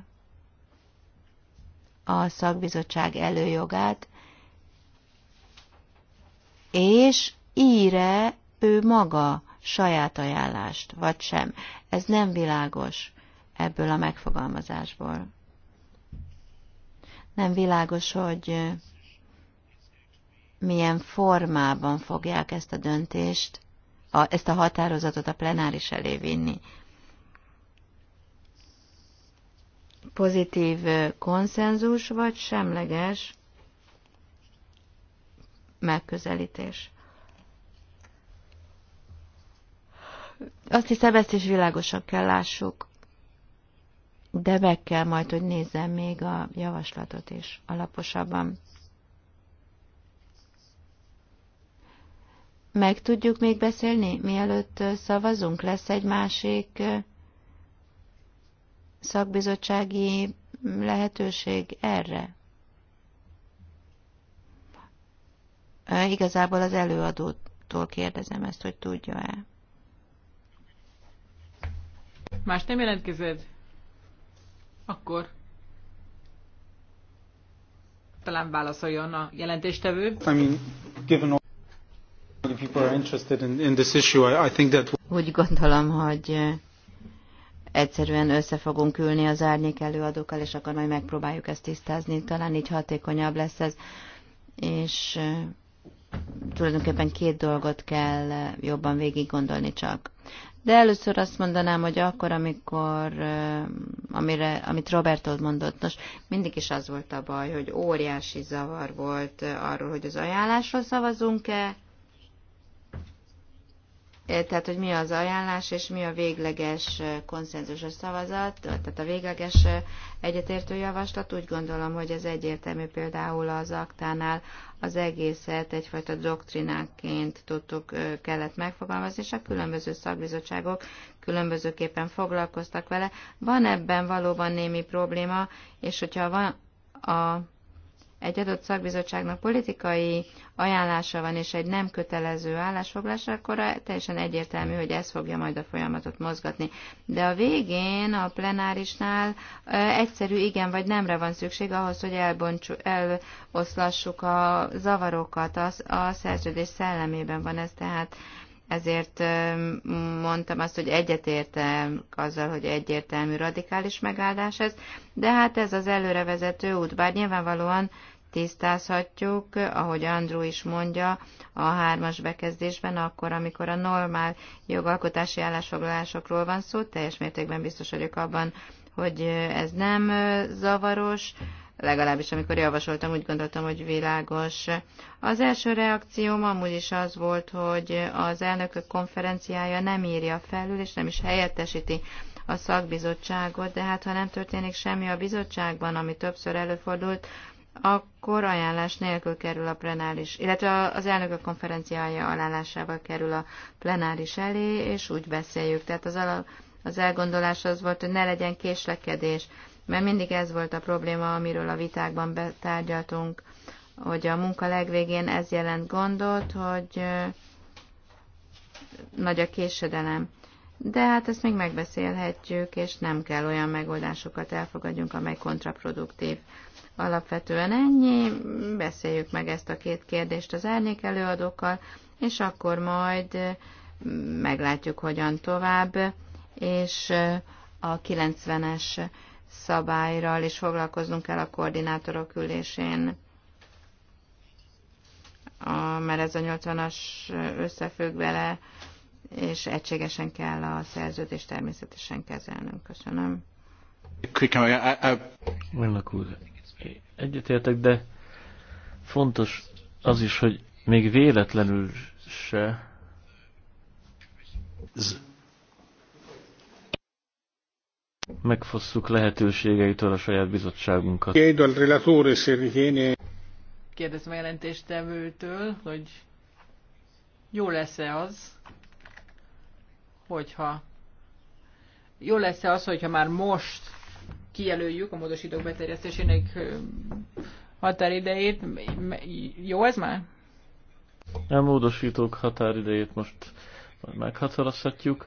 a szakbizottság előjogát, és íre ő maga saját ajánlást, vagy sem. Ez nem világos ebből a megfogalmazásból. Nem világos, hogy milyen formában fogják ezt a döntést, a, ezt a határozatot a plenáris elé vinni. Pozitív konszenzus vagy semleges megközelítés. Azt hiszem, ezt is világosan kell lássuk. De meg kell majd, hogy nézzem még a javaslatot is alaposabban. Meg tudjuk még beszélni, mielőtt szavazunk? Lesz egy másik szakbizottsági lehetőség erre? Igazából az előadótól kérdezem ezt, hogy tudja-e. Más nem jelentkezed? Akkor talán válaszoljon a jelentéstevő. I mean, given all people are interested in, in this issue, I, I think that... Úgy gondolom, hogy eh, egyszerűen össze fogunk ülni az árnyék előadókkal, és akkor majd megpróbáljuk ezt tisztázni. Talán így hatékonyabb lesz ez. És eh, tulajdonképpen két dolgot kell eh, jobban végig gondolni csak. De először azt mondanám, hogy akkor, amikor, amire, amit Roberto mondott, nos, mindig is az volt a baj, hogy óriási zavar volt arról, hogy az ajánlásról szavazunk-e, tehát, hogy mi az ajánlás, és mi a végleges konszenzusos szavazat, tehát a végleges egyetértő javaslat, úgy gondolom, hogy ez egyértelmű például az aktánál, az egészet egyfajta doktrinákként tudtuk, kellett megfogalmazni, és a különböző szakbizottságok különbözőképpen foglalkoztak vele. Van ebben valóban némi probléma, és hogyha van a egy adott szakbizottságnak politikai ajánlása van, és egy nem kötelező állásfoglása, akkor teljesen egyértelmű, hogy ez fogja majd a folyamatot mozgatni. De a végén, a plenárisnál egyszerű igen vagy nemre van szükség ahhoz, hogy elbontsú, eloszlassuk a zavarokat. A, a szerződés szellemében van ez, tehát ezért mondtam azt, hogy egyetértem azzal, hogy egyértelmű radikális megáldás ez, de hát ez az előrevezető út, bár nyilvánvalóan tisztázhatjuk, ahogy Andrew is mondja, a hármas bekezdésben, akkor, amikor a normál jogalkotási állásfoglalásokról van szó, teljes mértékben biztos vagyok abban, hogy ez nem zavaros, legalábbis amikor javasoltam, úgy gondoltam, hogy világos. Az első reakcióm amúgy is az volt, hogy az elnökök konferenciája nem írja felül, és nem is helyettesíti a szakbizottságot, de hát ha nem történik semmi a bizottságban, ami többször előfordult, akkor ajánlás nélkül kerül a plenáris, illetve az elnökök konferenciája alálásával kerül a plenáris elé, és úgy beszéljük. Tehát az, ala, az elgondolás az volt, hogy ne legyen késlekedés, mert mindig ez volt a probléma, amiről a vitákban betárgyaltunk, hogy a munka legvégén ez jelent gondot, hogy nagy a késedelem. De hát ezt még megbeszélhetjük, és nem kell olyan megoldásokat elfogadjunk, amely kontraproduktív. Alapvetően ennyi, beszéljük meg ezt a két kérdést az árnyék előadókkal, és akkor majd mm, meglátjuk hogyan tovább, és a 90-es szabályral is foglalkoznunk kell a koordinátorok ülésén, a, mert ez a 80-as összefügg vele, és egységesen kell a szerződést természetesen kezelnünk. Köszönöm. Vannak uh, uh, úr, egyetértek, de fontos az is, hogy még véletlenül se megfosszuk lehetőségeitől a saját bizottságunkat. Kérdezem a jelentéstevőtől, hogy jó lesz-e az, hogyha jó lesz-e az, hogyha már most kijelöljük a módosítók beterjesztésének határidejét. Jó ez már? A módosítók határidejét most meghatározhatjuk,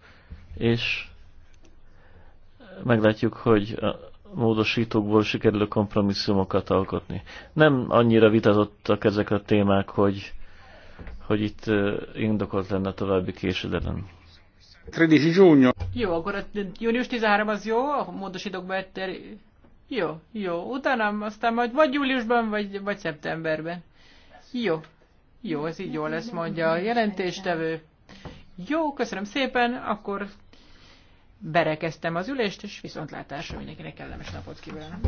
és meglátjuk, hogy a módosítókból sikerül kompromisszumokat alkotni. Nem annyira vitatottak ezek a témák, hogy, hogy itt indokolt lenne további késedelem. 13 giugno. Jó, akkor a június 13 az jó, a módosítok be ter... Jó, jó, utána aztán majd vagy júliusban, vagy, vagy szeptemberben. Jó, jó, ez így jó lesz, mondja a jelentéstevő. Jó, köszönöm szépen, akkor berekeztem az ülést, és viszontlátásra mindenkinek kellemes napot kívánok.